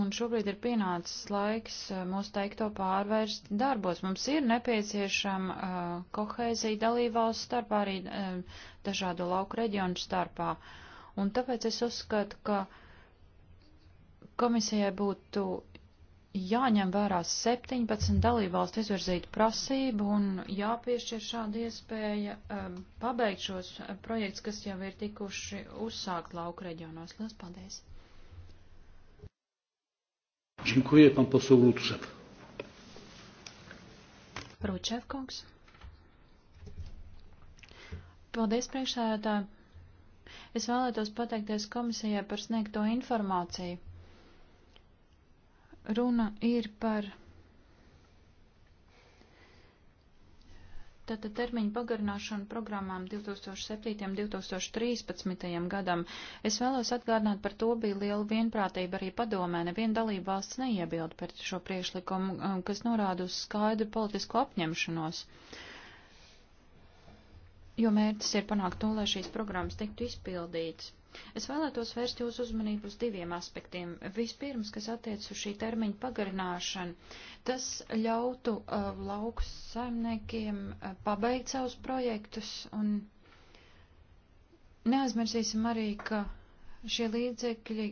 Un šobrīd ir pienācis laiks uh, mūsu teikto pārvērst darbos. Mums ir nepieciešama uh, kohēzija dalībvalsts starpā, arī uh, dažādu lauku reģionu starpā. Un tāpēc es uzskatu, ka komisijai būtu jāņem vērā 17 dalībvalstu izvirzītu prasību un jāpiešķir šāda iespēja um, pabeigt šos uh, projekts, kas jau ir tikuši uzsākt lauku reģionos. Lielas paldies! Dziękuję, pan poseł Rutschew. Rutschew kungs. Paldies, priekšsēdētāji. Es vēlētos pateikties komisijai par sniegto informāciju. Runa ir par Tātad termiņu pagarināšanu programmām 2007-2013 gadam. Es vēlos atgādināt, par to bija liela vienprātība arī padomē. Neviena dalība valsts neiebild par šo priešlikumu, um, kas norāda uz skaidru politisko apņemšanos. Jo mērķis ir panākt to, lai šīs programmas tiktu izpildītas. Es vēlētos vērst jūsu uzmanību uz diviem aspektiem. Vispirms, kas attiec uz šī termiņa pagarināšanu, tas ļautu uh, lauks saimniekiem uh, pabeigt savus projektus un neaizmirsīsim arī, ka šie līdzekļi,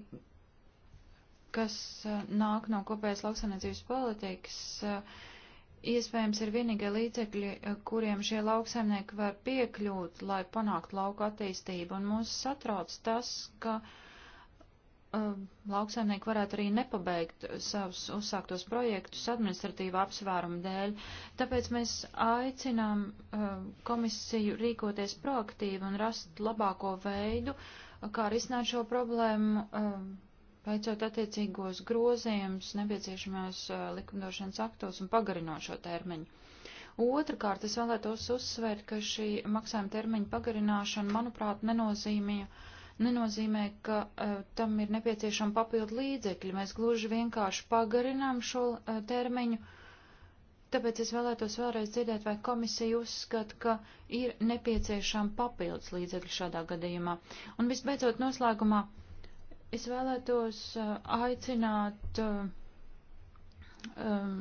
kas uh, nāk no kopējas lauksaimniecības politikas, uh, iespējams ir vienīgie līdzekļi, eh, kuriem šie lauksaimnieki var piekļūt, lai panāktu lauku attīstību. Un mūs satrauc tas, ka uh, lauksaimnieki varētu arī nepabeigt savus uzsāktos projektus administratīva apsvēruma dēļ. Tāpēc mēs aicinām uh, komisiju rīkoties proaktīvi un rast labāko veidu, kā risināt šo problēmu. Uh, veicot attiecīgos grozījumus nepieciešamās uh, likumdošanas aktos un pagarinot šo termiņu. Otrakārt, es vēlētos uzsvērt, ka šī maksājuma termiņa pagarināšana, manuprāt, nenozīmē, nenozīmē ka uh, tam ir nepieciešama papildu līdzekļi. Mēs gluži vienkārši pagarinām šo uh, termiņu. Tāpēc es vēlētos vēlreiz dzirdēt, vai komisija uzskata, ka ir nepieciešama papildus līdzekļi šādā gadījumā. Un visbeidzot, noslēgumā. Uh, Es vēlētos uh, aicināt uh, um,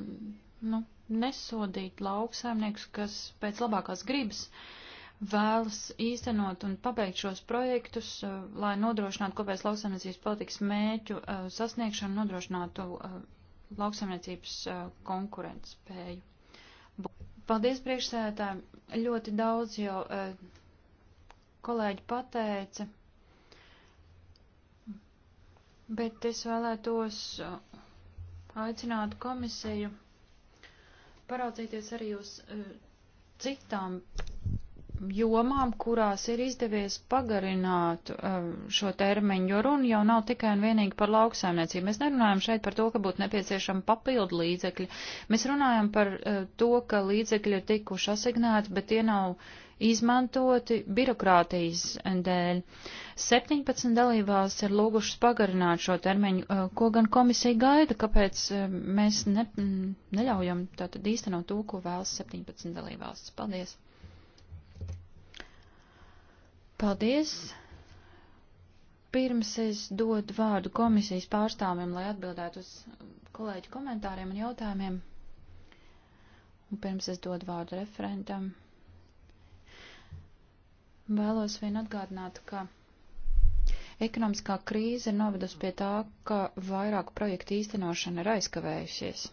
nu, nesodīt lauksaimniekus, kas pēc labākās gribas vēlas īstenot un pabeigt šos projektus, uh, lai nodrošinātu kopējas lauksaimniecības politikas mēķu uh, sasniegšanu, nodrošinātu uh, lauksaimniecības uh, konkurences spēju. Paldies priekšsēdētājiem. Ļoti daudz jau uh, kolēģi pateica bet es vēlētos uh, aicināt komisiju paraudzīties arī uz uh, citām jomām, kurās ir izdevies pagarināt uh, šo termiņu, jo runa jau nav tikai un vienīgi par lauksaimniecību. Mēs nerunājam šeit par to, ka būtu nepieciešama papildu līdzekļi. Mēs runājam par to, ka līdzekļi ir tikuši asignēti, bet tie nav izmantoti birokrātijas dēļ. 17 dalībās ir lūgušas pagarināt šo termiņu, eh, ko gan komisija gaida, kāpēc eh, mēs ne, neļaujam tātad īstenot to, ko vēlas 17 dalībās. Paldies! Paldies! Pirms es dodu vārdu komisijas pārstāvim, lai atbildētu uz kolēģu komentāriem un jautājumiem. Un pirms es dodu vārdu referentam. Vēlos vien atgādināt, ka ekonomiskā krīze novedusi pie tā, ka vairāku projektu īstenošana ir aizkavējusies.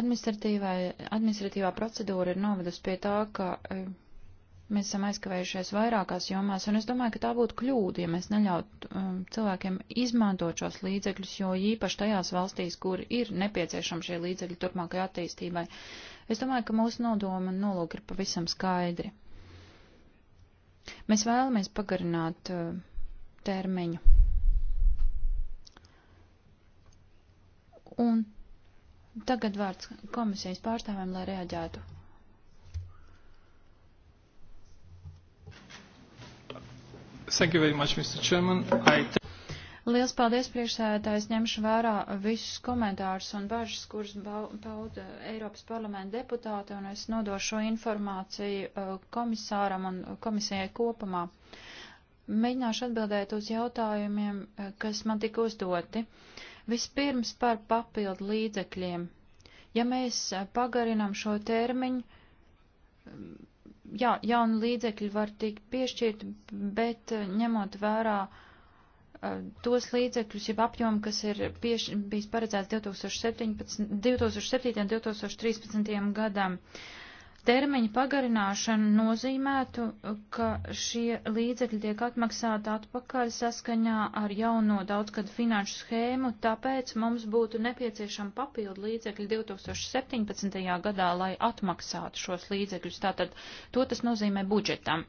Administratīvā procedūra ir novedusi pie tā, ka eh, Mēs esam aizkavējušies vairākās jomās, un es domāju, ka tā būtu kļūda, ja mēs neļautu um, cilvēkiem izmantot šos līdzekļus, jo īpaši tajās valstīs, kur ir nepieciešami šie līdzekļi turpmākajai attīstībai. Es domāju, ka mūsu nodoma un nolūki ir pavisam skaidri. Mēs vēlamies pagarināt uh, termiņu. Un tagad vārds komisijas pārstāvēm, lai reaģētu Thank you very much, Mr. Chairman. I... Liels paldies priekšsēdētājs, ņemšu vērā visus komentārus un bažas, kuras pauda Eiropas parlamenta deputāti, un es nodošu šo informāciju uh, komisāram un komisijai kopumā. Mēģināšu atbildēt uz jautājumiem, uh, kas man tika uzdoti. Vispirms par papildu līdzekļiem. Ja mēs uh, pagarinam šo termiņu, jā, jauni līdzekļi var tikt piešķirti, bet eh, ņemot vērā eh, tos līdzekļus, jeb apjomu, kas ir pieš, bijis paredzēts 2017, 2007. un 2013. gadam. Uh, termiņa pagarināšana nozīmētu, ka šie līdzekļi tiek atmaksāti atpakaļ saskaņā ar jauno daudzgadu finanšu schēmu, tāpēc mums būtu nepieciešama papildu līdzekļi 2017. gadā, lai atmaksātu šos līdzekļus. Tātad to tas nozīmē budžetam.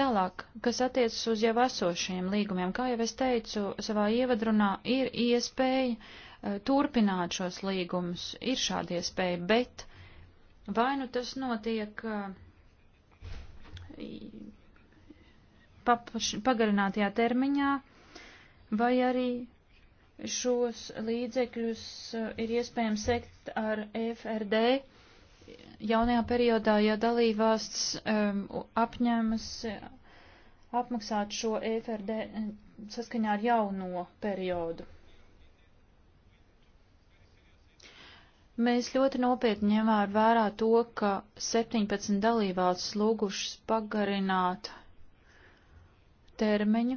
Tālāk, kas attiecas uz jau esošajiem līgumiem, kā jau es teicu savā ievadrunā, ir iespēja eh, turpināt šos līgumus, ir šāda iespēja, bet Vai nu tas notiek paplaš, pagarinātajā termiņā, vai arī šos līdzekļus ir iespējams sekt ar FRD jaunajā periodā, ja dalībvalsts um, apņēmas apmaksāt šo FRD saskaņā ar jauno periodu. Mēs ļoti nopietni ņemām vērā to, ka 17 dalībvalsts lūgušas pagarināt termiņu,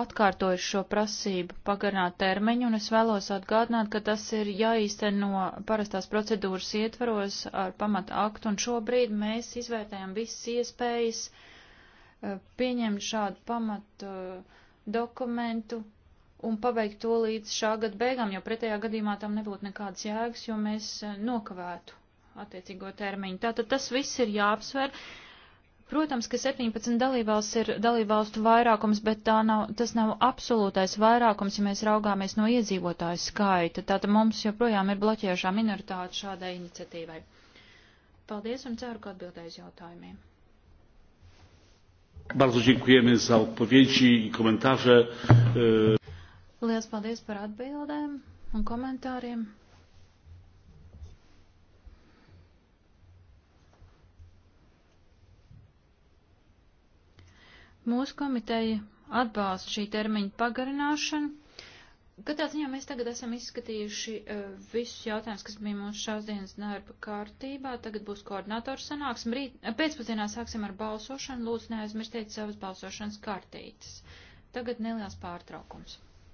atkārtojuši šo prasību pagarināt termiņu, un es vēlos atgādināt, ka tas ir jāīsteno parastās procedūras ietvaros ar pamata aktu, un šobrīd mēs izvērtējam visas iespējas eh, pieņemt šādu pamatu eh, dokumentu un pabeigt to līdz šā gada beigām, jo pretējā gadījumā tam nebūtu nekādas jēgas, jo mēs eh, nokavētu attiecīgo termiņu. Tātad tas viss ir jāapsver. Protams, ka 17 dalībvalsts ir dalībvalstu vairākums, bet nav, tas nav absolūtais vairākums, ja mēs raugāmies no iedzīvotāju skaita. Tātad mums joprojām ir bloķējušā minoritāte šādai iniciatīvai. Paldies un ceru, ka atbildēju uz jautājumiem. Bardzo dziękujemy za odpowiedzi i komentarze. E, Lielas paldies par atbildēm un komentāriem. Mūsu komiteja atbalsta šī termiņa pagarināšanu. Katrā ziņā mēs tagad esam izskatījuši uh, visus jautājumus, kas bija mūsu šās dienas darba kārtībā. Tagad būs koordinators sanāksim. Rīt, eh, pēcpazienā sāksim ar balsošanu. Lūdzu, neaizmirstiet savas balsošanas kartītes. Tagad neliels pārtraukums.